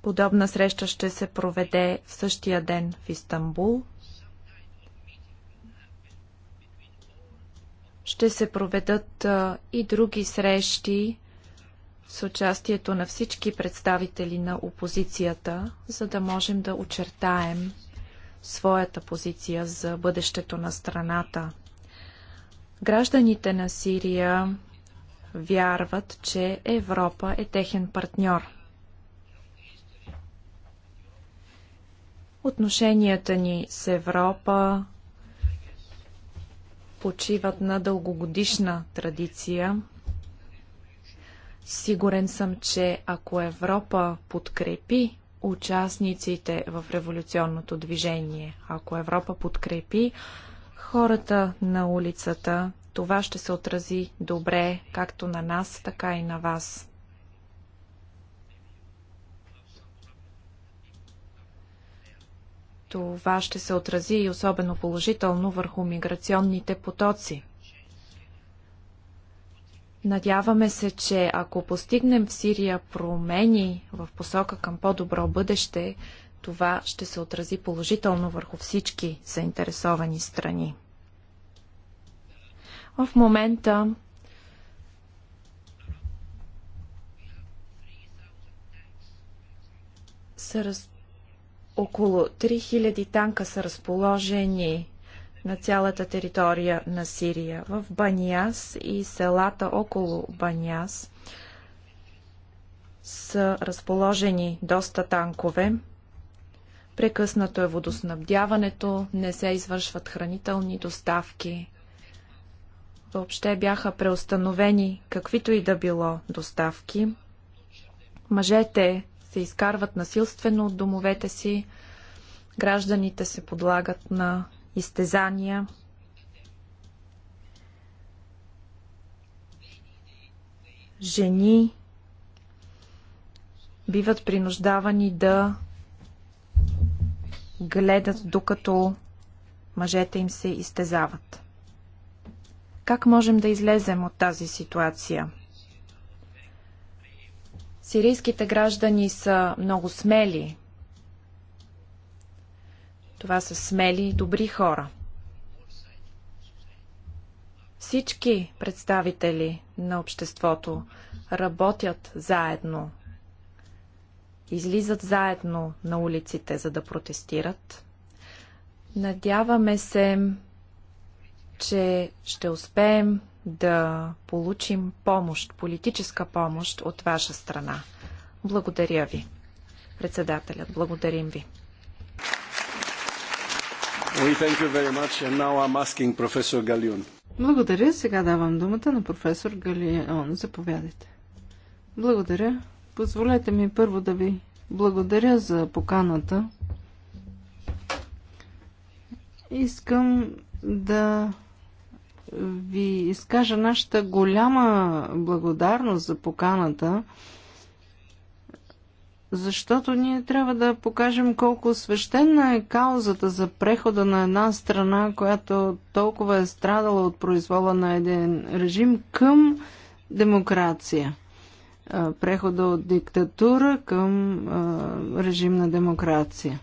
Speaker 3: Подобна среща ще се проведе в същия ден в Истанбул. Ще се проведат и други срещи с участието на всички представители на опозицията, за да можем да очертаем своята позиция за бъдещето на страната. Гражданите на Сирия вярват, че Европа е техен партньор. Отношенията ни с Европа почиват на дългогодишна традиция – Сигурен съм, че ако Европа подкрепи участниците в революционното движение, ако Европа подкрепи хората на улицата, това ще се отрази добре както на нас, така и на вас. Това ще се отрази и особено положително върху миграционните потоци. Надяваме се, че ако постигнем в Сирия промени в посока към по-добро бъдеще, това ще се отрази положително върху всички заинтересовани страни. В момента са раз... около 3000 танка са разположени на цялата територия на Сирия. В Баняс и селата около Баняс са разположени доста танкове. Прекъснато е водоснабдяването, не се извършват хранителни доставки. Въобще бяха преустановени каквито и да било доставки. Мъжете се изкарват насилствено от домовете си, гражданите се подлагат на изтезания. Жени биват принуждавани да гледат докато мъжете им се изтезават. Как можем да излезем от тази ситуация? Сирийските граждани са много смели, това са смели и добри хора. Всички представители на обществото работят заедно, излизат заедно на улиците, за да протестират. Надяваме се, че ще успеем да получим помощ, политическа помощ от ваша страна. Благодаря ви, председателят. Благодарим ви.
Speaker 1: Благодаря. Сега давам думата на професор Галион. Заповядайте. Благодаря. Позволете ми първо да ви благодаря за поканата. Искам да ви изкажа нашата голяма благодарност за поканата защото ние трябва да покажем колко свещена е каузата за прехода на една страна, която толкова е страдала от произвола на един режим към демокрация. Прехода от диктатура към режим на демокрация.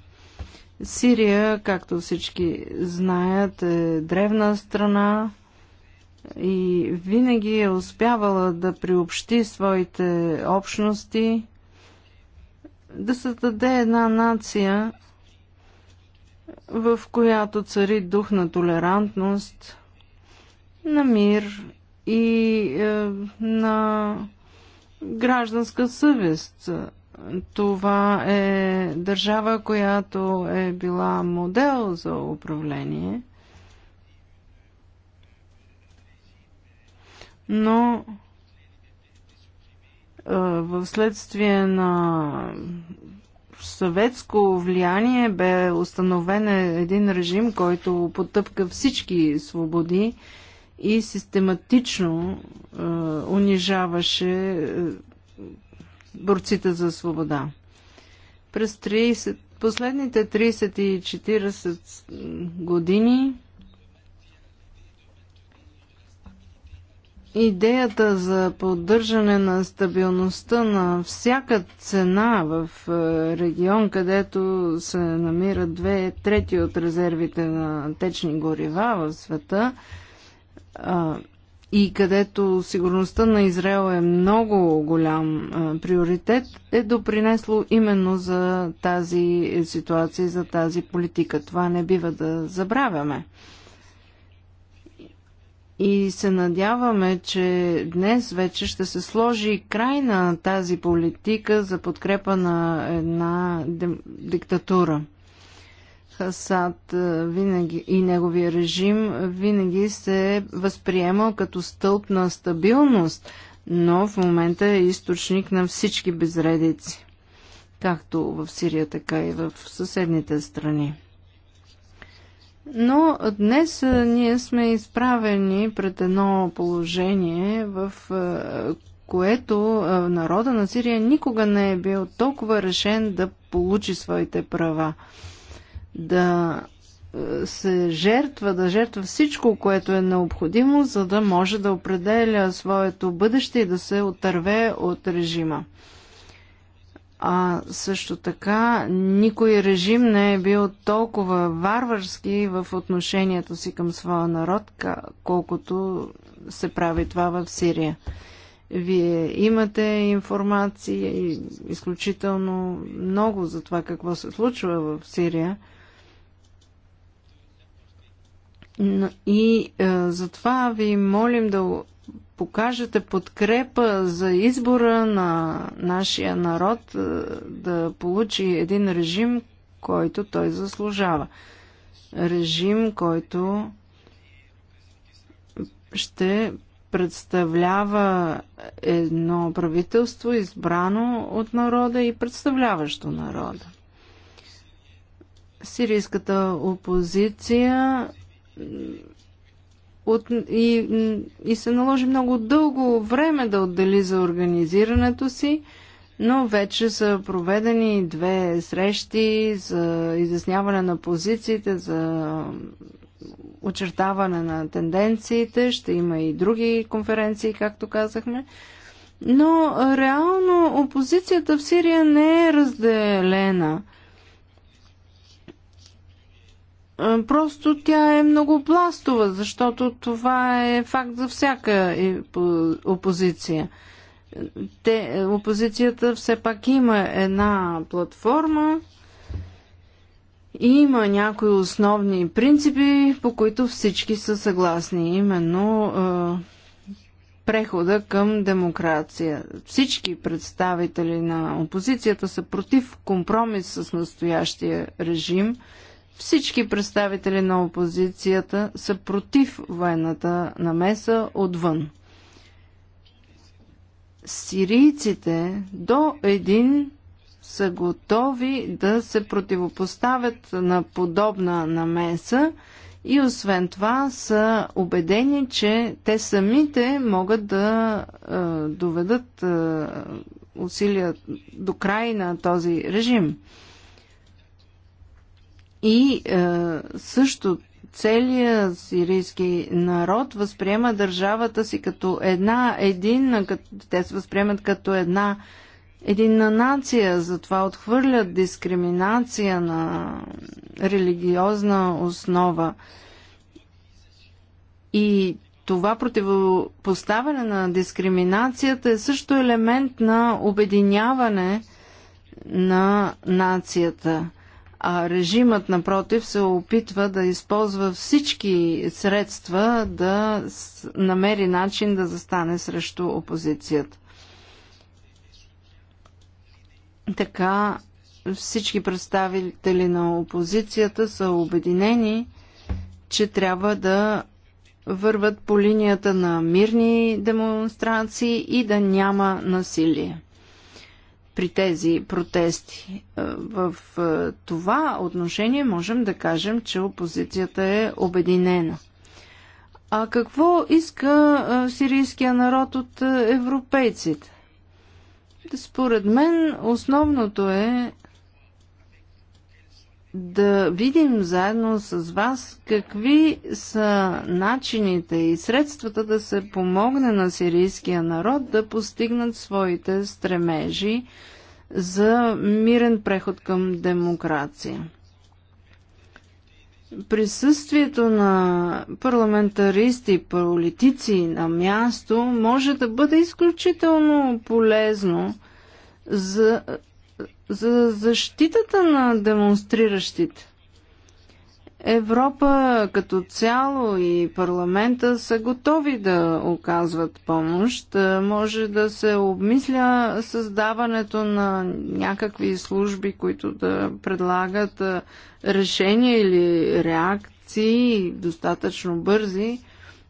Speaker 1: Сирия, както всички знаят, е древна страна и винаги е успявала да приобщи своите общности да създаде една нация, в която цари дух на толерантност, на мир и е, на гражданска съвест. Това е държава, която е била модел за управление, но в следствие на съветско влияние бе установен един режим, който потъпка всички свободи и систематично е, унижаваше е, борците за свобода. През 30, последните 30 и 40 години Идеята за поддържане на стабилността на всяка цена в е, регион, където се намират две трети от резервите на течни горива в света и където сигурността на Израел е много голям приоритет, е допринесло именно за тази ситуация, за тази политика. Това не бива да забравяме и се надяваме, че днес вече ще се сложи край на тази политика за подкрепа на една диктатура. Хасад е, винаги и неговия режим винаги се е възприемал като стълб на стабилност, но в момента е източник на всички безредици, както в Сирия, така и в съседните страни. Но днес ние сме изправени пред едно положение, в което народа на Сирия никога не е бил толкова решен да получи своите права, да се жертва, да жертва всичко, което е необходимо, за да може да определя своето бъдеще и да се отърве от режима. А също така никой режим не е бил толкова варварски в отношението си към своя народ, колкото се прави това в Сирия. Вие имате информация изключително много за това какво се случва в Сирия. И е, затова ви молим да покажете подкрепа за избора на нашия народ е, да получи един режим, който той заслужава. Режим, който ще представлява едно правителство, избрано от народа и представляващо народа. Сирийската опозиция от, и, и се наложи много дълго време да отдели за организирането си, но вече са проведени две срещи за изясняване на позициите, за очертаване на тенденциите, ще има и други конференции, както казахме. Но реално опозицията в Сирия не е разделена – е, просто тя е много пластова, защото това е факт за всяка опозиция. Те, опозицията все пак има една платформа, има някои основни принципи, по които всички са съгласни. Именно е, прехода към демокрация. Всички представители на опозицията са против компромис с настоящия режим – всички представители на опозицията са против военната намеса отвън. Сирийците до един са готови да се противопоставят на подобна намеса и освен това са убедени, че те самите могат да е, доведат е, усилия до край на този режим. И е, също целият сирийски народ възприема държавата си като една един, като, те се възприемат като една единна нация, затова отхвърлят дискриминация на религиозна основа. И това противопоставяне на дискриминацията е също елемент на обединяване на нацията – а режимът, напротив, се опитва да използва всички средства да намери начин да застане срещу опозицията. Така всички представители на опозицията са обединени, че трябва да върват по линията на мирни демонстрации и да няма насилие при тези протести. Е, в е, това отношение можем да кажем, че опозицията е обединена. А какво иска е, сирийския народ от европейците? Според мен основното е да видим заедно с вас какви са начините и средствата да се помогне на сирийския народ да постигнат своите стремежи за мирен преход към демокрация. Присъствието на парламентаристи, и политици на място може да бъде изключително полезно за за защитата на демонстриращите. Европа като цяло и парламента са готови да оказват помощ. Е, може да се обмисля създаването на някакви служби, които да предлагат е, решения или реакции достатъчно бързи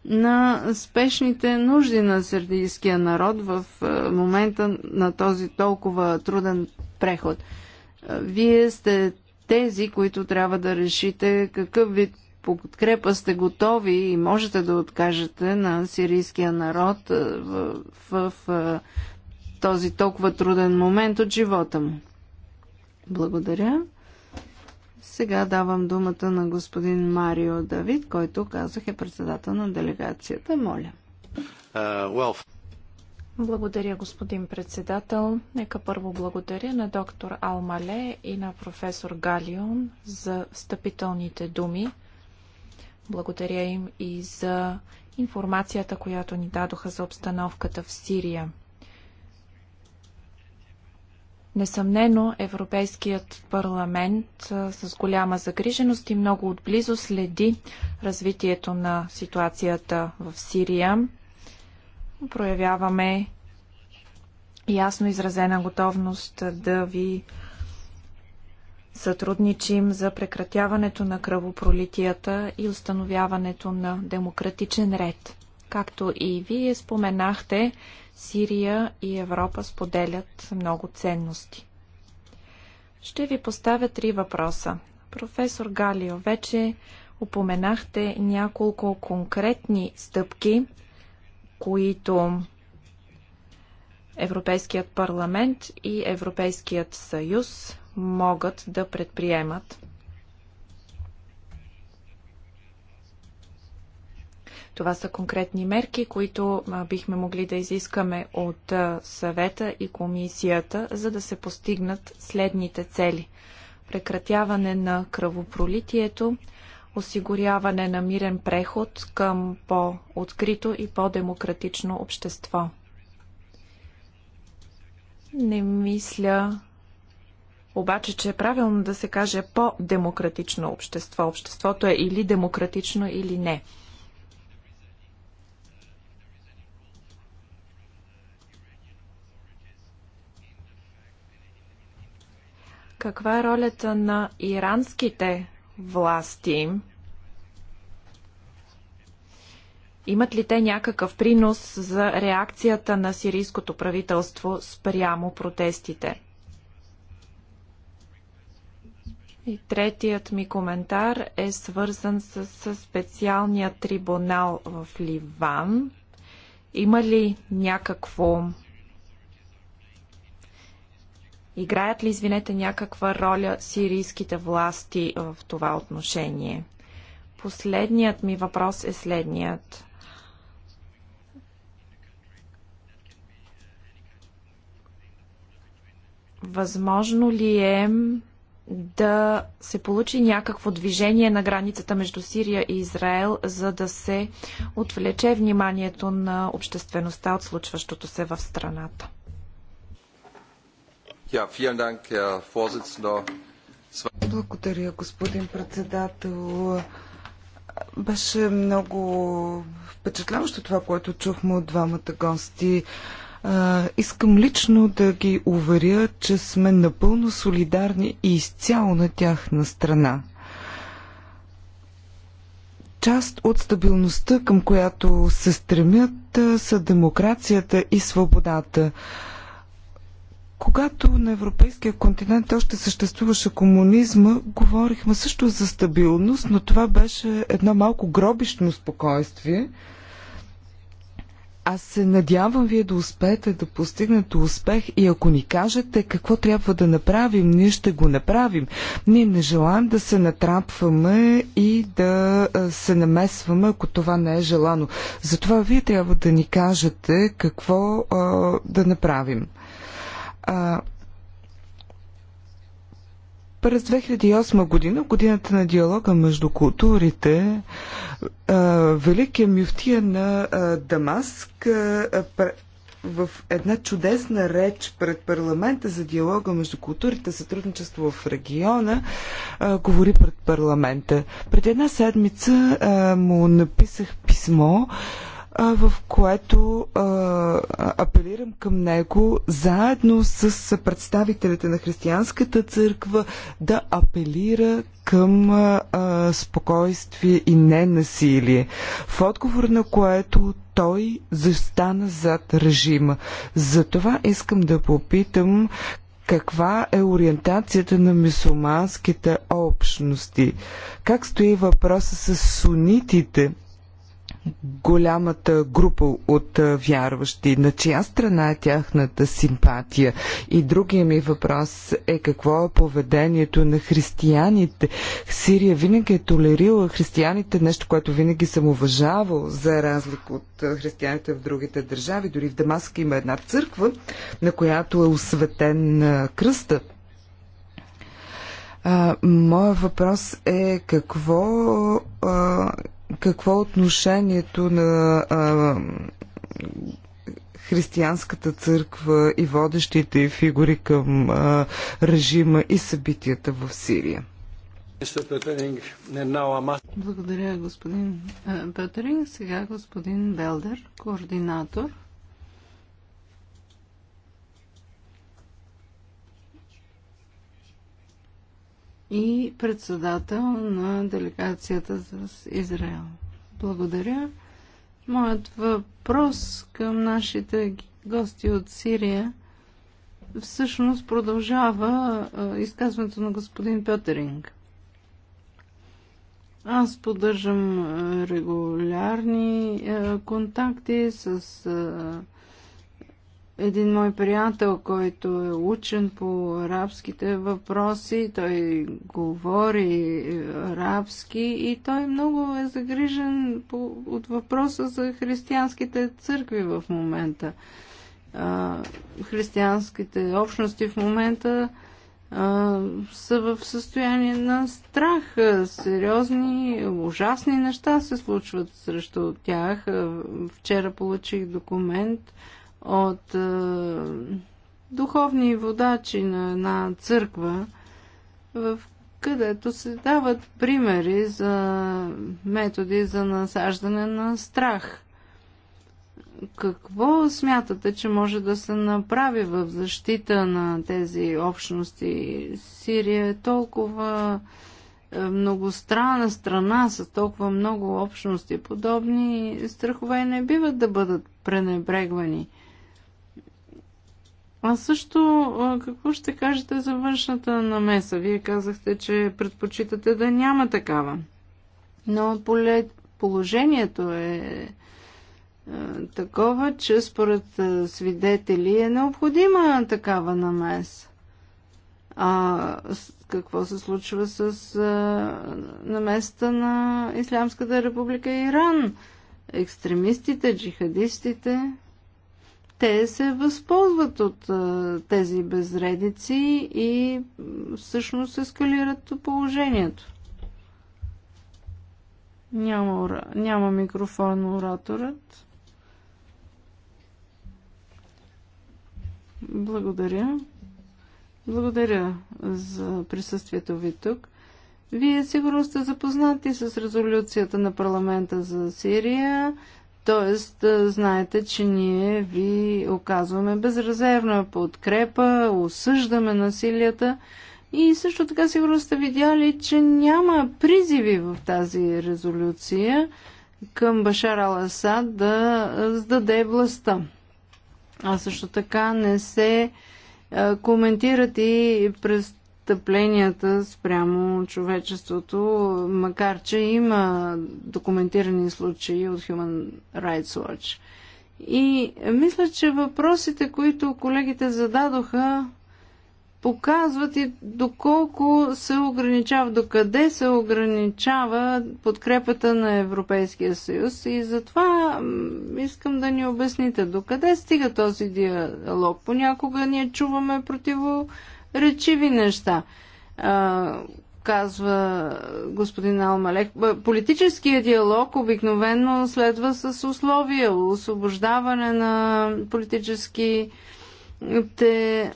Speaker 1: на спешните нужди на сърдийския народ в е, момента на този толкова труден преход. Е, вие сте тези, които трябва да решите какъв вид подкрепа сте готови и можете да откажете на сирийския народ е, в, в, в този толкова труден момент от живота му. Благодаря. Сега давам думата на господин Марио Давид, който казах е председател на делегацията. Моля.
Speaker 2: Uh, well.
Speaker 3: Благодаря, господин председател. Нека първо благодаря на доктор Алмале и на професор Галион за встъпителните думи. Благодаря им и за информацията, която ни дадоха за обстановката в Сирия. Несъмнено Европейският парламент с голяма загриженост и много отблизо следи развитието на ситуацията в Сирия. Проявяваме ясно изразена готовност да ви сътрудничим за прекратяването на кръвопролитията и установяването на демократичен ред. Както и вие споменахте, Сирия и Европа споделят много ценности. Ще ви поставя три въпроса. Професор Галио, вече упоменахте няколко конкретни стъпки, които Европейският парламент и Европейският съюз могат да предприемат Това са конкретни мерки, които бихме могли да изискаме от съвета и комисията, за да се постигнат следните цели. Прекратяване на кръвопролитието, осигуряване на мирен преход към по-открито и по-демократично общество. Не мисля обаче, че е правилно да се каже по-демократично общество. Обществото е или демократично, или не. Каква е ролята на иранските власти? Имат ли те някакъв принос за реакцията на сирийското правителство спрямо протестите? И третият ми коментар е свързан с, с специалния трибунал в Ливан. Има ли някакво Играят ли, извинете, някаква роля сирийските власти в това отношение? Последният ми въпрос е следният. Възможно ли е да се получи някакво движение на границата между Сирия и Израел, за да се отвлече вниманието на обществеността от случващото се в страната?
Speaker 4: Благодаря, господин председател. Беше много впечатляващо това, което чухме от двамата гости. искам лично да ги уверя, че сме напълно солидарни и изцяло на тяхна страна част от стабилността, към която се стремят, са демокрацията и свободата. Когато на европейския континент още съществуваше комунизма, говорихме също за стабилност, но това беше едно малко гробищно спокойствие. Аз се надявам вие да успеете да постигнете успех и ако ни кажете какво трябва да направим, ние ще го направим. Ние не желаем да се натрапваме и да се намесваме, ако това не е желано. Затова вие трябва да ни кажете какво а, да направим. А, през 2008 година, годината на диалога между културите, Великия мюфтия на Дамаск в една чудесна реч пред парламента за диалога между културите, сътрудничество в региона, а, говори пред парламента. Пред една седмица а, му написах писмо, в което а, апелирам към него, заедно с представителите на християнската църква, да апелира към а, спокойствие и ненасилие. В отговор на което той застана зад режима. Затова искам да попитам каква е ориентацията на мисулманските общности? Как стои въпроса с сунитите? голямата група от вярващи? На чия страна е тяхната симпатия? И другия ми въпрос е какво е поведението на християните? Сирия винаги е толерила християните, нещо, което винаги съм уважавал, за разлика от християните в другите държави. Дори в Дамаск има една църква, на която е осветен кръста. А, моя въпрос е какво а, какво е отношението на а, християнската църква и водещите фигури към а, режима и събитията в Сирия?
Speaker 2: Благодаря,
Speaker 1: господин Петеринг. Сега господин Белдер, координатор и председател на делегацията с Израел. Благодаря. Моят въпрос към нашите гости от Сирия всъщност продължава изказването на господин Петеринг. Аз поддържам регулярни контакти с един мой приятел, който е учен по арабските въпроси, той говори арабски и той много е загрижен по, от въпроса за християнските църкви в момента. А, християнските общности в момента а, са в състояние на страх. Сериозни, ужасни неща се случват срещу тях. Вчера получих документ, от е, духовни водачи на една църква, в където се дават примери за методи за насаждане на страх. Какво смятате, че може да се направи в защита на тези общности? Сирия е толкова е, многостранна страна с толкова много общности. Подобни страхове не биват да бъдат пренебрегвани – а също, какво ще кажете за външната намеса? Вие казахте, че предпочитате да няма такава. Но поле... положението е, е такова, че според е, свидетели е необходима такава намеса. А какво се случва с е, наместа на Ислямската република Иран? Екстремистите, джихадистите, те се възползват от а, тези безредици и всъщност ескалират положението. Няма, Няма микрофон ораторът. Благодаря. Благодаря за присъствието ви тук. Вие сигурно сте запознати с резолюцията на парламента за Сирия. Тоест, знаете, че ние ви оказваме безрезервна подкрепа, осъждаме насилията и също така сигурно сте видяли, че няма призиви в тази резолюция към Башар Аласад да сдаде властта. А също така не се коментират и през престъпленията спрямо човечеството, макар че има документирани случаи от Human Rights Watch. И мисля, че въпросите, които колегите зададоха, показват и доколко се ограничава, докъде се ограничава подкрепата на Европейския съюз. И затова искам да ни обясните, докъде стига този диалог. Понякога ние чуваме противо речиви неща. А, казва господин Алмалек. Политическия диалог обикновено следва с условия, освобождаване на политически те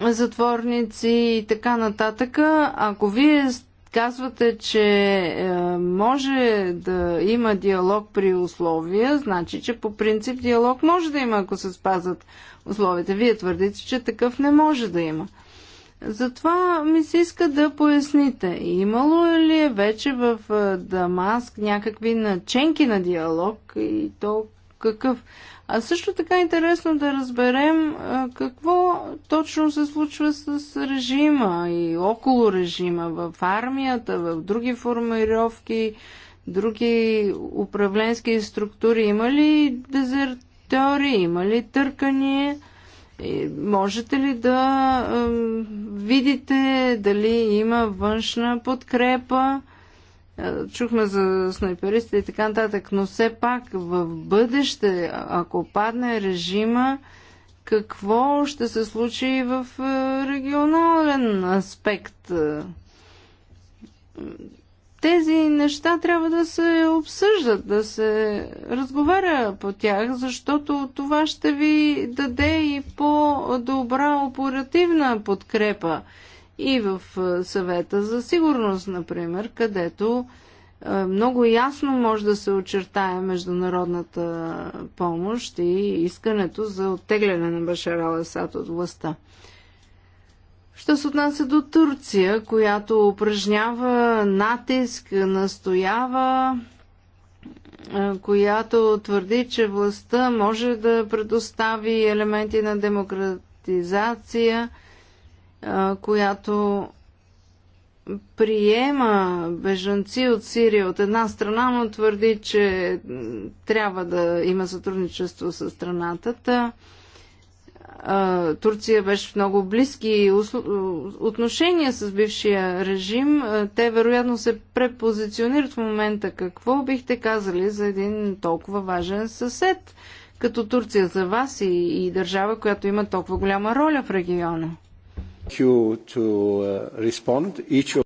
Speaker 1: затворници и така нататък. Ако вие сте Казвате, че е, може да има диалог при условия, значи, че по принцип диалог може да има, ако се спазват условията. Вие твърдите, че такъв не може да има. Затова ми се иска да поясните, имало ли е вече в е, Дамаск някакви наченки на диалог и то какъв? А също така е интересно да разберем какво точно се случва с режима и около режима в армията, в други формировки, други управленски структури. Има ли дезертори, има ли търкания? Можете ли да видите дали има външна подкрепа? Е, чухме за снайперистите и така нататък, но все пак в бъдеще, ако падне режима, какво ще се случи в е, регионален аспект? Е, тези неща трябва да се обсъждат, да се разговаря по тях, защото това ще ви даде и по-добра оперативна подкрепа и в съвета за сигурност, например, където много ясно може да се очертае международната помощ и искането за оттегляне на Башар Аласад от властта. Що се отнася до Турция, която упражнява натиск, настоява, която твърди, че властта може да предостави елементи на демократизация – която приема бежанци от Сирия от една страна, но твърди, че трябва да има сътрудничество с страната. Та, Турция беше в много близки отношения с бившия режим. Те вероятно се препозиционират в момента. Какво бихте казали за един толкова важен съсед като Турция за вас и, и държава, която има толкова голяма роля в региона?
Speaker 2: Uh,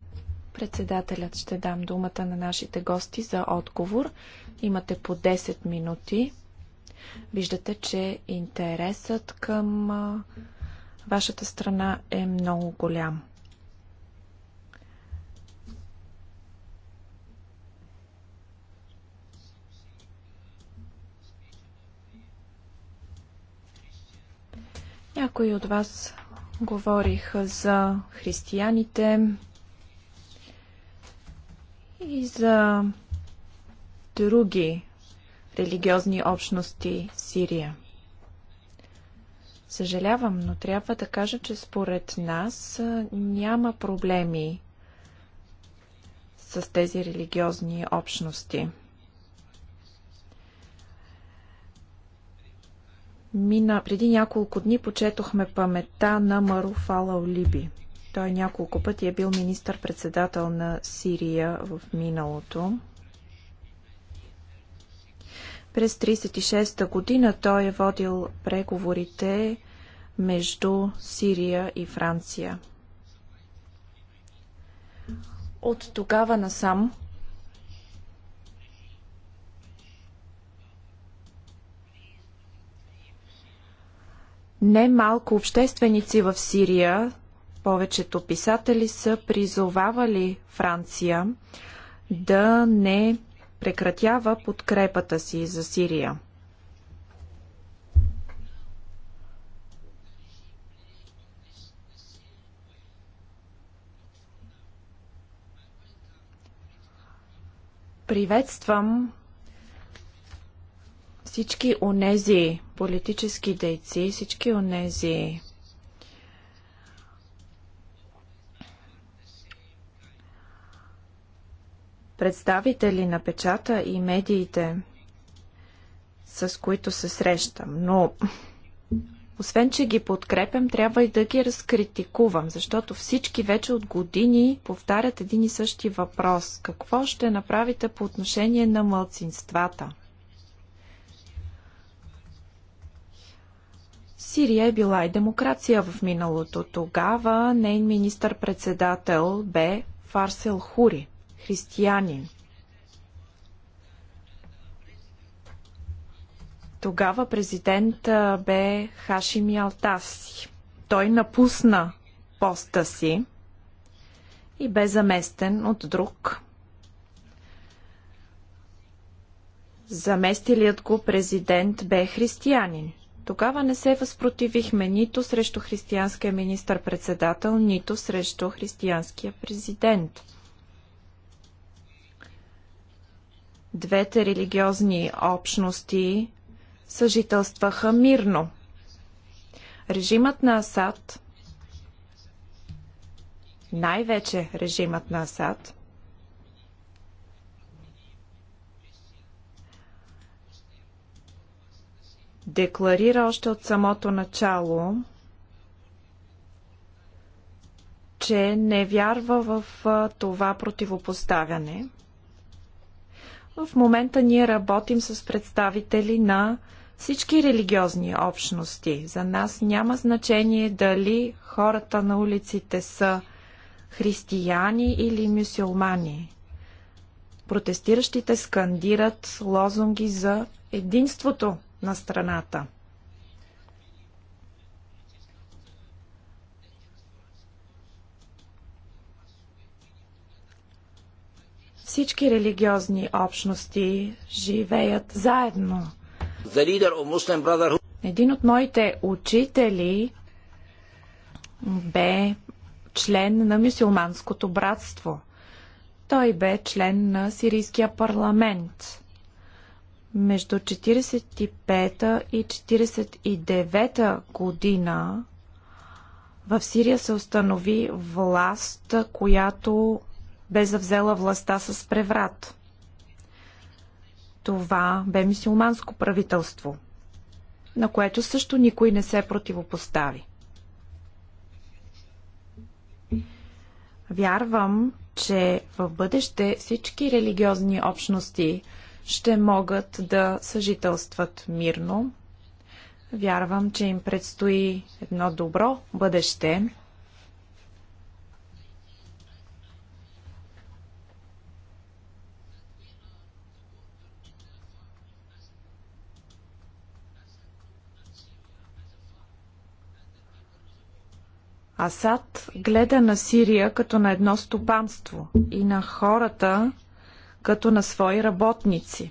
Speaker 3: Председателят ще дам думата на нашите гости за отговор. Имате по 10 минути. Виждате, че интересът към вашата страна е много голям. Някои от вас Говорих за християните и за други религиозни общности в Сирия. Съжалявам, но трябва да кажа, че според нас няма проблеми с тези религиозни общности. Мина, преди няколко дни почетохме памета на Маруф Олиби. Той няколко пъти е бил министър-председател на Сирия в миналото. През 1936 година той е водил преговорите между Сирия и Франция. От тогава насам Немалко общественици в Сирия, повечето писатели са призовавали Франция да не прекратява подкрепата си за Сирия. Приветствам всички онези политически дейци, всички онези представители на печата и медиите, с които се срещам, но освен, че ги подкрепям, трябва и да ги разкритикувам, защото всички вече от години повтарят един и същи въпрос. Какво ще направите по отношение на мълцинствата? Сирия е била и демокрация в миналото. Тогава нейн министър-председател бе Фарсел Хури, християнин. Тогава президент бе Хашими Алтаси. Той напусна поста си и бе заместен от друг. Заместилият го президент бе християнин. Тогава не се възпротивихме нито срещу християнския министър-председател, нито срещу християнския президент. Двете религиозни общности съжителстваха мирно. Режимът на Асад, най-вече режимът на Асад, декларира още от самото начало, че не вярва в това противопоставяне. В момента ние работим с представители на всички религиозни общности. За нас няма значение дали хората на улиците са християни или мюсюлмани. Протестиращите скандират лозунги за единството на страната. Всички религиозни общности живеят заедно. Един от моите учители бе член на мюсюлманското братство. Той бе член на сирийския парламент. Между 45-та и 49-та година в Сирия се установи власт, която бе завзела властта с преврат. Това бе мисиоманско правителство, на което също никой не се противопостави. Вярвам, че в бъдеще всички религиозни общности – ще могат да съжителстват мирно. Вярвам, че им предстои едно добро бъдеще. Асад гледа на Сирия като на едно стопанство и на хората, като на свои работници.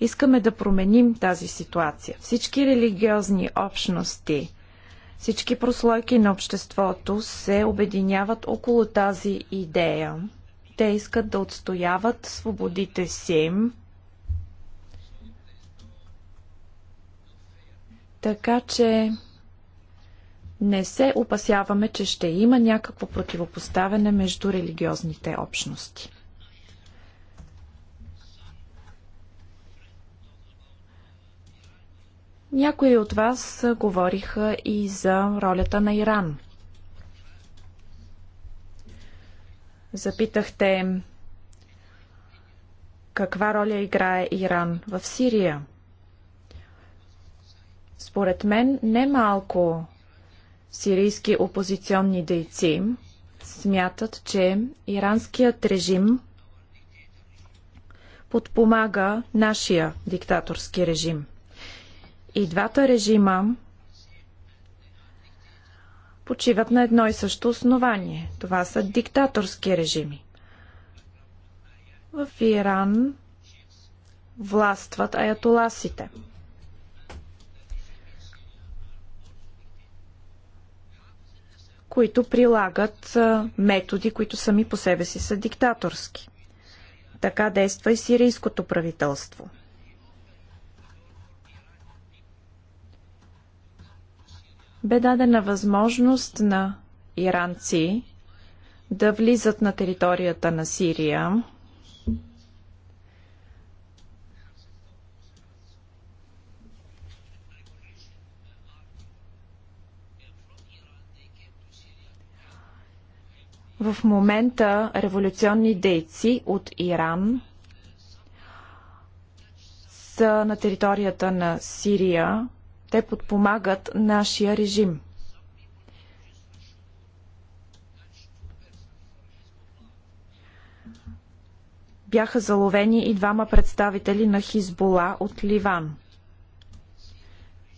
Speaker 3: Искаме да променим тази ситуация. Всички религиозни общности, всички прослойки на обществото се обединяват около тази идея. Те искат да отстояват свободите си, Така че не се опасяваме, че ще има някакво противопоставяне между религиозните общности. Някои от вас говориха и за ролята на Иран. Запитахте каква роля играе Иран в Сирия. Според мен немалко сирийски опозиционни дейци смятат, че иранският режим подпомага нашия диктаторски режим. И двата режима почиват на едно и също основание. Това са диктаторски режими. В Иран властват аятоласите. които прилагат методи, които сами по себе си са диктаторски. Така действа и сирийското правителство – бе дадена възможност на иранци да влизат на територията на Сирия. В момента революционни дейци от Иран са на територията на Сирия те подпомагат нашия режим. Бяха заловени и двама представители на Хизбола от Ливан.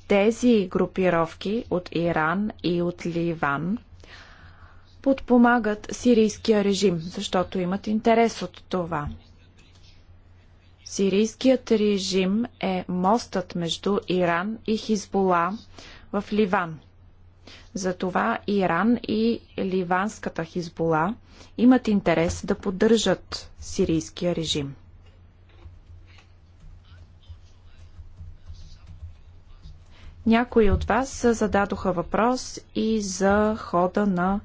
Speaker 3: Тези групировки от Иран и от Ливан подпомагат сирийския режим, защото имат интерес от това. Сирийският режим е мостът между Иран и Хизбола в Ливан. Затова Иран и ливанската Хизбола имат интерес да поддържат сирийския режим. Някои от вас зададоха въпрос и за хода на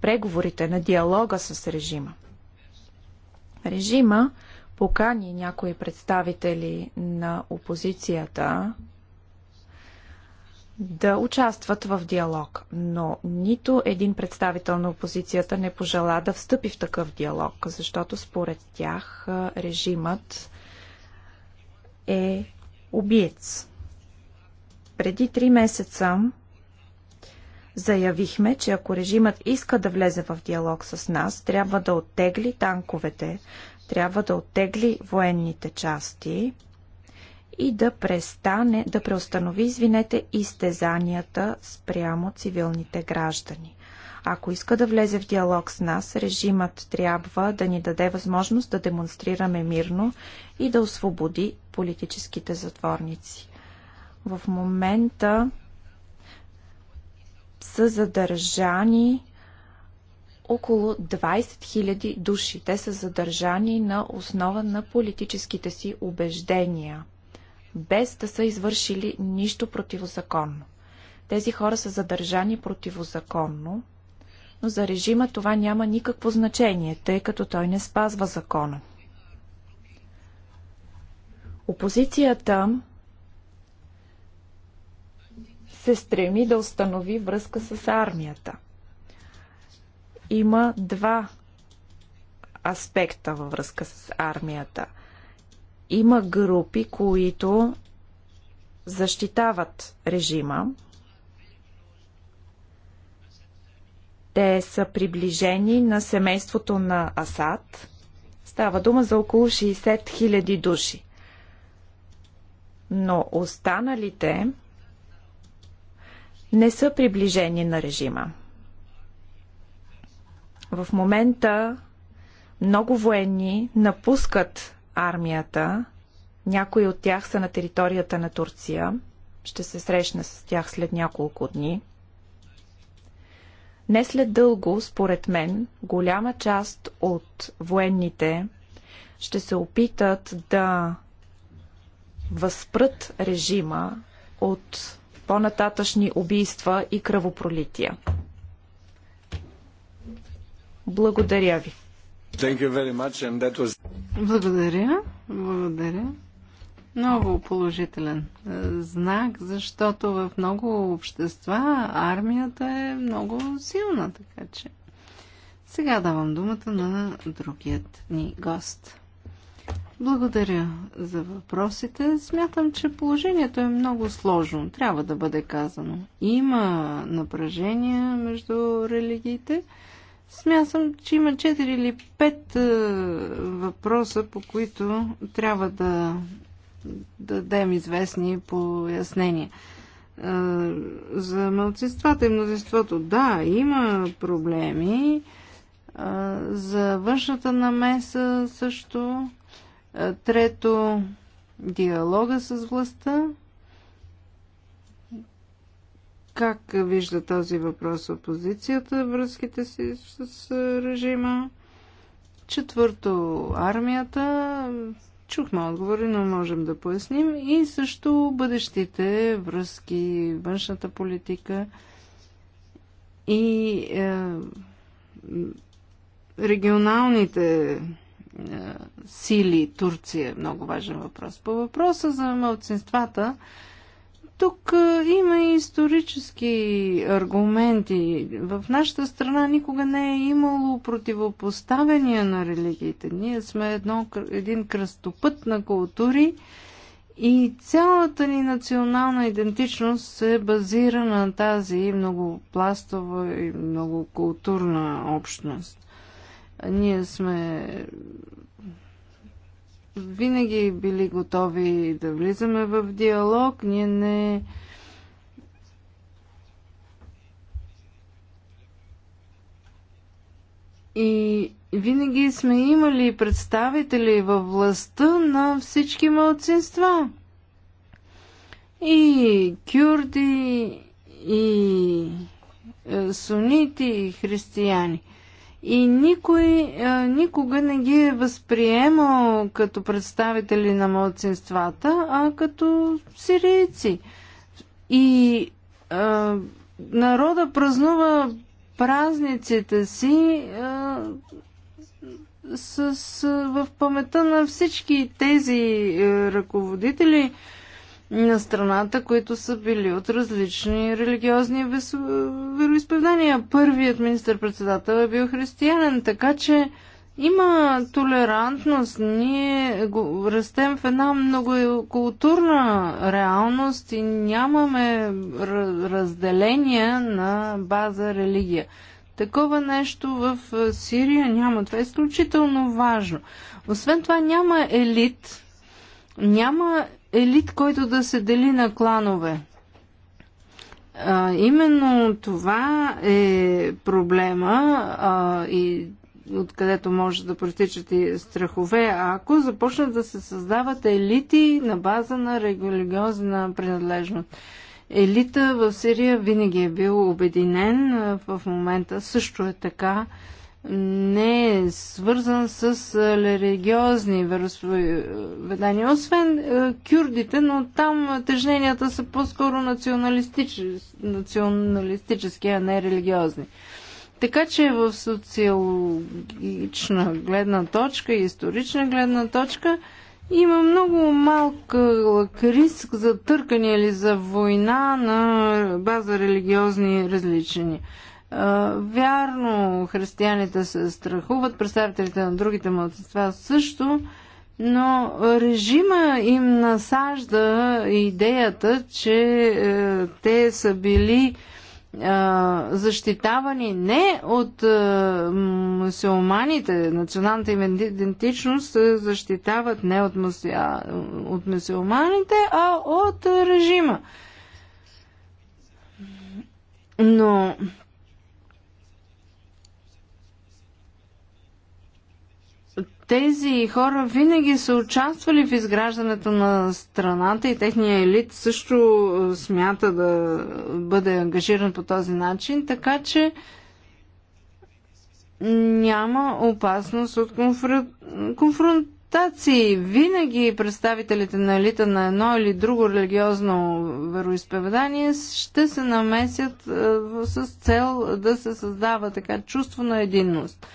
Speaker 3: преговорите, на диалога с режима. Режима покани някои представители на опозицията да участват в диалог, но нито един представител на опозицията не пожела да встъпи в такъв диалог, защото според тях режимът е убиец. Преди три месеца заявихме, че ако режимът иска да влезе в диалог с нас, трябва да оттегли танковете, трябва да оттегли военните части и да престане, да преустанови, извинете, изтезанията спрямо цивилните граждани. Ако иска да влезе в диалог с нас, режимът трябва да ни даде възможност да демонстрираме мирно и да освободи политическите затворници. В момента са задържани около 20 000 души. Те са задържани на основа на политическите си убеждения, без да са извършили нищо противозаконно. Тези хора са задържани противозаконно, но за режима това няма никакво значение, тъй като той не спазва закона. Опозицията се стреми да установи връзка с армията – има два аспекта във връзка с армията. Има групи, които защитават режима. Те са приближени на семейството на Асад. Става дума за около 60 000 души. Но останалите не са приближени на режима. В момента много военни напускат армията. Някои от тях са на територията на Турция. Ще се срещна с тях след няколко дни. Не след дълго, според мен, голяма част от военните ще се опитат да възпрат режима от по-нататъчни убийства и кръвопролития. Благодаря ви.
Speaker 2: Was...
Speaker 3: Благодаря. Благодаря.
Speaker 1: Много положителен е, знак, защото в много общества армията е много силна, така че. Сега давам думата на другият ни гост. Благодаря за въпросите. Смятам, че положението е много сложно, трябва да бъде казано. Има напрежение между религиите. Смятам, че има 4 или 5 е, въпроса, по които трябва да дадем известни пояснения. Е, за мълцинствата и мнозинството, да, има проблеми. Е, за външната намеса също. Трето, диалога с властта. Как вижда този въпрос опозицията, връзките си с режима? Четвърто, армията. Чухме отговори, но можем да поясним. И също бъдещите връзки, външната политика и е, регионалните е, сили Турция. Е много важен въпрос. По въпроса за малцинствата. е, тук има и исторически аргументи. В нашата страна никога не е имало противопоставяния на религиите. Ние сме едно, един кръстопът на култури и цялата ни национална идентичност се базира на тази многопластова и многокултурна общност. Ние сме винаги били готови да влизаме в диалог. Ние не. И винаги сме имали представители във властта на всички малцинства. И кюрди, и е, сунити, и християни и никой а, никога не ги е възприемал като представители на младсинствата, а като сирийци. И а, народа празнува празниците си а, с, а, в памета на всички тези а, ръководители, на страната, които са били от различни религиозни вероисповедания. Първият министър-председател е бил християнин, така че има толерантност. Ние растем в една многокултурна реалност и нямаме разделение на база религия. Такова нещо в е, Сирия няма. Това е изключително важно. Освен това няма елит, няма елит, който да се дели на кланове. А, именно това е проблема а, и откъдето може да протичат и страхове, ако започнат да се създават елити на база на религиозна принадлежност. Елита в Сирия винаги е бил обединен, в момента също е така не е свързан с религиозни вероисповедания, освен кюрдите, но там тежненията са по-скоро националистически, националистически, а не религиозни. Така че в социологична гледна точка и исторична гледна точка има много малък риск за търкане или за война на база религиозни различни. Вярно, християните се страхуват, представителите на другите младсинства също, но режима им насажда идеята, че е, те са били е, защитавани не от е, мусулманите, националната им идентичност защитават не от, от мусулманите, а от режима. Но тези хора винаги са участвали в изграждането на страната и техния елит също е, смята да бъде ангажиран по този начин, така че няма опасност от конфронтации. Винаги представителите на елита на едно или друго религиозно вероисповедание ще се намесят е, с цел да се създава така чувство на единност.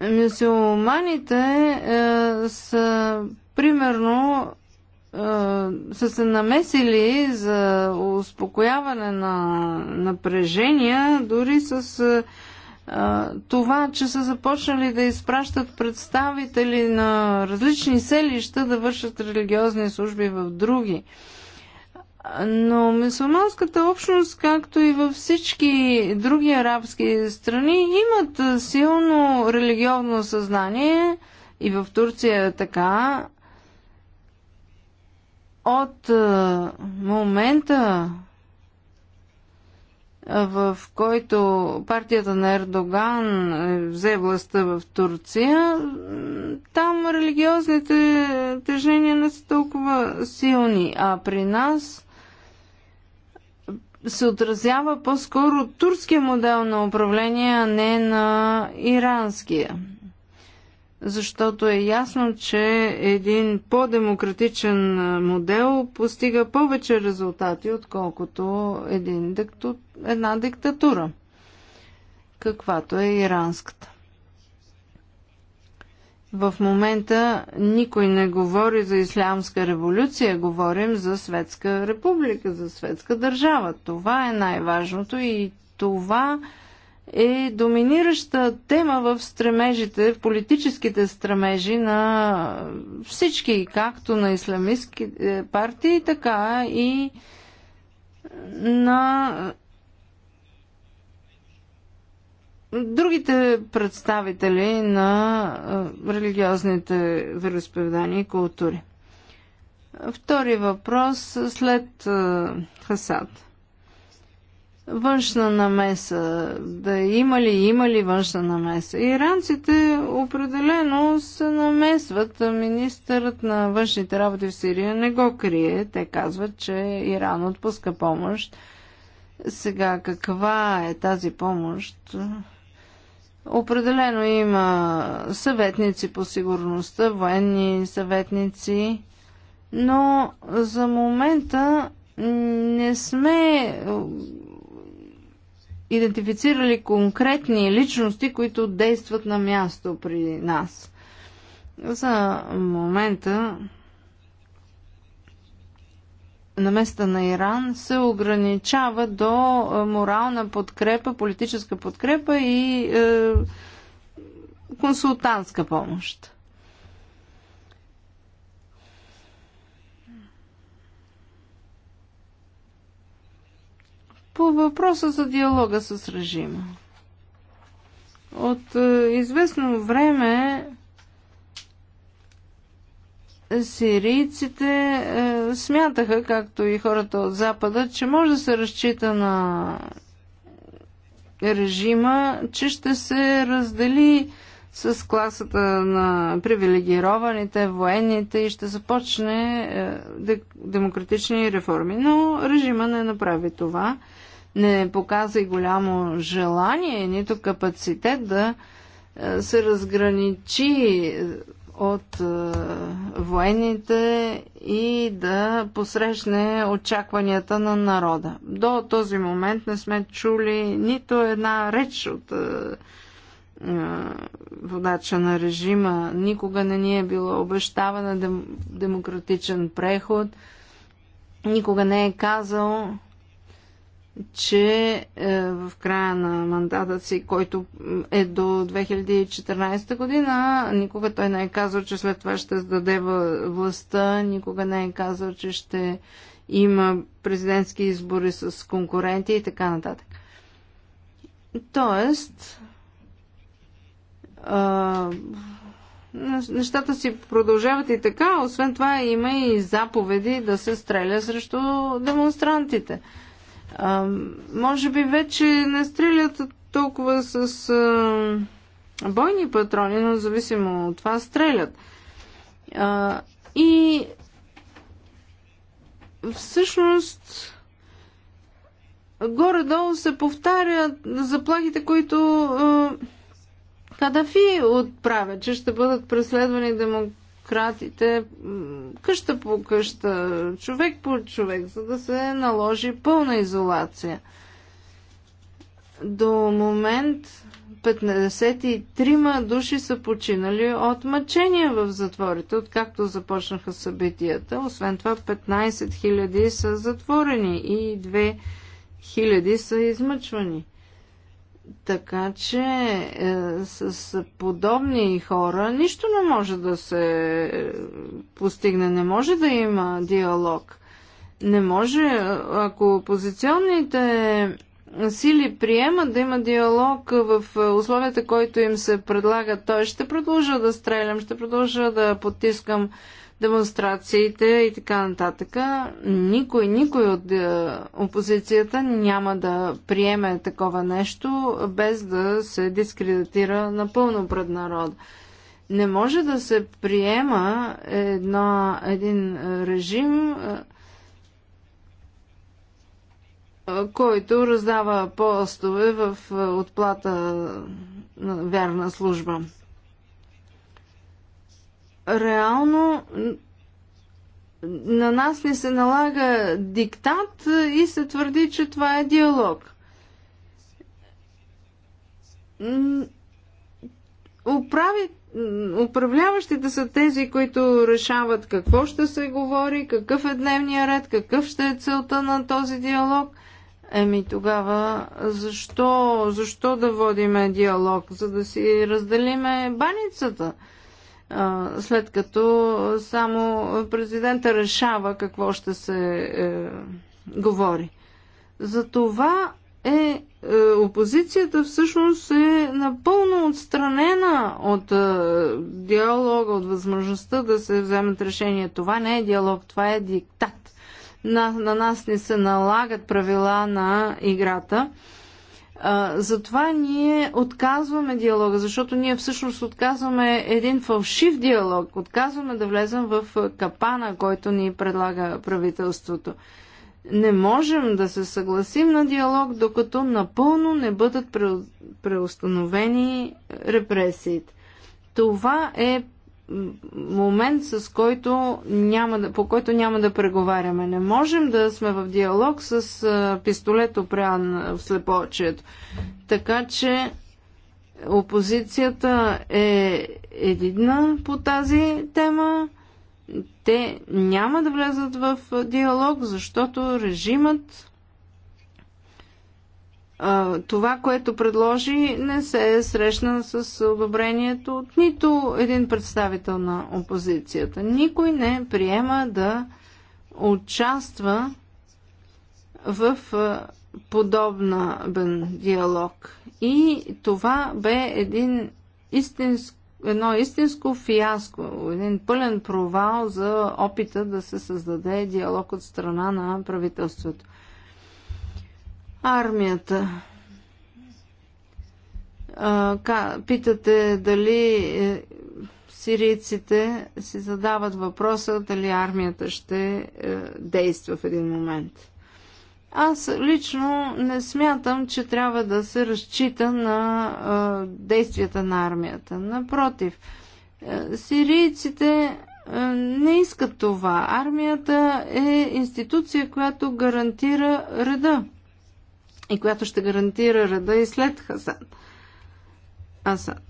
Speaker 1: Мюсюлманите е, са примерно е, са се намесили за успокояване на напрежения, дори с е, е, това, че са започнали да изпращат представители на различни селища да вършат религиозни служби в други. Е, но мусулманската общност, както и във всички други арабски страни, имат силно религиозно съзнание и в Турция е така. От е, момента, е, в който партията на Ердоган е, взе властта в Турция, там религиозните тежнения не са толкова силни, а при нас се отразява по-скоро турския модел на управление, а не на иранския. Защото е ясно, че един по-демократичен модел постига повече резултати, отколкото един дикту... една диктатура, каквато е иранската. В момента никой не говори за ислямска революция, говорим за светска република, за светска държава. Това е най-важното и това е доминираща тема в стремежите, в политическите стремежи на всички, както на исламистски е, партии, така и на другите представители на религиозните вероисповедания и култури. Втори въпрос след Хасад. Външна намеса. Да има ли, има ли външна намеса? Иранците определено се намесват. Министърът на външните работи в Сирия не го крие. Те казват, че Иран отпуска помощ. Сега каква е тази помощ? Определено има съветници по сигурността, военни съветници, но за момента не сме е, идентифицирали конкретни личности, които действат на място при нас. За момента наместа на Иран се ограничава до е, морална подкрепа, политическа подкрепа и е, консултантска помощ. По въпроса за диалога с режима. От е, известно време сирийците е, смятаха, както и хората от Запада, че може да се разчита на режима, че ще се раздели с класата на привилегированите, военните и ще започне е, демократични реформи. Но режима не направи това. Не показа и голямо желание, нито капацитет да е, се разграничи от е, военните и да посрещне очакванията на народа. До този момент не сме чули нито една реч от е, е, водача на режима. Никога не ни е било обещавана дем, демократичен преход. Никога не е казал, че е, в края на мандата си, който е до 2014 година, никога той не е казал, че след това ще сдаде властта, никога не е казал, че ще има президентски избори с конкуренти и така нататък. Тоест, а, нещата си продължават и така, освен това има и заповеди да се стреля срещу демонстрантите. А, може би вече не стрелят толкова с а, бойни патрони, но зависимо от това стрелят. А, и всъщност горе-долу се повтарят заплахите, които а, Кадафи отправя, че ще бъдат преследвани демократи кратите, къща по къща, човек по човек, за да се наложи пълна изолация. До момент 53 души са починали от мъчения в затворите, откакто започнаха събитията. Освен това 15 000 са затворени и 2 000 са измъчвани. Така че е, с, подобни хора нищо не може да се е, постигне, не може да има диалог. Не може, е, ако опозиционните сили приемат да има диалог в е, условията, които им се предлагат, той ще продължа да стрелям, ще продължа да потискам демонстрациите и така нататък. Никой, никой от е, опозицията няма да приеме такова нещо, без да се дискредитира напълно пред народа. Не може да се приема едно, един режим, е, който раздава постове в е, отплата на вярна служба реално на нас не се налага диктат и се твърди, че това е диалог. Управи, управляващите са тези, които решават какво ще се говори, какъв е дневния ред, какъв ще е целта на този диалог. Еми тогава защо, защо да водиме диалог? За да си разделиме баницата – след като само президента решава какво ще се е, говори. Затова е, е, опозицията всъщност е напълно отстранена от е, диалога, от възможността да се вземат решения. Това не е диалог, това е диктат. На, на нас не се налагат правила на играта затова ние отказваме диалога, защото ние всъщност отказваме един фалшив диалог, отказваме да влезем в капана, който ни предлага правителството. Не можем да се съгласим на диалог, докато напълно не бъдат преустановени репресиите. Това е момент, с който няма да, по който няма да преговаряме. Не можем да сме в диалог с а, пистолет опрян в слепочието. Така че опозицията е единна по тази тема. Те няма да влезат в диалог, защото режимът това, което предложи, не се е срещна с одобрението от нито един представител на опозицията. Никой не приема да участва в подобна диалог. И това бе един истинско, едно истинско фиаско, един пълен провал за опита да се създаде диалог от страна на правителството. Армията. питате дали е, сирийците си задават въпроса дали армията ще е, действа в един момент. Аз лично не смятам, че трябва да се разчита на е, действията на армията. Напротив, сирийците не искат това. Армията е институция, която гарантира реда и която ще гарантира реда и след Хасан. Асад.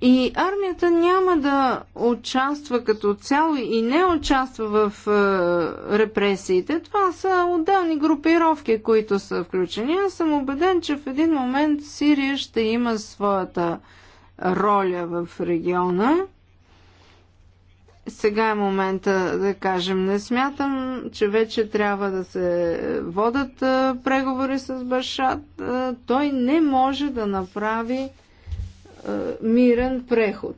Speaker 1: И армията няма да участва като цяло и не участва в е, репресиите. Това са отделни групировки, които са включени. Аз съм убеден, че в един момент Сирия ще има своята роля в региона сега е момента да кажем. Не смятам, че вече трябва да се водат преговори с Башат. Той не може да направи мирен преход.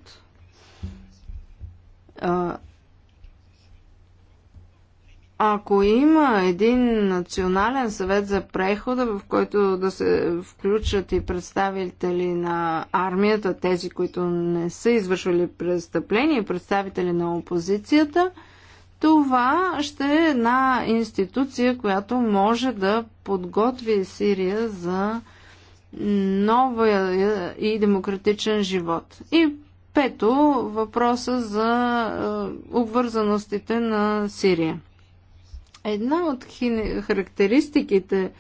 Speaker 1: Ако има един национален съвет за прехода, в който да се включат и представители на армията, тези, които не са извършвали престъпления, представители на опозицията, това ще е една институция, която може да подготви Сирия за новия и демократичен живот. И пето, въпроса за е, обвързаностите на Сирия. Една от характеристиките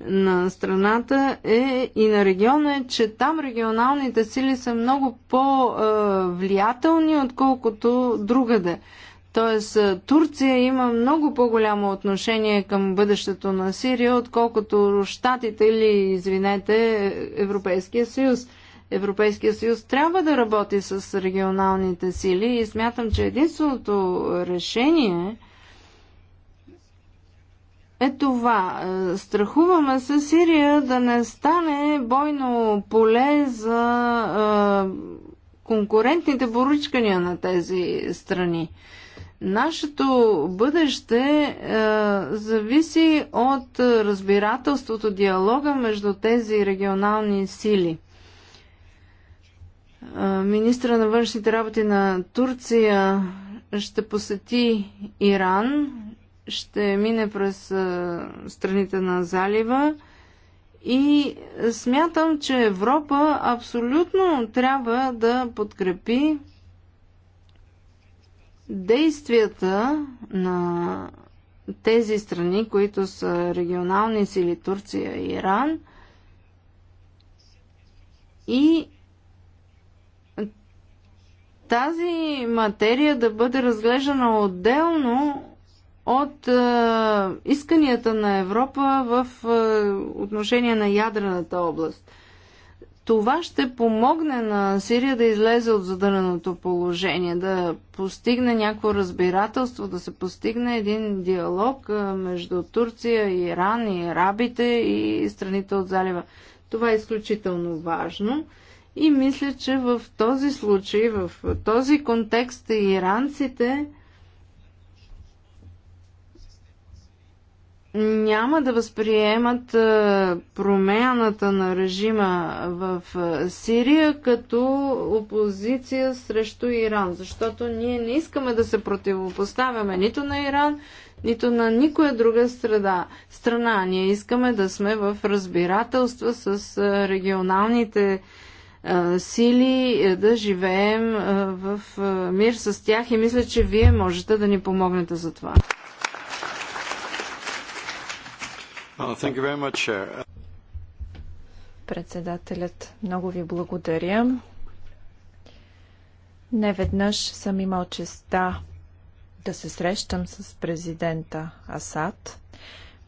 Speaker 1: на страната е и на региона е, че там регионалните сили са много по-влиятелни, отколкото другаде. Тоест Турция има много по-голямо отношение към бъдещето на Сирия, отколкото Штатите или, извинете, Европейския съюз. Европейския съюз трябва да работи с регионалните сили и смятам, че единственото решение е е това. Е, страхуваме се Сирия да не стане бойно поле за е, конкурентните поручкания на тези страни. Нашето бъдеще е, зависи от разбирателството, диалога между тези регионални сили. Е, министра на външните работи на Турция ще посети Иран ще мине през страните на залива и смятам, че Европа абсолютно трябва да подкрепи действията на тези страни, които са регионални сили Турция и Иран и тази материя да бъде разглеждана отделно от е, исканията на Европа в е, отношение на ядрената област. Това ще помогне на Сирия да излезе от задъненото положение, да постигне някакво разбирателство, да се постигне един диалог е, между Турция, Иран и арабите и страните от залива. Това е изключително важно. И мисля, че в този случай, в този контекст иранците няма да възприемат е, промяната на режима в е, Сирия като опозиция срещу Иран, защото ние не искаме да се противопоставяме нито на Иран, нито на никоя друга среда, страна. Ние искаме да сме в разбирателства с е, регионалните сили, да живеем в мир с тях и мисля, че вие можете да ни
Speaker 3: помогнете за това. Председателят, много ви благодаря. Неведнъж съм имал честа да се срещам с президента Асад.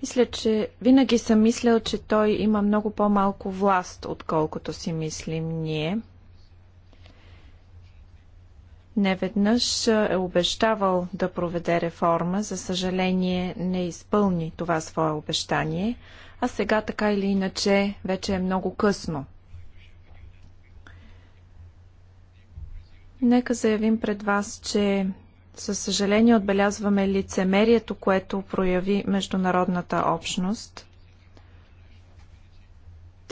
Speaker 3: Мисля, че винаги съм мислял, че той има много по-малко власт, отколкото си мислим ние – неведнъж е обещавал да проведе реформа, за съжаление не изпълни това свое обещание, а сега така или иначе вече е много късно. Нека заявим пред вас, че със съжаление отбелязваме лицемерието, което прояви международната общност –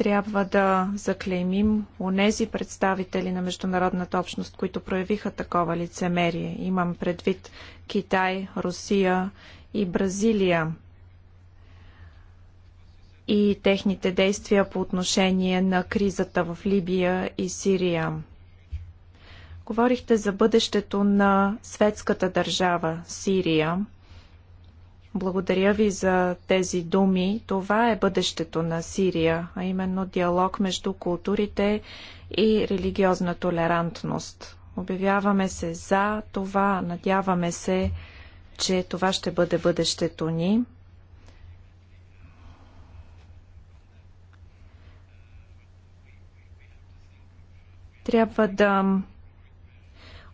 Speaker 3: трябва да заклеймим онези представители на международната общност, които проявиха такова лицемерие. Имам предвид Китай, Русия и Бразилия и техните действия по отношение на кризата в Либия и Сирия. Говорихте за бъдещето на светската държава Сирия – благодаря ви за тези думи. Това е бъдещето на Сирия, а именно диалог между културите и религиозна толерантност. Обявяваме се за това, надяваме се, че това ще бъде бъдещето ни. Трябва да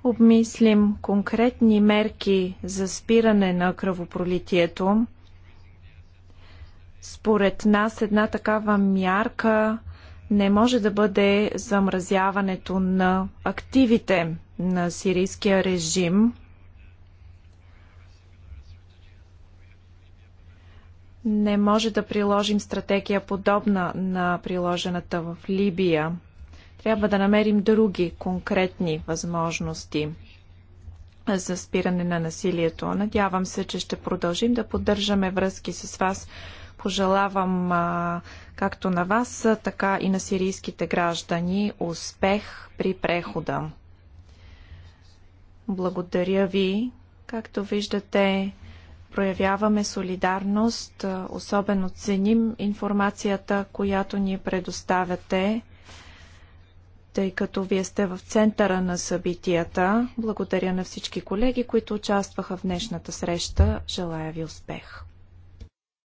Speaker 3: обмислим конкретни мерки за спиране на кръвопролитието. Според нас една такава мярка не може да бъде замразяването на активите на сирийския режим. Не може да приложим стратегия подобна на приложената в Либия. Трябва да намерим други конкретни възможности за спиране на насилието. Надявам се, че ще продължим да поддържаме връзки с вас. Пожелавам както на вас, така и на сирийските граждани успех при прехода. Благодаря ви. Както виждате, проявяваме солидарност, особено ценим информацията, която ни предоставяте тъй като вие сте в центъра на събитията. Благодаря на всички колеги, които участваха в днешната среща. Желая ви успех!